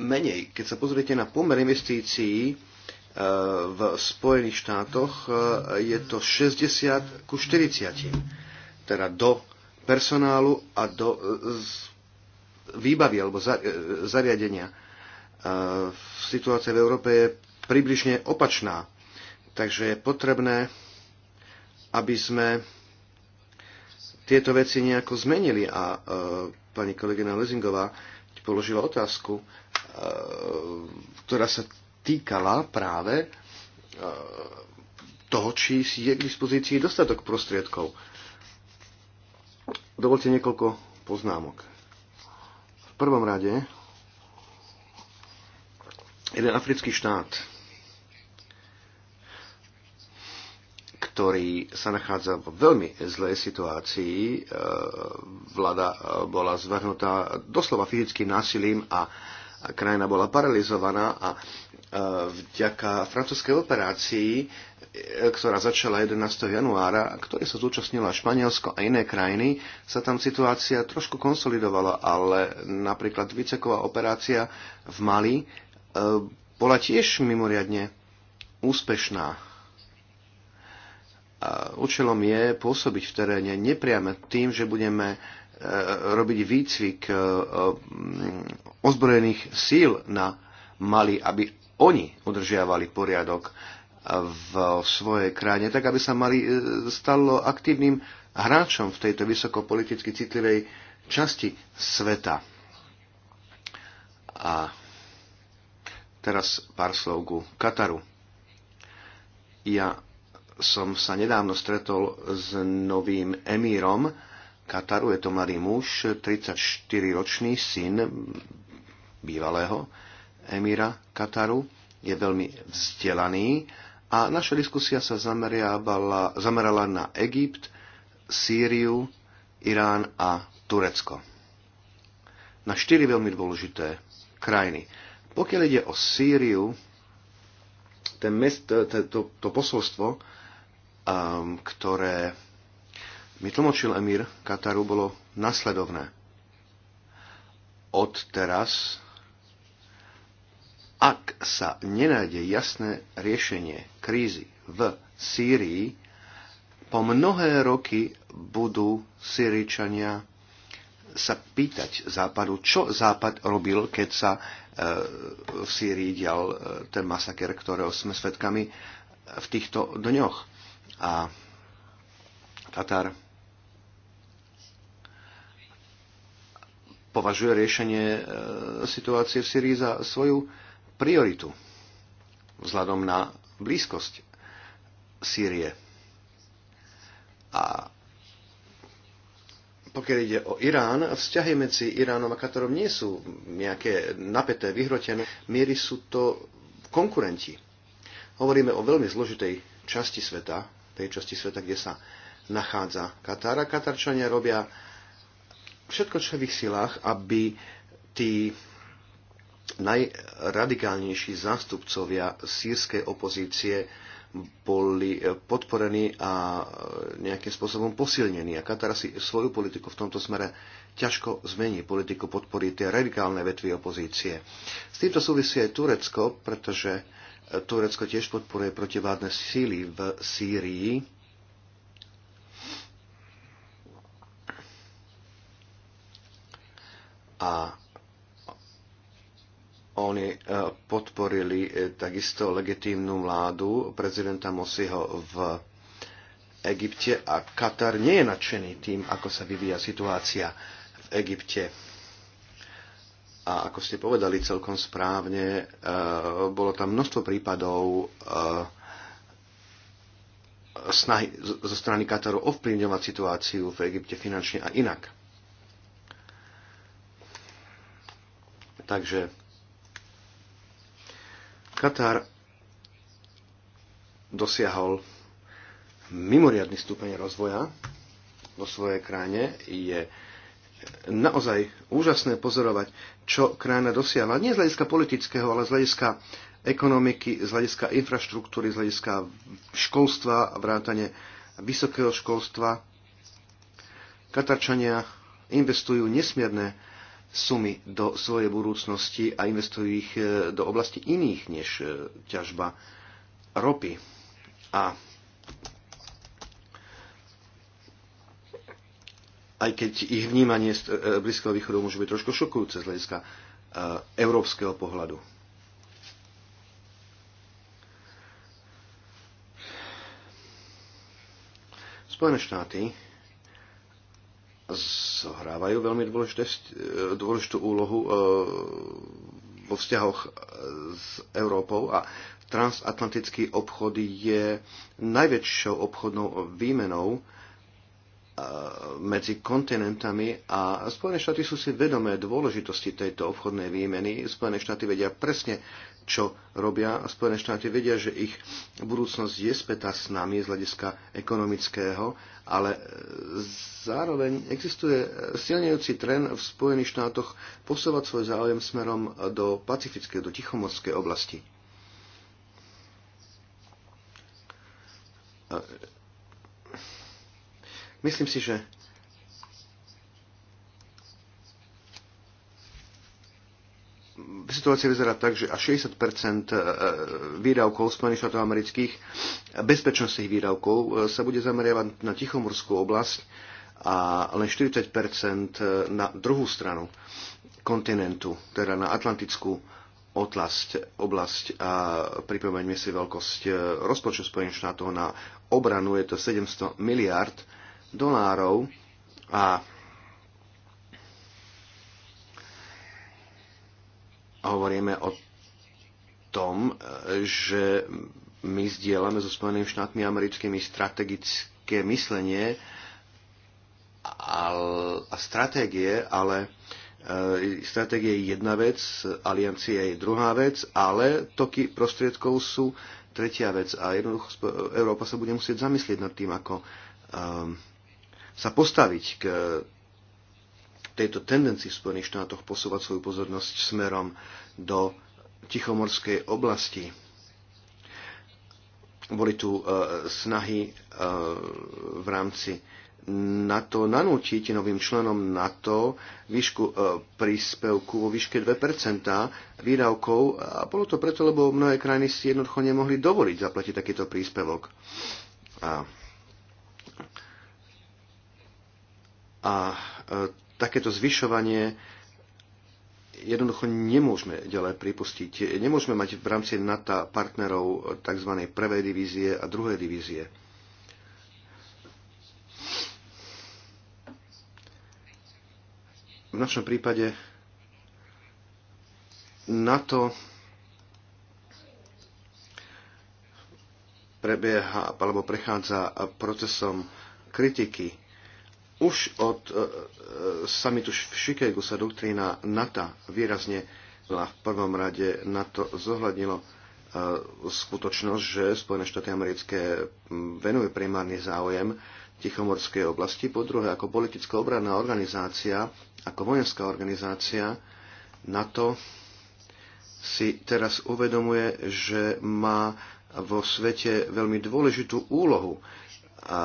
menej. Keď sa pozriete na pomer investícií e, v Spojených štátoch, je to 60 ku 40, teda do personálu a do výbavy alebo e, zariadenia. E, Situácia v Európe je približne opačná. Takže je potrebné, aby sme tieto veci nejako zmenili. A e, pani kolegyna Lezingová položila otázku, ktorá sa týkala práve toho, či je k dispozícii dostatok prostriedkov. Dovolte niekoľko poznámok prvom rade jeden africký štát, ktorý sa nachádza v veľmi zlej situácii, eh, vláda eh, bola zvrhnutá doslova fyzickým násilím a krajina bola paralizovaná a e, vďaka francúzskej operácii, e, ktorá začala 11. januára, ktoré sa zúčastnila Španielsko a iné krajiny, sa tam situácia trošku konsolidovala, ale napríklad Viceková operácia v Mali e, bola tiež mimoriadne úspešná. Účelom je pôsobiť v teréne nepriame tým, že budeme E, robiť výcvik e, e, ozbrojených síl na Mali, aby oni udržiavali poriadok v svojej krajine, tak aby sa Mali stalo aktívnym hráčom v tejto vysokopoliticky citlivej časti sveta. A teraz pár slov ku Kataru. Ja som sa nedávno stretol s novým emírom, Kataru. Je to mladý muž, 34-ročný syn bývalého emíra Kataru. Je veľmi vzdelaný a naša diskusia sa zamerala na Egypt, Sýriu, Irán a Turecko. Na štyri veľmi dôležité krajiny. Pokiaľ ide o Sýriu, ten mest, to, to, to posolstvo, um, ktoré mi tlmočil emír Kataru, bolo nasledovné. Od teraz, ak sa nenájde jasné riešenie krízy v Sýrii, po mnohé roky budú Syričania sa pýtať Západu, čo Západ robil, keď sa e, v Sýrii dial e, ten masaker, ktorého sme svedkami e, v týchto dňoch. A Katar považuje riešenie e, situácie v Syrii za svoju prioritu vzhľadom na blízkosť Sýrie. A pokiaľ ide o Irán, vzťahy medzi Iránom a Katarom nie sú nejaké napäté, vyhrotené. Miery sú to konkurenti. Hovoríme o veľmi zložitej časti sveta, tej časti sveta, kde sa nachádza Katar. A Katarčania robia všetko, čo je v ich silách, aby tí najradikálnejší zástupcovia sírskej opozície boli podporení a nejakým spôsobom posilnení. A Katar si svoju politiku v tomto smere ťažko zmení. Politiku podporí tie radikálne vetvy opozície. S týmto súvisí aj Turecko, pretože Turecko tiež podporuje protivládne síly v Sýrii a oni e, podporili e, takisto legitímnu vládu prezidenta Mosiho v Egypte a Katar nie je nadšený tým, ako sa vyvíja situácia v Egypte. A ako ste povedali celkom správne, e, bolo tam množstvo prípadov snahy zo strany Kataru ovplyvňovať situáciu v Egypte finančne a inak. Takže Katar dosiahol mimoriadný stupeň rozvoja vo svojej krajine. Je naozaj úžasné pozorovať, čo krajina dosiahla. Nie z hľadiska politického, ale z hľadiska ekonomiky, z hľadiska infraštruktúry, z hľadiska školstva, vrátane vysokého školstva. Katarčania investujú nesmierne sumy do svojej budúcnosti a investujú ich e, do oblasti iných než e, ťažba ropy. A aj keď ich vnímanie z e, Blízkeho východu môže byť trošku šokujúce z hľadiska európskeho pohľadu. Spojené štáty zohrávajú veľmi dôležité, e, dôležitú úlohu e, vo vzťahoch e, s Európou a transatlantický obchod je najväčšou obchodnou výmenou medzi kontinentami a Spojené štáty sú si vedomé dôležitosti tejto obchodnej výmeny. Spojené štáty vedia presne čo robia a Spojené štáty vedia, že ich budúcnosť je spätá s nami z hľadiska ekonomického, ale zároveň existuje silnejúci trend v Spojených štátoch posovať svoj záujem smerom do pacifickej, do tichomorskej oblasti. Myslím si, že situácia vyzerá tak, že až 60 e, výdavkov Spojených štátov amerických, bezpečnostných výdavkov, e, sa bude zameriavať na Tichomorskú oblasť a len 40 e, na druhú stranu kontinentu, teda na Atlantickú otlasť, oblasť a pripomeňme si veľkosť rozpočtu Spojených štátov na obranu, je to 700 miliard dolárov a hovoríme o tom, že my sdielame so Spojenými štátmi americkými strategické myslenie a stratégie, ale e, stratégie je jedna vec, aliancia je druhá vec, ale toky prostriedkov sú tretia vec a jednoducho Európa sa bude musieť zamyslieť nad tým, ako e, sa postaviť k tejto tendencii v Spojených štátoch posúvať svoju pozornosť smerom do Tichomorskej oblasti. Boli tu e, snahy e, v rámci NATO nanútiť novým členom NATO výšku e, príspevku vo výške 2% výdavkov a bolo to preto, lebo mnohé krajiny si jednoducho nemohli dovoliť zaplatiť takýto príspevok. A, a takéto zvyšovanie jednoducho nemôžeme ďalej pripustiť. Nemôžeme mať v rámci NATO partnerov tzv. prvej divízie a druhej divízie. V našom prípade NATO prebieha alebo prechádza procesom kritiky už od e, e, samitu v Chicagu sa doktrína NATO výrazne a v prvom rade NATO zohľadnilo e, skutočnosť, že Spojené štáty americké venujú primárny záujem Tichomorskej oblasti. Po druhé, ako politická obranná organizácia, ako vojenská organizácia, NATO si teraz uvedomuje, že má vo svete veľmi dôležitú úlohu a, a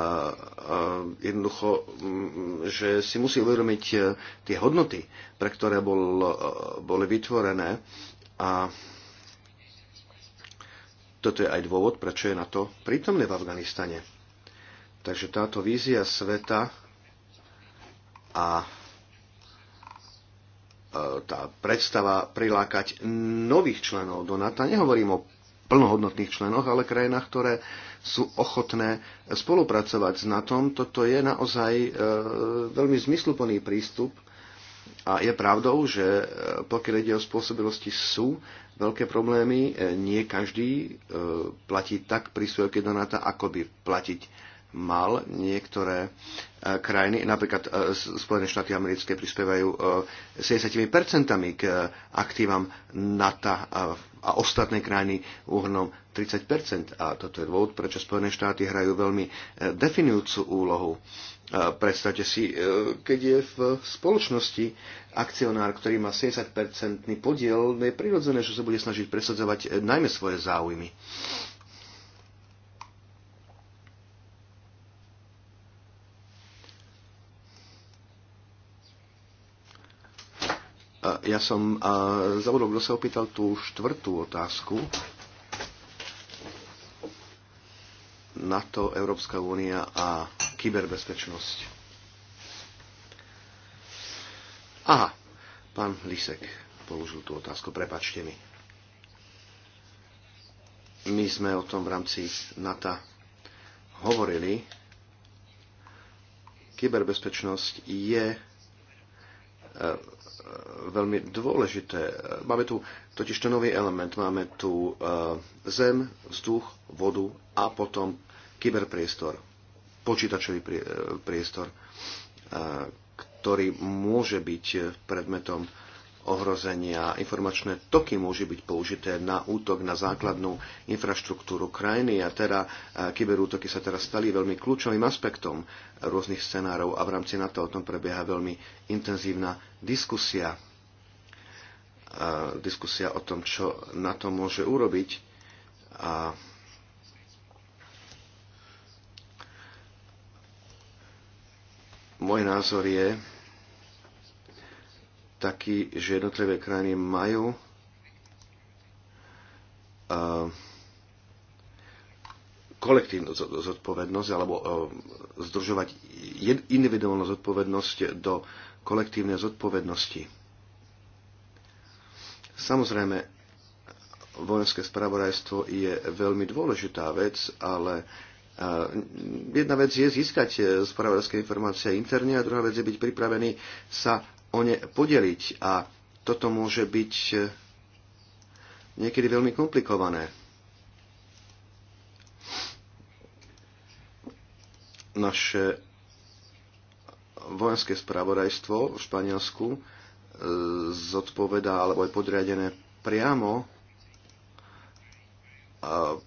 jednoducho, mm, že si musí uvedomiť e, tie hodnoty, pre ktoré bol, e, boli vytvorené a toto je aj dôvod, prečo je na to prítomné v Afganistane. Takže táto vízia sveta a e, tá predstava prilákať nových členov do NATO, nehovorím o plnohodnotných členoch, ale krajinách, ktoré sú ochotné spolupracovať s NATO. Toto je naozaj e, veľmi zmysluplný prístup a je pravdou, že e, pokiaľ ide o spôsobilosti sú veľké problémy, e, nie každý platí tak príspevky do NATO, ako by platiť mal niektoré krajiny, napríklad Spojené štáty americké prispievajú 70% k aktívam NATO v a ostatné krajiny uhrnom 30 A toto je dôvod, prečo Spojené štáty hrajú veľmi e, definujúcu úlohu. E, predstavte si, e, keď je v spoločnosti akcionár, ktorý má 70-percentný podiel, je prirodzené, že sa bude snažiť presadzovať najmä svoje záujmy. ja som uh, zabudol, kto sa opýtal tú štvrtú otázku. NATO, Európska únia a kyberbezpečnosť. Aha, pán Lisek položil tú otázku, prepačte mi. My sme o tom v rámci NATO hovorili. Kyberbezpečnosť je e, veľmi dôležité. Máme tu totiž ten nový element. Máme tu eh, zem, vzduch, vodu a potom kyberpriestor, počítačový eh, priestor, eh, ktorý môže byť predmetom ohrozenia. Informačné toky môžu byť použité na útok na základnú infraštruktúru krajiny a teda e, kyberútoky sa teraz stali veľmi kľúčovým aspektom rôznych scenárov a v rámci NATO o tom prebieha veľmi intenzívna diskusia. E, diskusia o tom, čo NATO môže urobiť a môj názor je, taký, že jednotlivé krajiny majú kolektívnu zodpovednosť alebo združovať individuálnu zodpovednosť do kolektívnej zodpovednosti. Samozrejme, vojenské spravodajstvo je veľmi dôležitá vec, ale jedna vec je získať spravodajské informácie interne a druhá vec je byť pripravený sa o ne podeliť a toto môže byť e, niekedy veľmi komplikované. Naše vojenské spravodajstvo v Španielsku e, zodpovedá alebo je podriadené priamo e,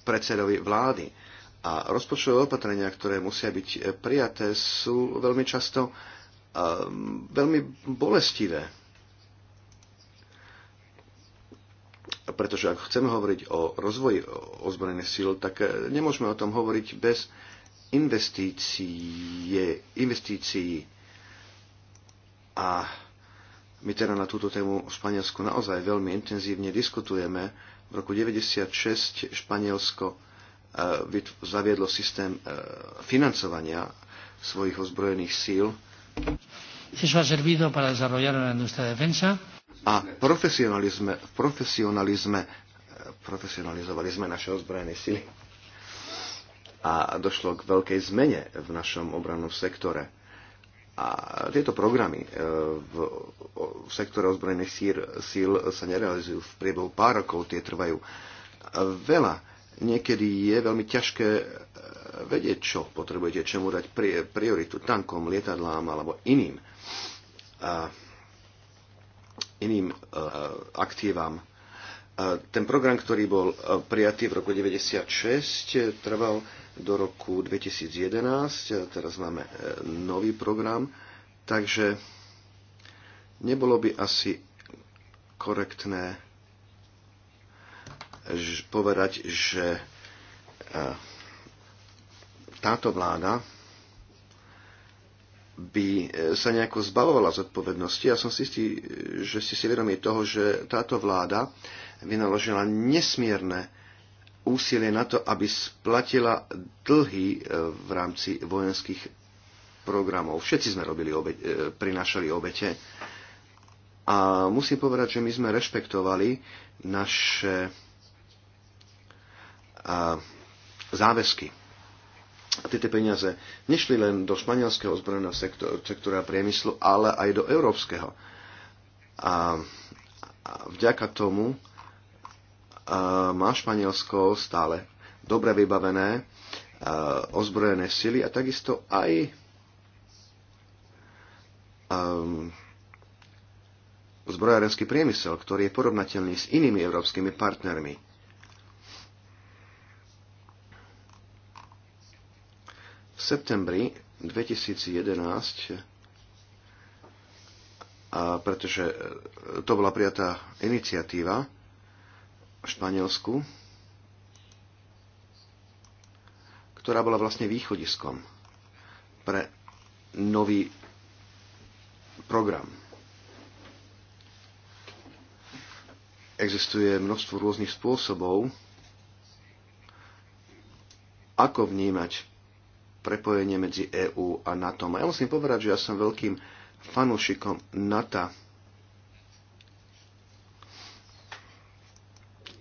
predsedovi vlády. A rozpočtové opatrenia, ktoré musia byť prijaté, sú veľmi často a veľmi bolestivé. Pretože ak chceme hovoriť o rozvoji ozbrojených síl, tak e, nemôžeme o tom hovoriť bez investície, investícií. A my teda na túto tému v Španielsku naozaj veľmi intenzívne diskutujeme. V roku 1996 Španielsko e, zaviedlo systém e, financovania svojich ozbrojených síl a profesionalizme, profesionalizme, profesionalizovali sme naše ozbrojené sily. A došlo k veľkej zmene v našom obrannom sektore. A tieto programy e, v sektore ozbrojených síl, síl sa nerealizujú v priebehu pár rokov, tie trvajú e, veľa niekedy je veľmi ťažké e, vedieť, čo potrebujete, čemu dať prioritu tankom, lietadlám alebo iným, uh, iným e, aktívam. ten program, ktorý bol prijatý v roku 1996, trval do roku 2011, teraz máme nový program, takže nebolo by asi korektné povedať, že e, táto vláda by e, sa nejako zbavovala zodpovednosti. Ja som si istý, e, že ste si vedomí toho, že táto vláda vynaložila nesmierne úsilie na to, aby splatila dlhy v rámci vojenských programov. Všetci sme robili obe- prinašali obete. A musím povedať, že my sme rešpektovali naše a záväzky. A tieto peniaze nešli len do španielského ozbrojeného sektora, sektora priemyslu, ale aj do európskeho. A, a vďaka tomu a má Španielsko stále dobre vybavené a, ozbrojené sily a takisto aj um, zbrojárenský priemysel, ktorý je porovnateľný s inými európskymi partnermi. V septembri 2011 a pretože e, to bola prijatá iniciatíva v Španielsku, ktorá bola vlastne východiskom pre nový program. Existuje množstvo rôznych spôsobov, ako vnímať prepojenie medzi EÚ a NATO. A ja musím povedať, že ja som veľkým fanúšikom NATO.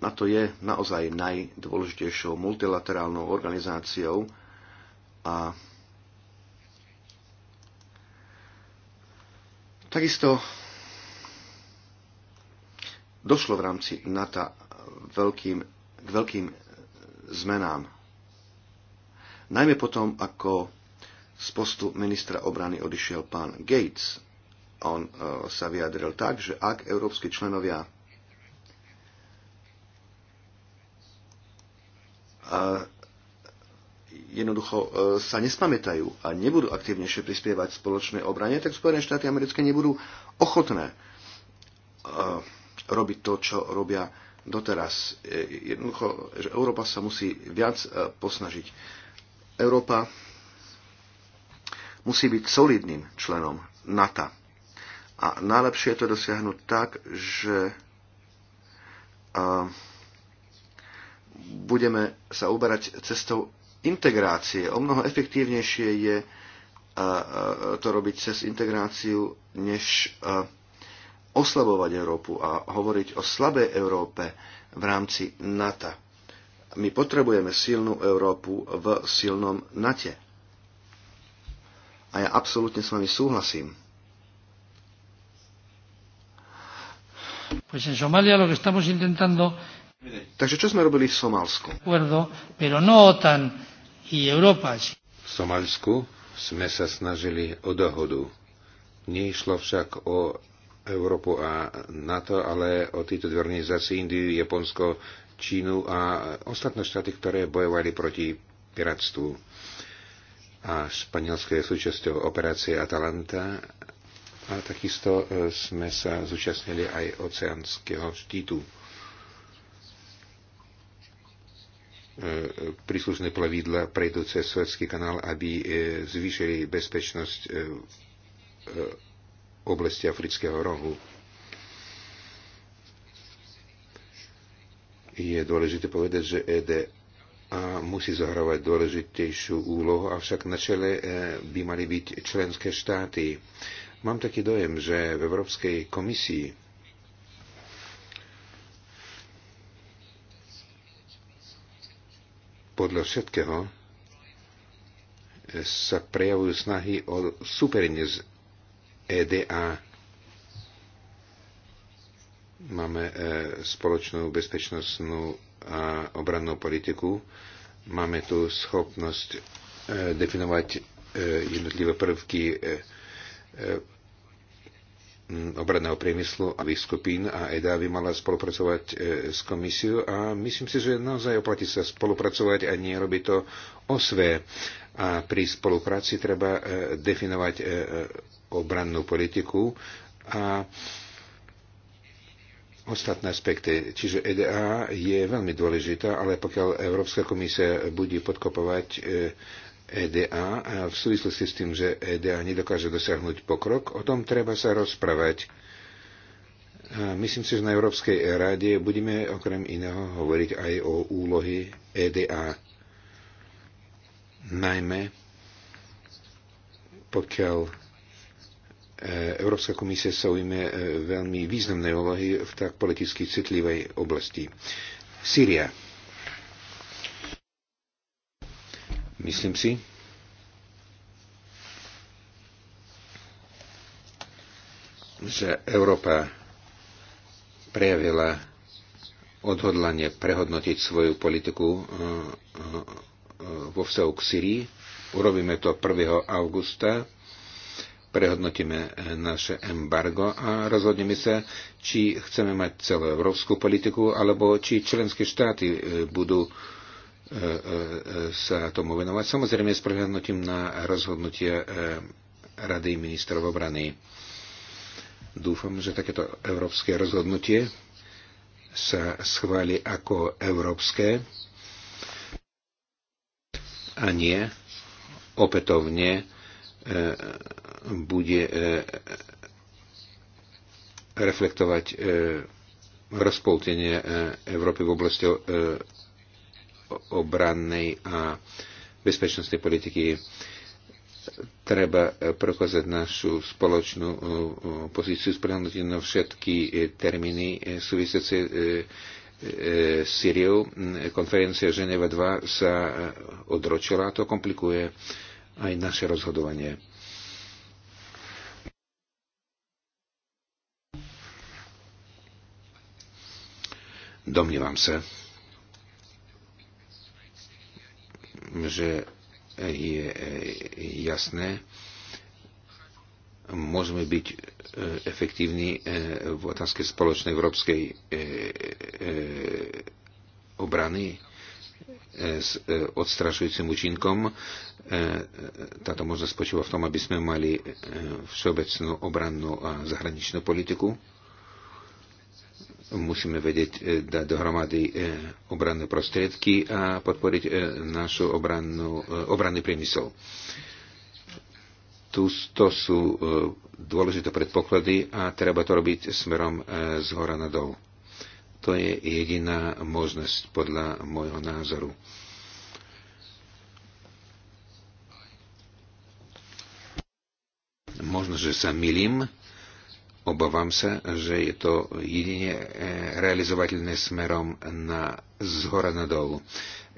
NATO je naozaj najdôležitejšou multilaterálnou organizáciou a takisto došlo v rámci NATO veľkým, k veľkým zmenám najmä potom, ako z postu ministra obrany odišiel pán Gates. On e, sa vyjadril tak, že ak európsky členovia e, jednoducho e, sa nespamätajú a nebudú aktívnejšie prispievať spoločnej obrane, tak Spojené štáty americké nebudú ochotné robiť to, čo robia doteraz. Jednoducho, že Európa sa musí viac posnažiť Európa musí byť solidným členom NATO. A najlepšie je to dosiahnuť tak, že budeme sa uberať cestou integrácie. O mnoho efektívnejšie je to robiť cez integráciu, než oslabovať Európu a hovoriť o slabej Európe v rámci NATO. My potrebujeme silnú Európu v silnom NATE. A ja absolútne s vami súhlasím. Pues en Somalia lo que estamos intentando Takže čo sme robili v Somálsku? No v Somálsku sme sa snažili o dohodu. išlo však o Európu a NATO, ale o tieto dve organizácie Indiu, Japonsko, Čínu a ostatné štáty, ktoré bojovali proti piratstvu. A Španielsko je súčasťou operácie Atalanta a takisto e, sme sa zúčastnili aj oceánskeho štítu. E, príslušné plavidla prejdú cez Svetský kanál, aby e, zvýšili bezpečnosť oblasti Afrického rohu. Je dôležité povedať, že EDA musí zahrávať dôležitejšiu úlohu, avšak na čele e, by mali byť členské štáty. Mám taký dojem, že v Európskej komisii podľa všetkého e, sa prejavujú snahy o superenie z EDA Máme e, spoločnú bezpečnostnú a obrannú politiku. Máme tu schopnosť e, definovať e, jednotlivé prvky obradného priemyslu a výskupín a EDA by mala spolupracovať s komisiou a myslím si, že naozaj oplatí sa spolupracovať a nie robiť to o své. A pri spolupráci treba definovať obrannú politiku a ostatné aspekty. Čiže EDA je veľmi dôležitá, ale pokiaľ Európska komisia bude podkopovať EDA e a v súvislosti s tým, že EDA nedokáže dosiahnuť pokrok, o tom treba sa rozprávať. A myslím si, že na Európskej rade budeme okrem iného hovoriť aj o úlohy EDA. Najmä pokiaľ E, Európska komisia sa ujme e, veľmi významnej úlohy v tak politicky citlivej oblasti. Sýria. Myslím si, že Európa prejavila odhodlanie prehodnotiť svoju politiku e, vo vzťahu k Syrii. Urobíme to 1. augusta prehodnotíme eh, naše embargo a rozhodneme sa, či chceme mať celú európsku politiku, alebo či členské štáty eh, budú eh, sa tomu venovať. Samozrejme s prehľadnutím na rozhodnutie Rady ministrov obrany. Dúfam, že takéto európske rozhodnutie sa schváli ako európske a nie opätovne E, bude e, reflektovať e, rozpoltenie Európy v oblasti obrannej a bezpečnostnej politiky. Treba prokázať našu spoločnú pozíciu, sprehľadnúť na všetky termíny súvisiace s Syriou. Konferencia Ženeva 2 sa odročila a to komplikuje aj naše rozhodovanie. Domnívam sa, že je jasné, môžeme byť e, efektívni e, v otázke spoločnej európskej e, obrany s odstrašujúcim účinkom E, e, táto možnosť spočíva v tom, aby sme mali e, všeobecnú obrannú a zahraničnú politiku. Musíme vedieť dať dohromady obranné prostriedky a podporiť našu obrannú, obranný priemysel. Tu, to sú dôležité predpoklady a treba to robiť smerom z hora na dol. To je jediná možnosť podľa môjho názoru Možno, že sa milím. Obávam sa, že je to jedine e, realizovateľné smerom na zhora na dolu.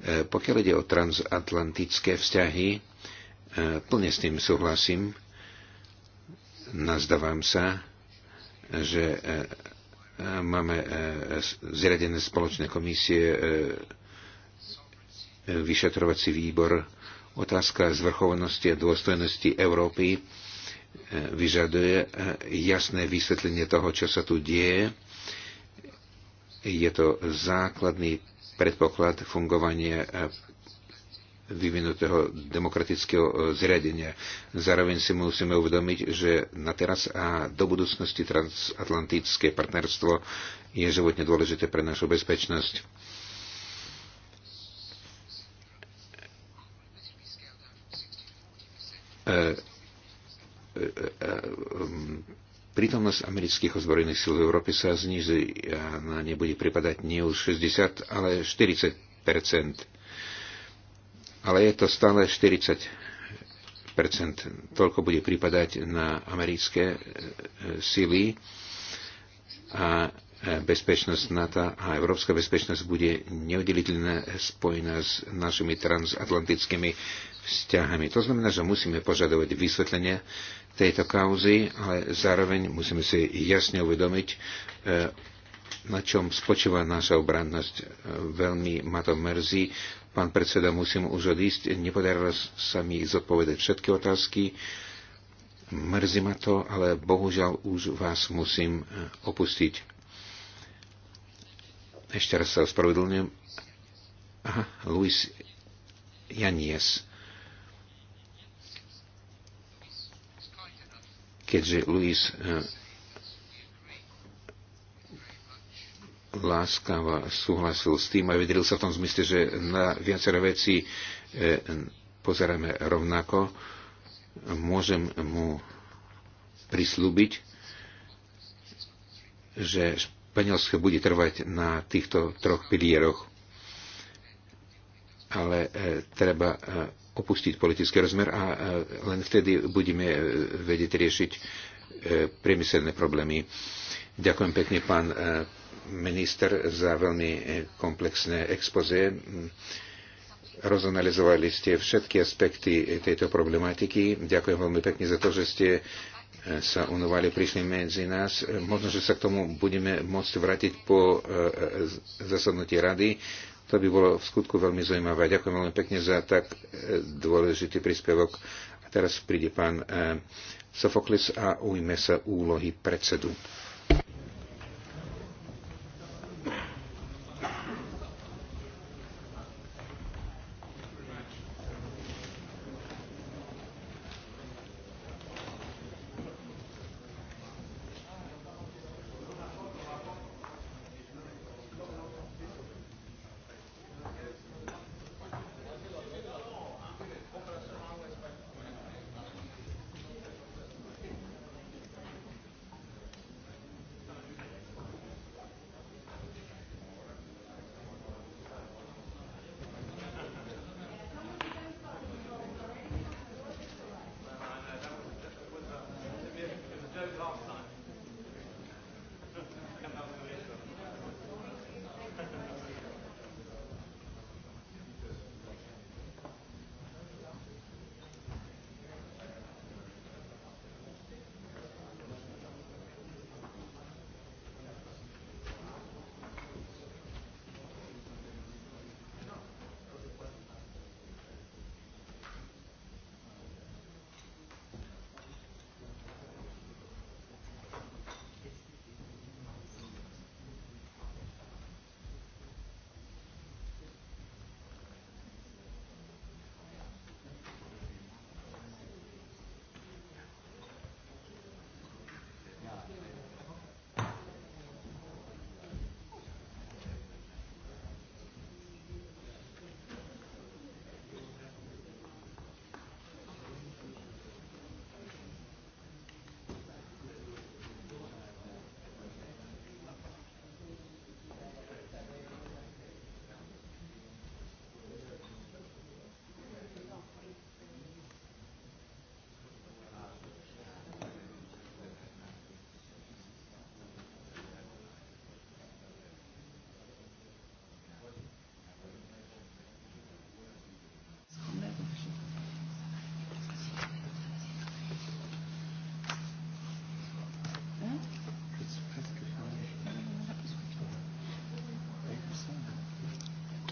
E, pokiaľ ide o transatlantické vzťahy, e, plne s tým súhlasím. Nazdávam sa, že máme zriadené spoločné komisie, vyšetrovací výbor, otázka zvrchovanosti a dôstojnosti Európy vyžaduje eh, jasné vysvetlenie toho, čo sa tu deje. Je to základný predpoklad fungovania eh, vyvinutého demokratického eh, zriadenia. Zároveň si musíme uvedomiť, že na teraz a do budúcnosti transatlantické partnerstvo je životne dôležité pre našu bezpečnosť. E, prítomnosť amerických ozbrojených síl v Európe sa zniží a na ne bude pripadať nie už 60, ale 40 Ale je to stále 40 Toľko bude pripadať na americké e, síly a e, bezpečnosť NATO a európska bezpečnosť bude neoddeliteľne spojená s našimi transatlantickými vzťahami. To znamená, že musíme požadovať vysvetlenie, tejto kauzy, ale zároveň musíme si jasne uvedomiť, e, na čom spočíva naša obrannosť. E, veľmi ma to mrzí. Pán predseda, musím už odísť. Nepodarilo sa mi zodpovedať všetky otázky. Mrzí ma to, ale bohužiaľ už vás musím e, opustiť. Ešte raz sa ospravedlňujem. Aha, Luis Janies. keďže Luis eh, láskavo súhlasil s tým a vedril sa v tom zmysle, že na viacero veci eh, pozeráme rovnako, môžem mu prislúbiť, že Španielsko bude trvať na týchto troch pilieroch. Ale eh, treba opustiť politický rozmer a len vtedy budeme e, vedieť riešiť e, priemyselné problémy. Ďakujem pekne, pán e, minister, za veľmi komplexné expoze. Rozanalizovali ste všetky aspekty tejto problematiky. Ďakujem veľmi pekne za to, že ste sa unovali, prišli medzi nás. Možno, že sa k tomu budeme môcť vrátiť po zasadnutí rady. To by bolo v skutku veľmi zaujímavé. Ďakujem veľmi pekne za tak e, dôležitý príspevok. A teraz príde pán e, Sofoklis a ujme sa úlohy predsedu.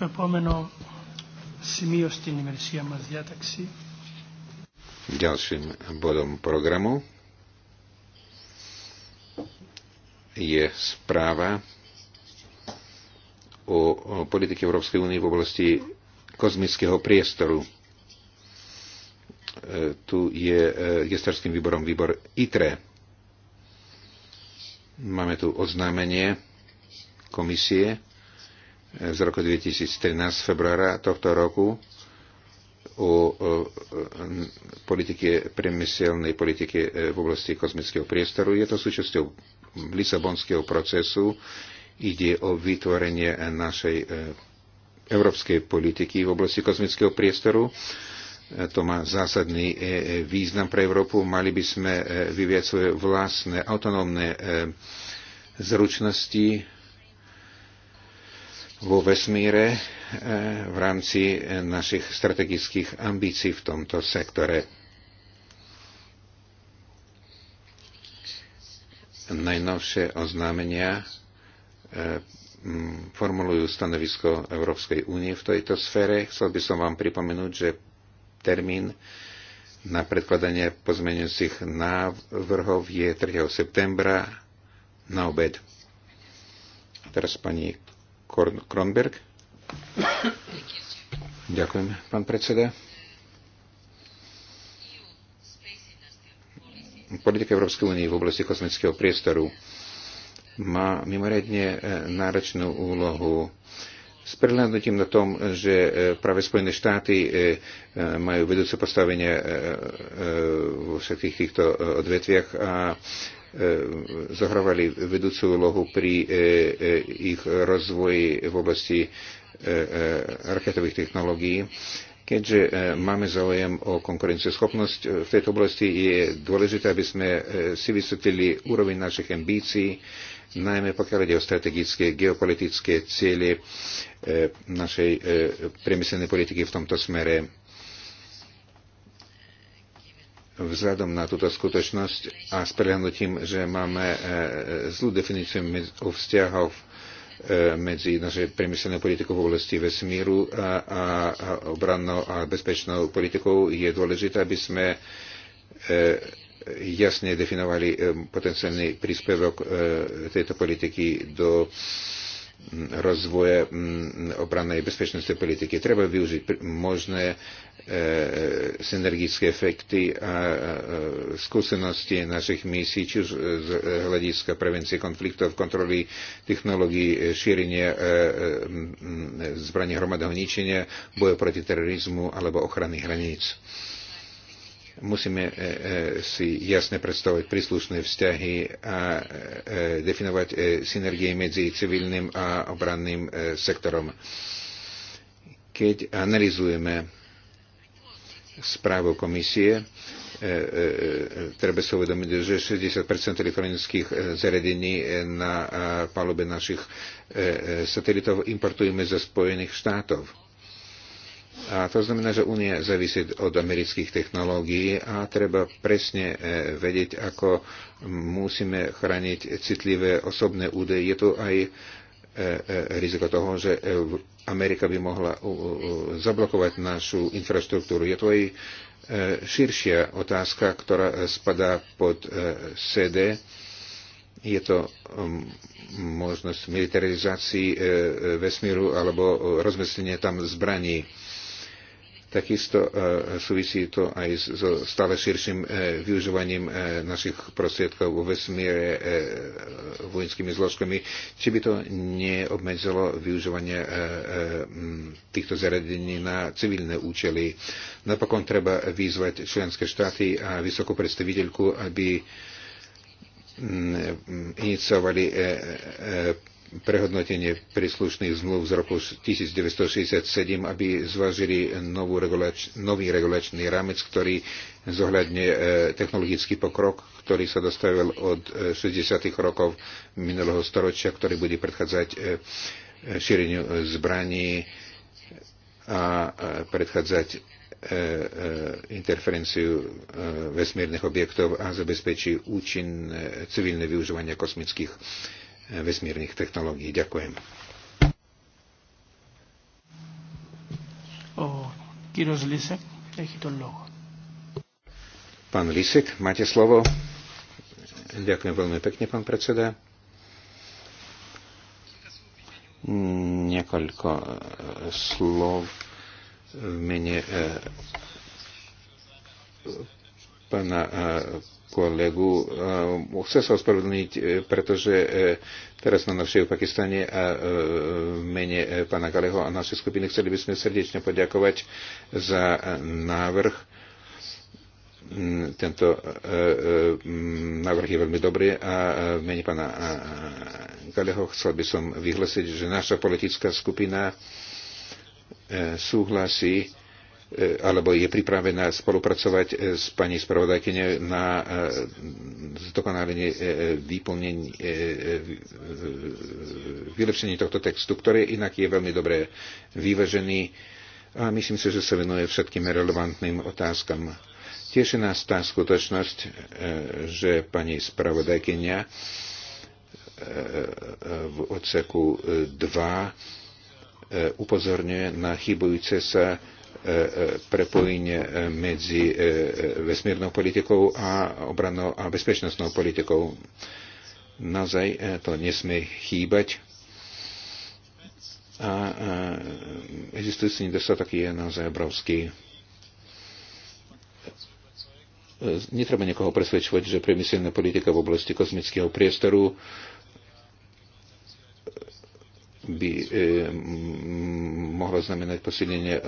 Το επόμενο σημείο στην ημερησία μας διάταξη. Ďalším bodom programu je správa o, o politike Európskej únie v oblasti kozmického priestoru. E, tu je e, gestorským výborom výbor ITRE. Máme tu oznámenie komisie z roku 2013 z februára tohto roku o politike, priemyselnej politike v oblasti kozmického priestoru. Je to súčasťou Lisabonského procesu. Ide o vytvorenie e, našej e, európskej politiky v oblasti kozmického priestoru. E, to má zásadný význam pre Európu. Mali by sme vyviať svoje vlastné autonómne zručnosti, vo vesmíre e, v rámci e, našich strategických ambícií v tomto sektore. Najnovšie oznámenia e, formulujú stanovisko Európskej únie v tejto sfére. Chcel by som vám pripomenúť, že termín na predkladanie pozmeňujúcich návrhov je 3. septembra na obed. A teraz pani Kronberg. Ďakujem, pán predseda. Politika Európskej únie v oblasti kosmického priestoru má mimoriadne e, náročnú úlohu s prehľadnutím na tom, že e, práve Spojené štáty e, majú vedúce postavenie vo všetkých týchto odvetviach a E, zohrávali vedúcu úlohu pri e, e, ich rozvoji v oblasti raketových technológií. Keďže máme záujem o konkurencieschopnosť v tejto oblasti, je dôležité, aby sme si vysvetlili úroveň našich ambícií, najmä pokiaľ ide o strategické geopolitické ciele našej priemyselnej politiky v tomto smere Vzhľadom na túto skutočnosť a s prehľadnutím, že máme e, e, zlú definíciu o vzťahov e, medzi našej priemyselnou politikou v oblasti vesmíru a, a, a obrannou a bezpečnou politikou je dôležité, aby sme e, jasne definovali potenciálny príspevok e, tejto politiky do rozvoje obrannej bezpečnosti politiky. Treba využiť možné E, synergické efekty a skúsenosti našich misí či už z hľadiska prevencie konfliktov, kontroly technológií, e, šírenie e, zbraní hromadného ničenia, boja proti terorizmu alebo ochrany hraníc. Musíme si jasne predstavovať príslušné vzťahy a definovať synergie medzi civilným a obranným sektorom. Keď analizujeme správu komisie, e, e, e, treba sa uvedomiť, že 60 elektronických zariadení na palube našich satelitov importujeme zo Spojených štátov. A to znamená, že Únia závisí od amerických technológií a treba presne vedieť, ako musíme chrániť citlivé osobné údaje. Je to aj E, e, riziko toho, že e, Amerika by mohla zablokovať našu infraštruktúru. Je to aj širšia otázka, ktorá spadá pod CD. Je to možnosť militarizácii vesmíru alebo rozmestnenie tam zbraní Takisto e, súvisí to aj so stále širším e, využívaním e, našich prostriedkov vo vesmíre vojenskými zložkami. Či by to neobmedzilo využívanie týchto zariadení na civilné účely. Napokon treba vyzvať členské štáty a vysokú predstaviteľku, aby iniciovali prehodnotenie príslušných zmluv z roku 1967, aby zvážili novú regulač- nový regulačný rámec, ktorý zohľadne e, technologický pokrok, ktorý sa dostavil od 60. E, rokov minulého storočia, ktorý bude predchádzať e, šíreniu zbraní a predchádzať interferenciu vesmírnych objektov a zabezpečí účinné civilné využívanie kosmických vesmírnych technológií. Ďakujem. Pán Lisek, máte slovo. Ďakujem veľmi pekne, pán predseda. Niekoľko e, slov v mene e, pána e, kolegu. Chcem sa ospravedlniť, e, pretože e, teraz na návšteve v Pakistane a e, v mene pána Galeho a našej skupiny chceli by sme srdečne poďakovať za návrh tento návrh je veľmi dobrý a v mene pána Galeho chcel by som vyhlasiť, že naša politická skupina súhlasí E, alebo je pripravená spolupracovať e, s pani spravodajkyne na e, zdokonalenie výplnení, vylepšení tohto textu, ktorý inak je veľmi dobre vyvažený a myslím si, že sa venuje všetkým relevantným otázkam. Teší nás tá skutočnosť, že pani spravodajkyňa v odseku 2 upozorňuje na chybujúce sa E, e, prepojenie e, medzi vesmírnou politikou a obrannou a bezpečnostnou politikou. Naozaj to nesmie chýbať. A existujúci nedostatok je naozaj obrovský. Netreba niekoho presvedčovať, že priemyselná politika v oblasti kozmického priestoru by e, mohlo znamenať posilnenie e,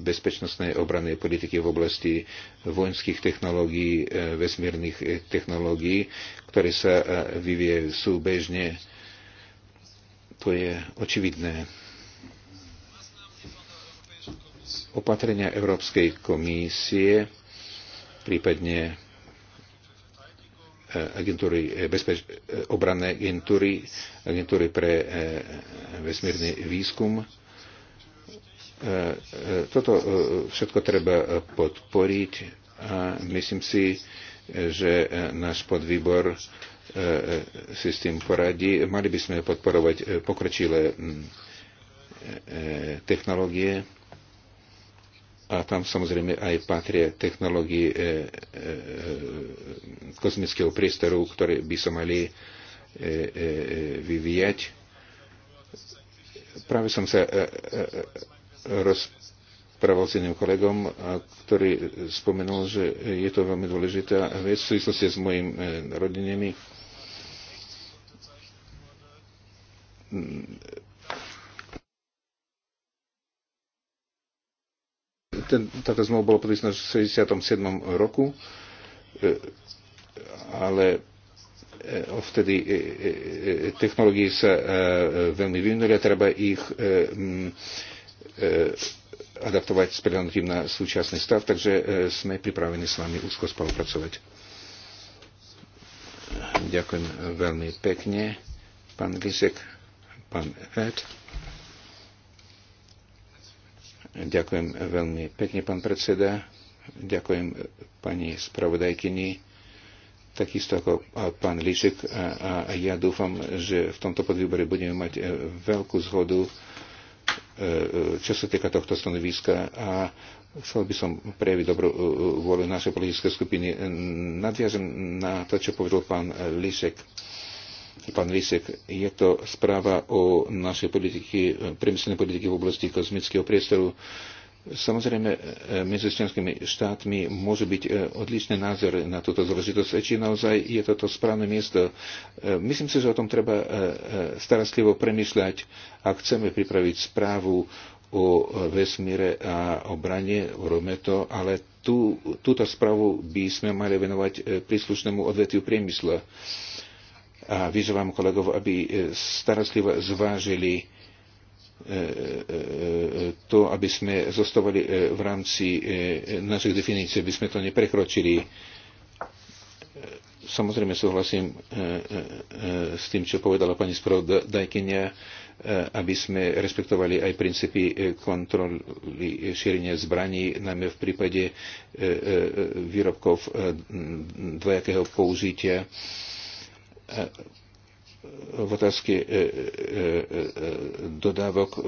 bezpečnostnej obrannej politiky v oblasti vojenských technológií, e, vesmírnych technológií, ktoré sa vyvíjajú súbežne. To je očividné. Opatrenia Európskej komisie, prípadne agentúry eh, bezpeč- eh, obranné agentúry, agentúry pre eh, vesmírny výskum. Toto všetko treba podporiť a myslím si, že náš podvýbor si s tým poradí. Mali by sme podporovať pokročilé mm, technológie, a tam samozrejme aj patria technológie e, e, e, kozmického priestoru, ktoré by sa mali vyvíjať. Práve som sa rozprával s jedným kolegom, ktorý spomenul, že je to veľmi dôležitá vec v súvislosti s mojim rodinami ten, táto zmluva bola podpísaná v 67. roku, e, ale e, vtedy e, technológie sa veľmi vyvinuli a treba ich adaptovať s prehľadnutím na súčasný stav, takže sme pripravení s vami úzko spolupracovať. Ďakujem veľmi pekne. Pán Vysek, pán Ed. Ďakujem veľmi pekne, pán predseda. Ďakujem pani spravodajkyni, takisto ako pán Lišek. A, a ja dúfam, že v tomto podvýbore budeme mať e, veľkú zhodu, e, čo sa týka tohto stanoviska. A chcel by som prejaviť dobrú e, vôľu našej politické skupiny. Nadviažem na to, čo povedal pán Lišek pán Lisek, je to správa o našej politiky, priemyselnej politiky v oblasti kozmického priestoru. Samozrejme, e, medzi členskými štátmi môže byť e, odlišný názor na túto záležitosť, či naozaj je toto správne miesto. E, myslím si, že o tom treba starostlivo premyšľať, ak chceme pripraviť správu o vesmíre a obrane, urobme to, ale tú, túto správu by sme mali venovať príslušnému odvetiu priemysla a vyzývam kolegov, aby e, starostlivo zvážili e, e, to, aby sme zostávali v rámci našich definícií, aby sme to neprekročili. Samozrejme súhlasím s tým, čo povedala pani spravodajkynia, aby sme respektovali aj princípy kontroly šírenia zbraní, najmä v prípade výrobkov dvojakého použitia v otázke e, e, e, dodávok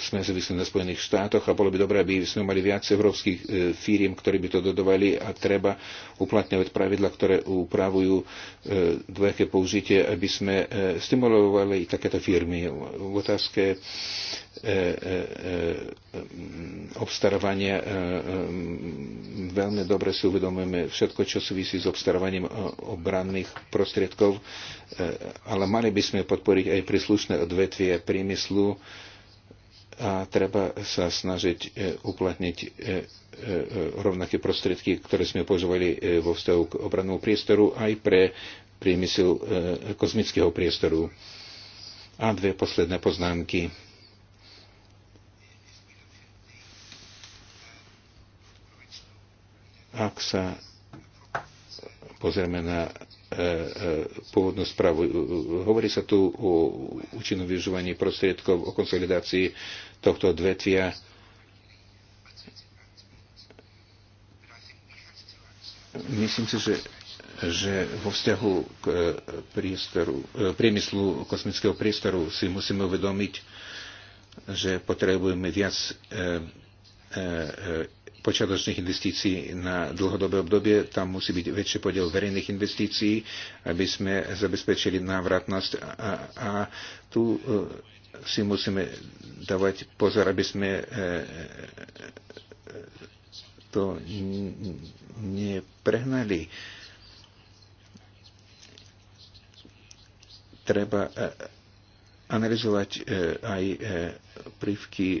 sme závisli na Spojených štátoch a bolo by dobré, aby sme mali viac európskych firiem, ktorí by to dodovali a treba uplatňovať pravidla, ktoré upravujú dvojaké použitie, aby sme stimulovali takéto firmy. V otázke E, e, e, obstarovania veľmi dobre si uvedomujeme všetko, čo súvisí s obstarovaním obranných prostriedkov, ale mali by sme podporiť aj príslušné odvetvie priemyslu a treba sa snažiť uplatniť rovnaké prostriedky, ktoré sme používali vo vzťahu k obrannému priestoru aj pre priemysel kozmického priestoru. A dve posledné poznámky Ak sa pozrieme na e, e, pôvodnú správu. Hovorí sa tu o účinnom využívaní prostriedkov, o konsolidácii tohto odvetvia. Myslím si, že, že vo vzťahu k e, priestoru, e, priemyslu kosmického priestoru si musíme uvedomiť, že potrebujeme viac e, e, e počiatočných investícií na dlhodobé obdobie. Tam musí byť väčší podiel verejných investícií, aby sme zabezpečili návratnosť. A, a, tu e, si musíme dávať pozor, aby sme e, e, to neprehnali. Treba analyzovať e, aj e, prívky e,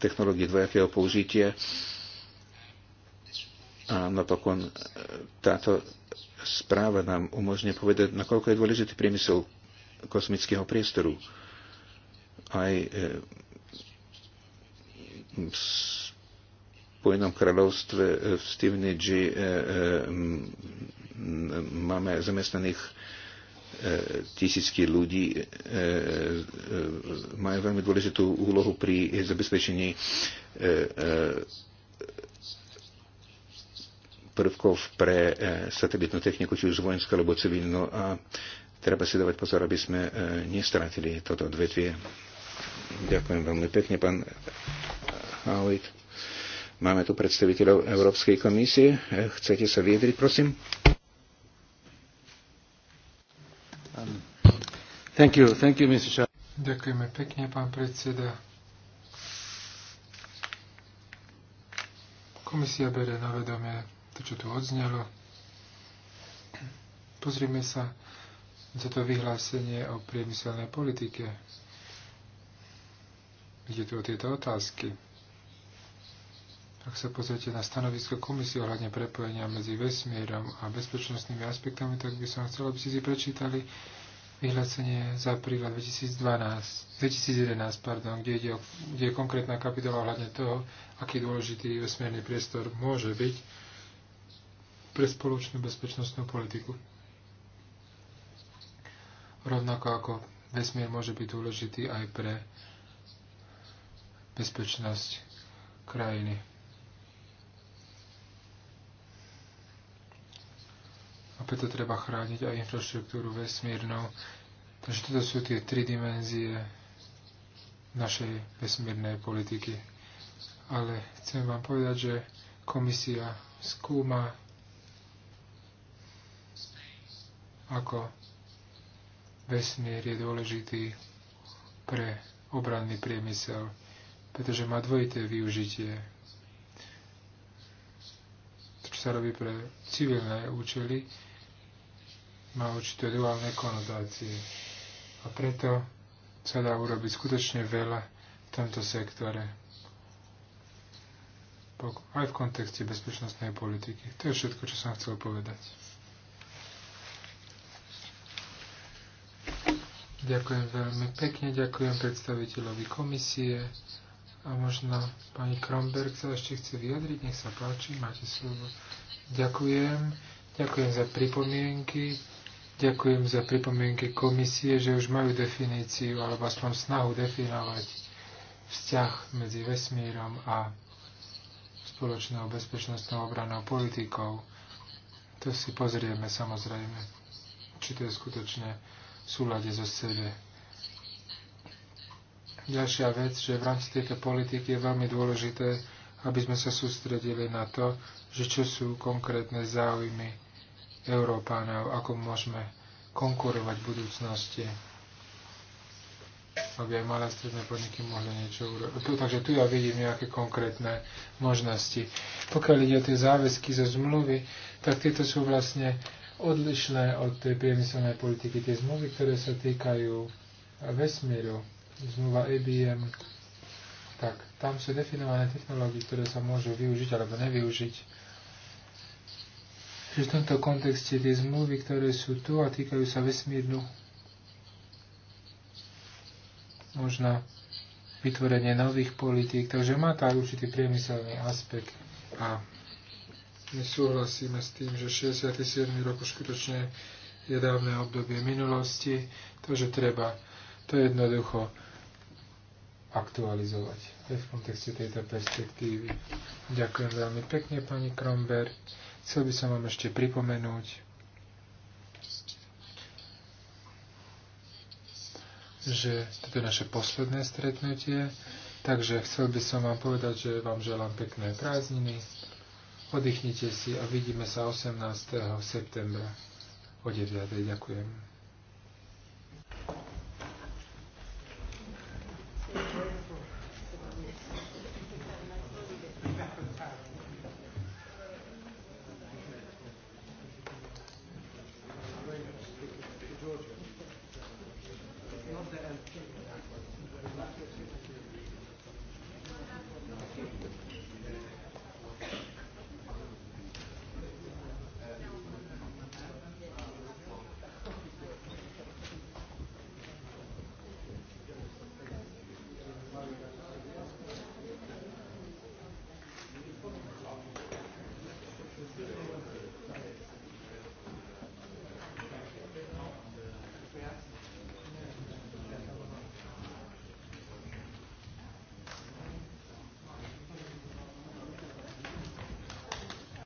technológie dvojakého použitia a napokon táto správa nám umožňuje povedať, nakoľko je dôležitý priemysel kosmického priestoru. Aj v Spojenom kráľovstve v Stevenage máme zamestnaných E, tisícky ľudí e, e, majú veľmi dôležitú úlohu pri zabezpečení prvkov pre satelitnú techniku, či už vojenskú alebo civilnú. No a treba si dávať pozor, aby sme nestratili toto odvetvie. Ďakujem veľmi pekne, pán Howitt. Máme tu predstaviteľov Európskej komisie. Chcete sa vyjadriť, prosím? Thank you, thank you, Mr. Ďakujeme pekne, pán predseda. Komisia bere na vedomie to, čo tu odznelo. Pozrime sa za to vyhlásenie o priemyselnej politike. Ide tu o tieto otázky. Ak sa pozriete na stanovisko komisie ohľadne prepojenia medzi vesmírom a bezpečnostnými aspektami, tak by som chcel, aby ste si prečítali vyhlásenie z apríla 2012, 2011, pardon, kde, ide kde je konkrétna kapitola ohľadne toho, aký dôležitý vesmírny priestor môže byť pre spoločnú bezpečnostnú politiku. Rovnako ako vesmír môže byť dôležitý aj pre bezpečnosť krajiny. preto treba chrániť aj infraštruktúru vesmírnou. Takže toto sú tie tri dimenzie našej vesmírnej politiky. Ale chcem vám povedať, že komisia skúma, ako vesmír je dôležitý pre obranný priemysel, pretože má dvojité využitie. To, čo sa robí pre civilné účely, má určité duálne konotácie. A preto sa dá urobiť skutočne veľa v tomto sektore. Aj v kontexte bezpečnostnej politiky. To je všetko, čo som chcel povedať. Ďakujem veľmi pekne, ďakujem predstaviteľovi komisie a možno pani Kromberg sa ešte chce vyjadriť, nech sa páči, máte slovo. Ďakujem, ďakujem za pripomienky. Ďakujem za pripomienky komisie, že už majú definíciu, alebo aspoň snahu definovať vzťah medzi vesmírom a spoločnou bezpečnostnou obranou politikou. To si pozrieme samozrejme, či to je skutočne v súlade so sebe. Ďalšia vec, že v rámci tejto politiky je veľmi dôležité, aby sme sa sústredili na to, že čo sú konkrétne záujmy Európánov, ako môžeme konkurovať v budúcnosti, aby aj malé stredné podniky mohli niečo urobiť. Takže tu ja vidím nejaké konkrétne možnosti. Pokiaľ ide o tie záväzky zo zmluvy, tak tieto sú vlastne odlišné od tej priemyselnej politiky. Tie zmluvy, ktoré sa týkajú vesmíru, zmluva IBM, e tak tam sú definované technológie, ktoré sa môžu využiť alebo nevyužiť že v tomto kontexte tie zmluvy, ktoré sú tu a týkajú sa vesmírnu, možno vytvorenie nových politík, takže má to aj určitý priemyselný aspekt. A my súhlasíme s tým, že 67. rok už skutočne je dávne obdobie minulosti, takže treba to jednoducho aktualizovať aj v kontexte tejto perspektívy. Ďakujem veľmi pekne, pani Kromberg. Chcel by som vám ešte pripomenúť, že toto je naše posledné stretnutie, takže chcel by som vám povedať, že vám želám pekné prázdniny, oddychnite si a vidíme sa 18. septembra o 9. Ďakujem.